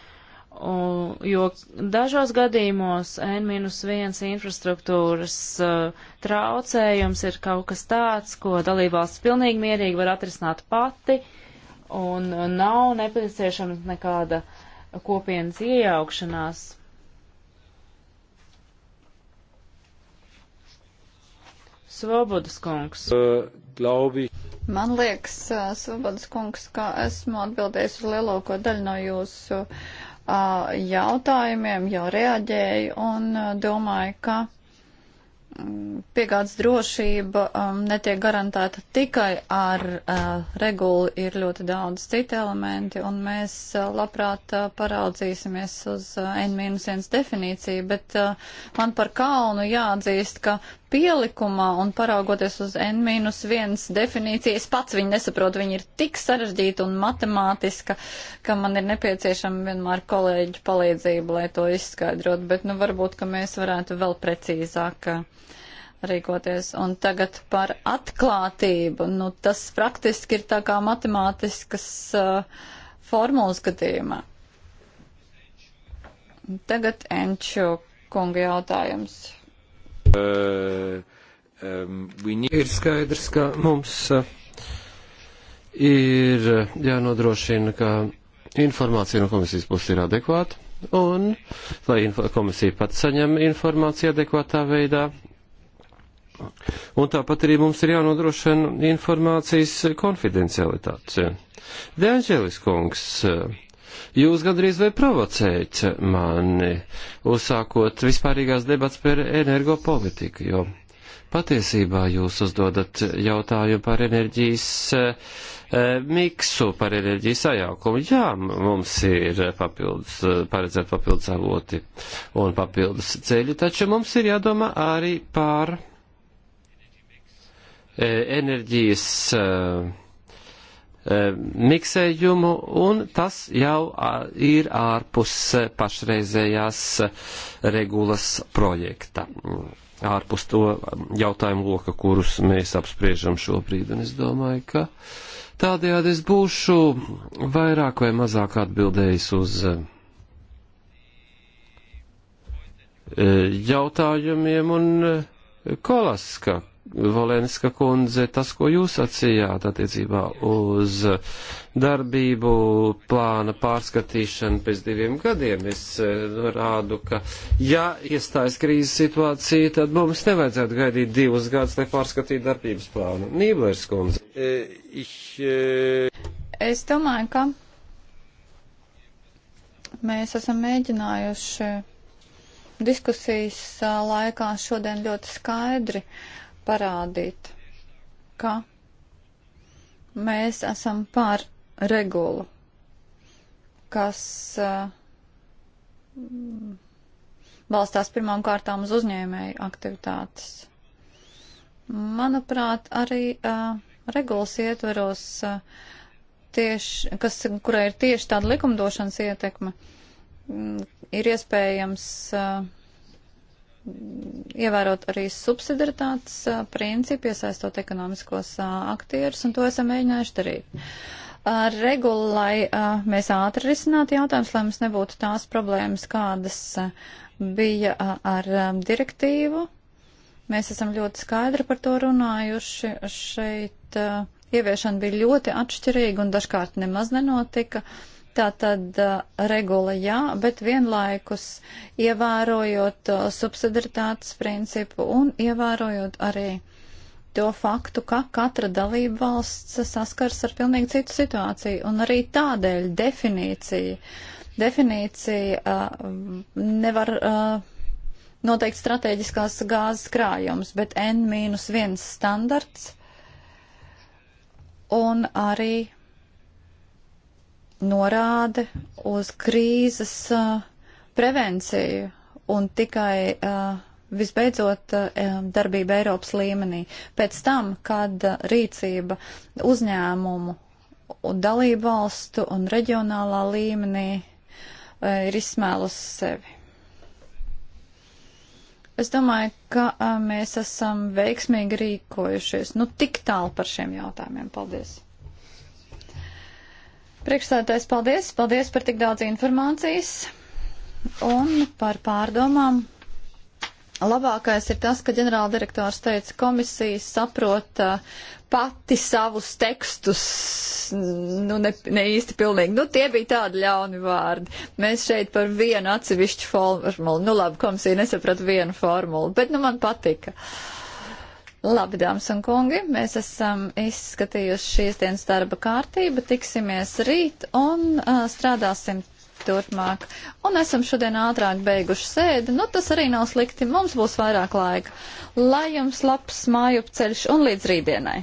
Un, jo dažos gadījumos N-1 infrastruktūras uh, traucējums ir kaut kas tāds, ko dalībvalsts pilnīgi mierīgi var atrisināt pati, un nav nepieciešams nekāda kopienas iejaukšanās. Svobodas kungs. Uh, glaubi. Man liekas, uh, Svobodas kungs, ka esmu atbildējis uz lielāko daļu no jūsu uh, jautājumiem, jau reaģēju un domāju, ka piegādes drošība um, netiek garantēta tikai ar uh, regulu, ir ļoti daudz citu elementi, un mēs uh, labprāt uh, paraudzīsimies uz uh, N-1 definīciju, bet uh, man par kaunu jāatzīst, ka pielikumā un paraugoties uz N-1 definīciju, es pats viņu nesaprotu, viņa ir tik sarežģīta un matemātiska, ka man ir nepieciešama vienmēr kolēģu palīdzība, lai to izskaidrotu, bet nu varbūt, ka mēs varētu vēl precīzāk. Uh, rīkoties. Un tagad par atklātību. Nu, tas praktiski ir tā kā matemātiskas uh, formulas gadījumā. Tagad Enču kunga jautājums. Uh, um, need... Ir skaidrs, ka mums uh, ir uh, jānodrošina, ka informācija no komisijas puses ir adekvāta un lai komisija pats saņem informāciju adekvātā veidā, Un tāpat arī mums ir jānodrošina informācijas konfidencialitāte. Dēņģelis kungs, jūs gandrīz vai provocējat mani, uzsākot vispārīgās debats par energopolitiku, jo patiesībā jūs uzdodat jautājumu par enerģijas eh, miksu, par enerģijas sajaukumu. Jā, mums ir papildus, paredzēt papildus avoti un papildus ceļi, taču mums ir jādomā arī par. Pār E, enerģijas e, e, miksējumu, un tas jau ir ārpus pašreizējās regulas projekta. Ārpus to jautājumu loka, kurus mēs apspriežam šobrīd, un es domāju, ka tādējādi es būšu vairāk vai mazāk atbildējis uz jautājumiem, un Kolaska Valenska kundze, tas, ko jūs atsījāt attiecībā uz darbību plāna pārskatīšanu pēc diviem gadiem, es norādu, eh, ka ja iestājas krīzes situācija, tad mums nevajadzētu gaidīt divus gadus, lai pārskatītu darbības plānu. Nīblers kundze. Eh, eh, es domāju, ka mēs esam mēģinājuši diskusijas laikā šodien ļoti skaidri uh, parādīt, ka mēs esam par regulu, kas eh, balstās pirmām kārtām uz uzņēmēju aktivitātes. Manuprāt, arī uh, regulas ietveros, uh, tieši, kas, kurai ir tieši tāda likumdošanas ietekme, mm, ir iespējams uh, ievērot arī subsidaritātes principu, iesaistot ekonomiskos aktierus, un to esam mēģinājuši darīt. Regula, lai mēs ātri risinātu jautājumus, lai mums nebūtu tās problēmas, kādas bija ar direktīvu. Mēs esam ļoti skaidri par to runājuši. Šeit ieviešana bija ļoti atšķirīga un dažkārt nemaz nenotika. Uh, Tā tad regula jā, bet vienlaikus ievērojot subsidaritātes principu un ievērojot arī to faktu, ka katra dalība valsts saskars ar pilnīgi citu situāciju un arī tādēļ definīcija. Definīcija uh, nevar. Uh, noteikti strateģiskās gāzes krājums, bet N-1 standarts un arī norāde uz krīzes uh, prevenciju un tikai uh, visbeidzot uh, um, darbība Eiropas līmenī. Pēc tam, kad uh, rīcība uzņēmumu un dalību valstu un reģionālā līmenī uh, ir izsmēlusi sevi. Es domāju, ka uh, mēs esam veiksmīgi rīkojušies. Nu, tik tālu par šiem jautājumiem. Paldies! Priekšstādātais, paldies! Paldies par tik daudz informācijas un par pārdomām. Labākais ir tas, ka ģenerāldirektors teica, komisija saprot uh, pati savus tekstus, nu, ne, ne īsti pilnīgi. Nu, tie bija tādi ļauni vārdi. Mēs šeit par vienu atsevišķu formulu, nu, labi, komisija nesaprat vienu formulu, bet, nu, man patika. Uh, Labi, dāmas un kungi, mēs esam izskatījuši šīs dienas darba kārtību, tiksimies rīt un uh, strādāsim turpmāk. Un esam šodien ātrāk beiguši sēdi, nu tas arī nav slikti, mums būs vairāk laika. Lai jums labs mājupceļš un līdz rītdienai!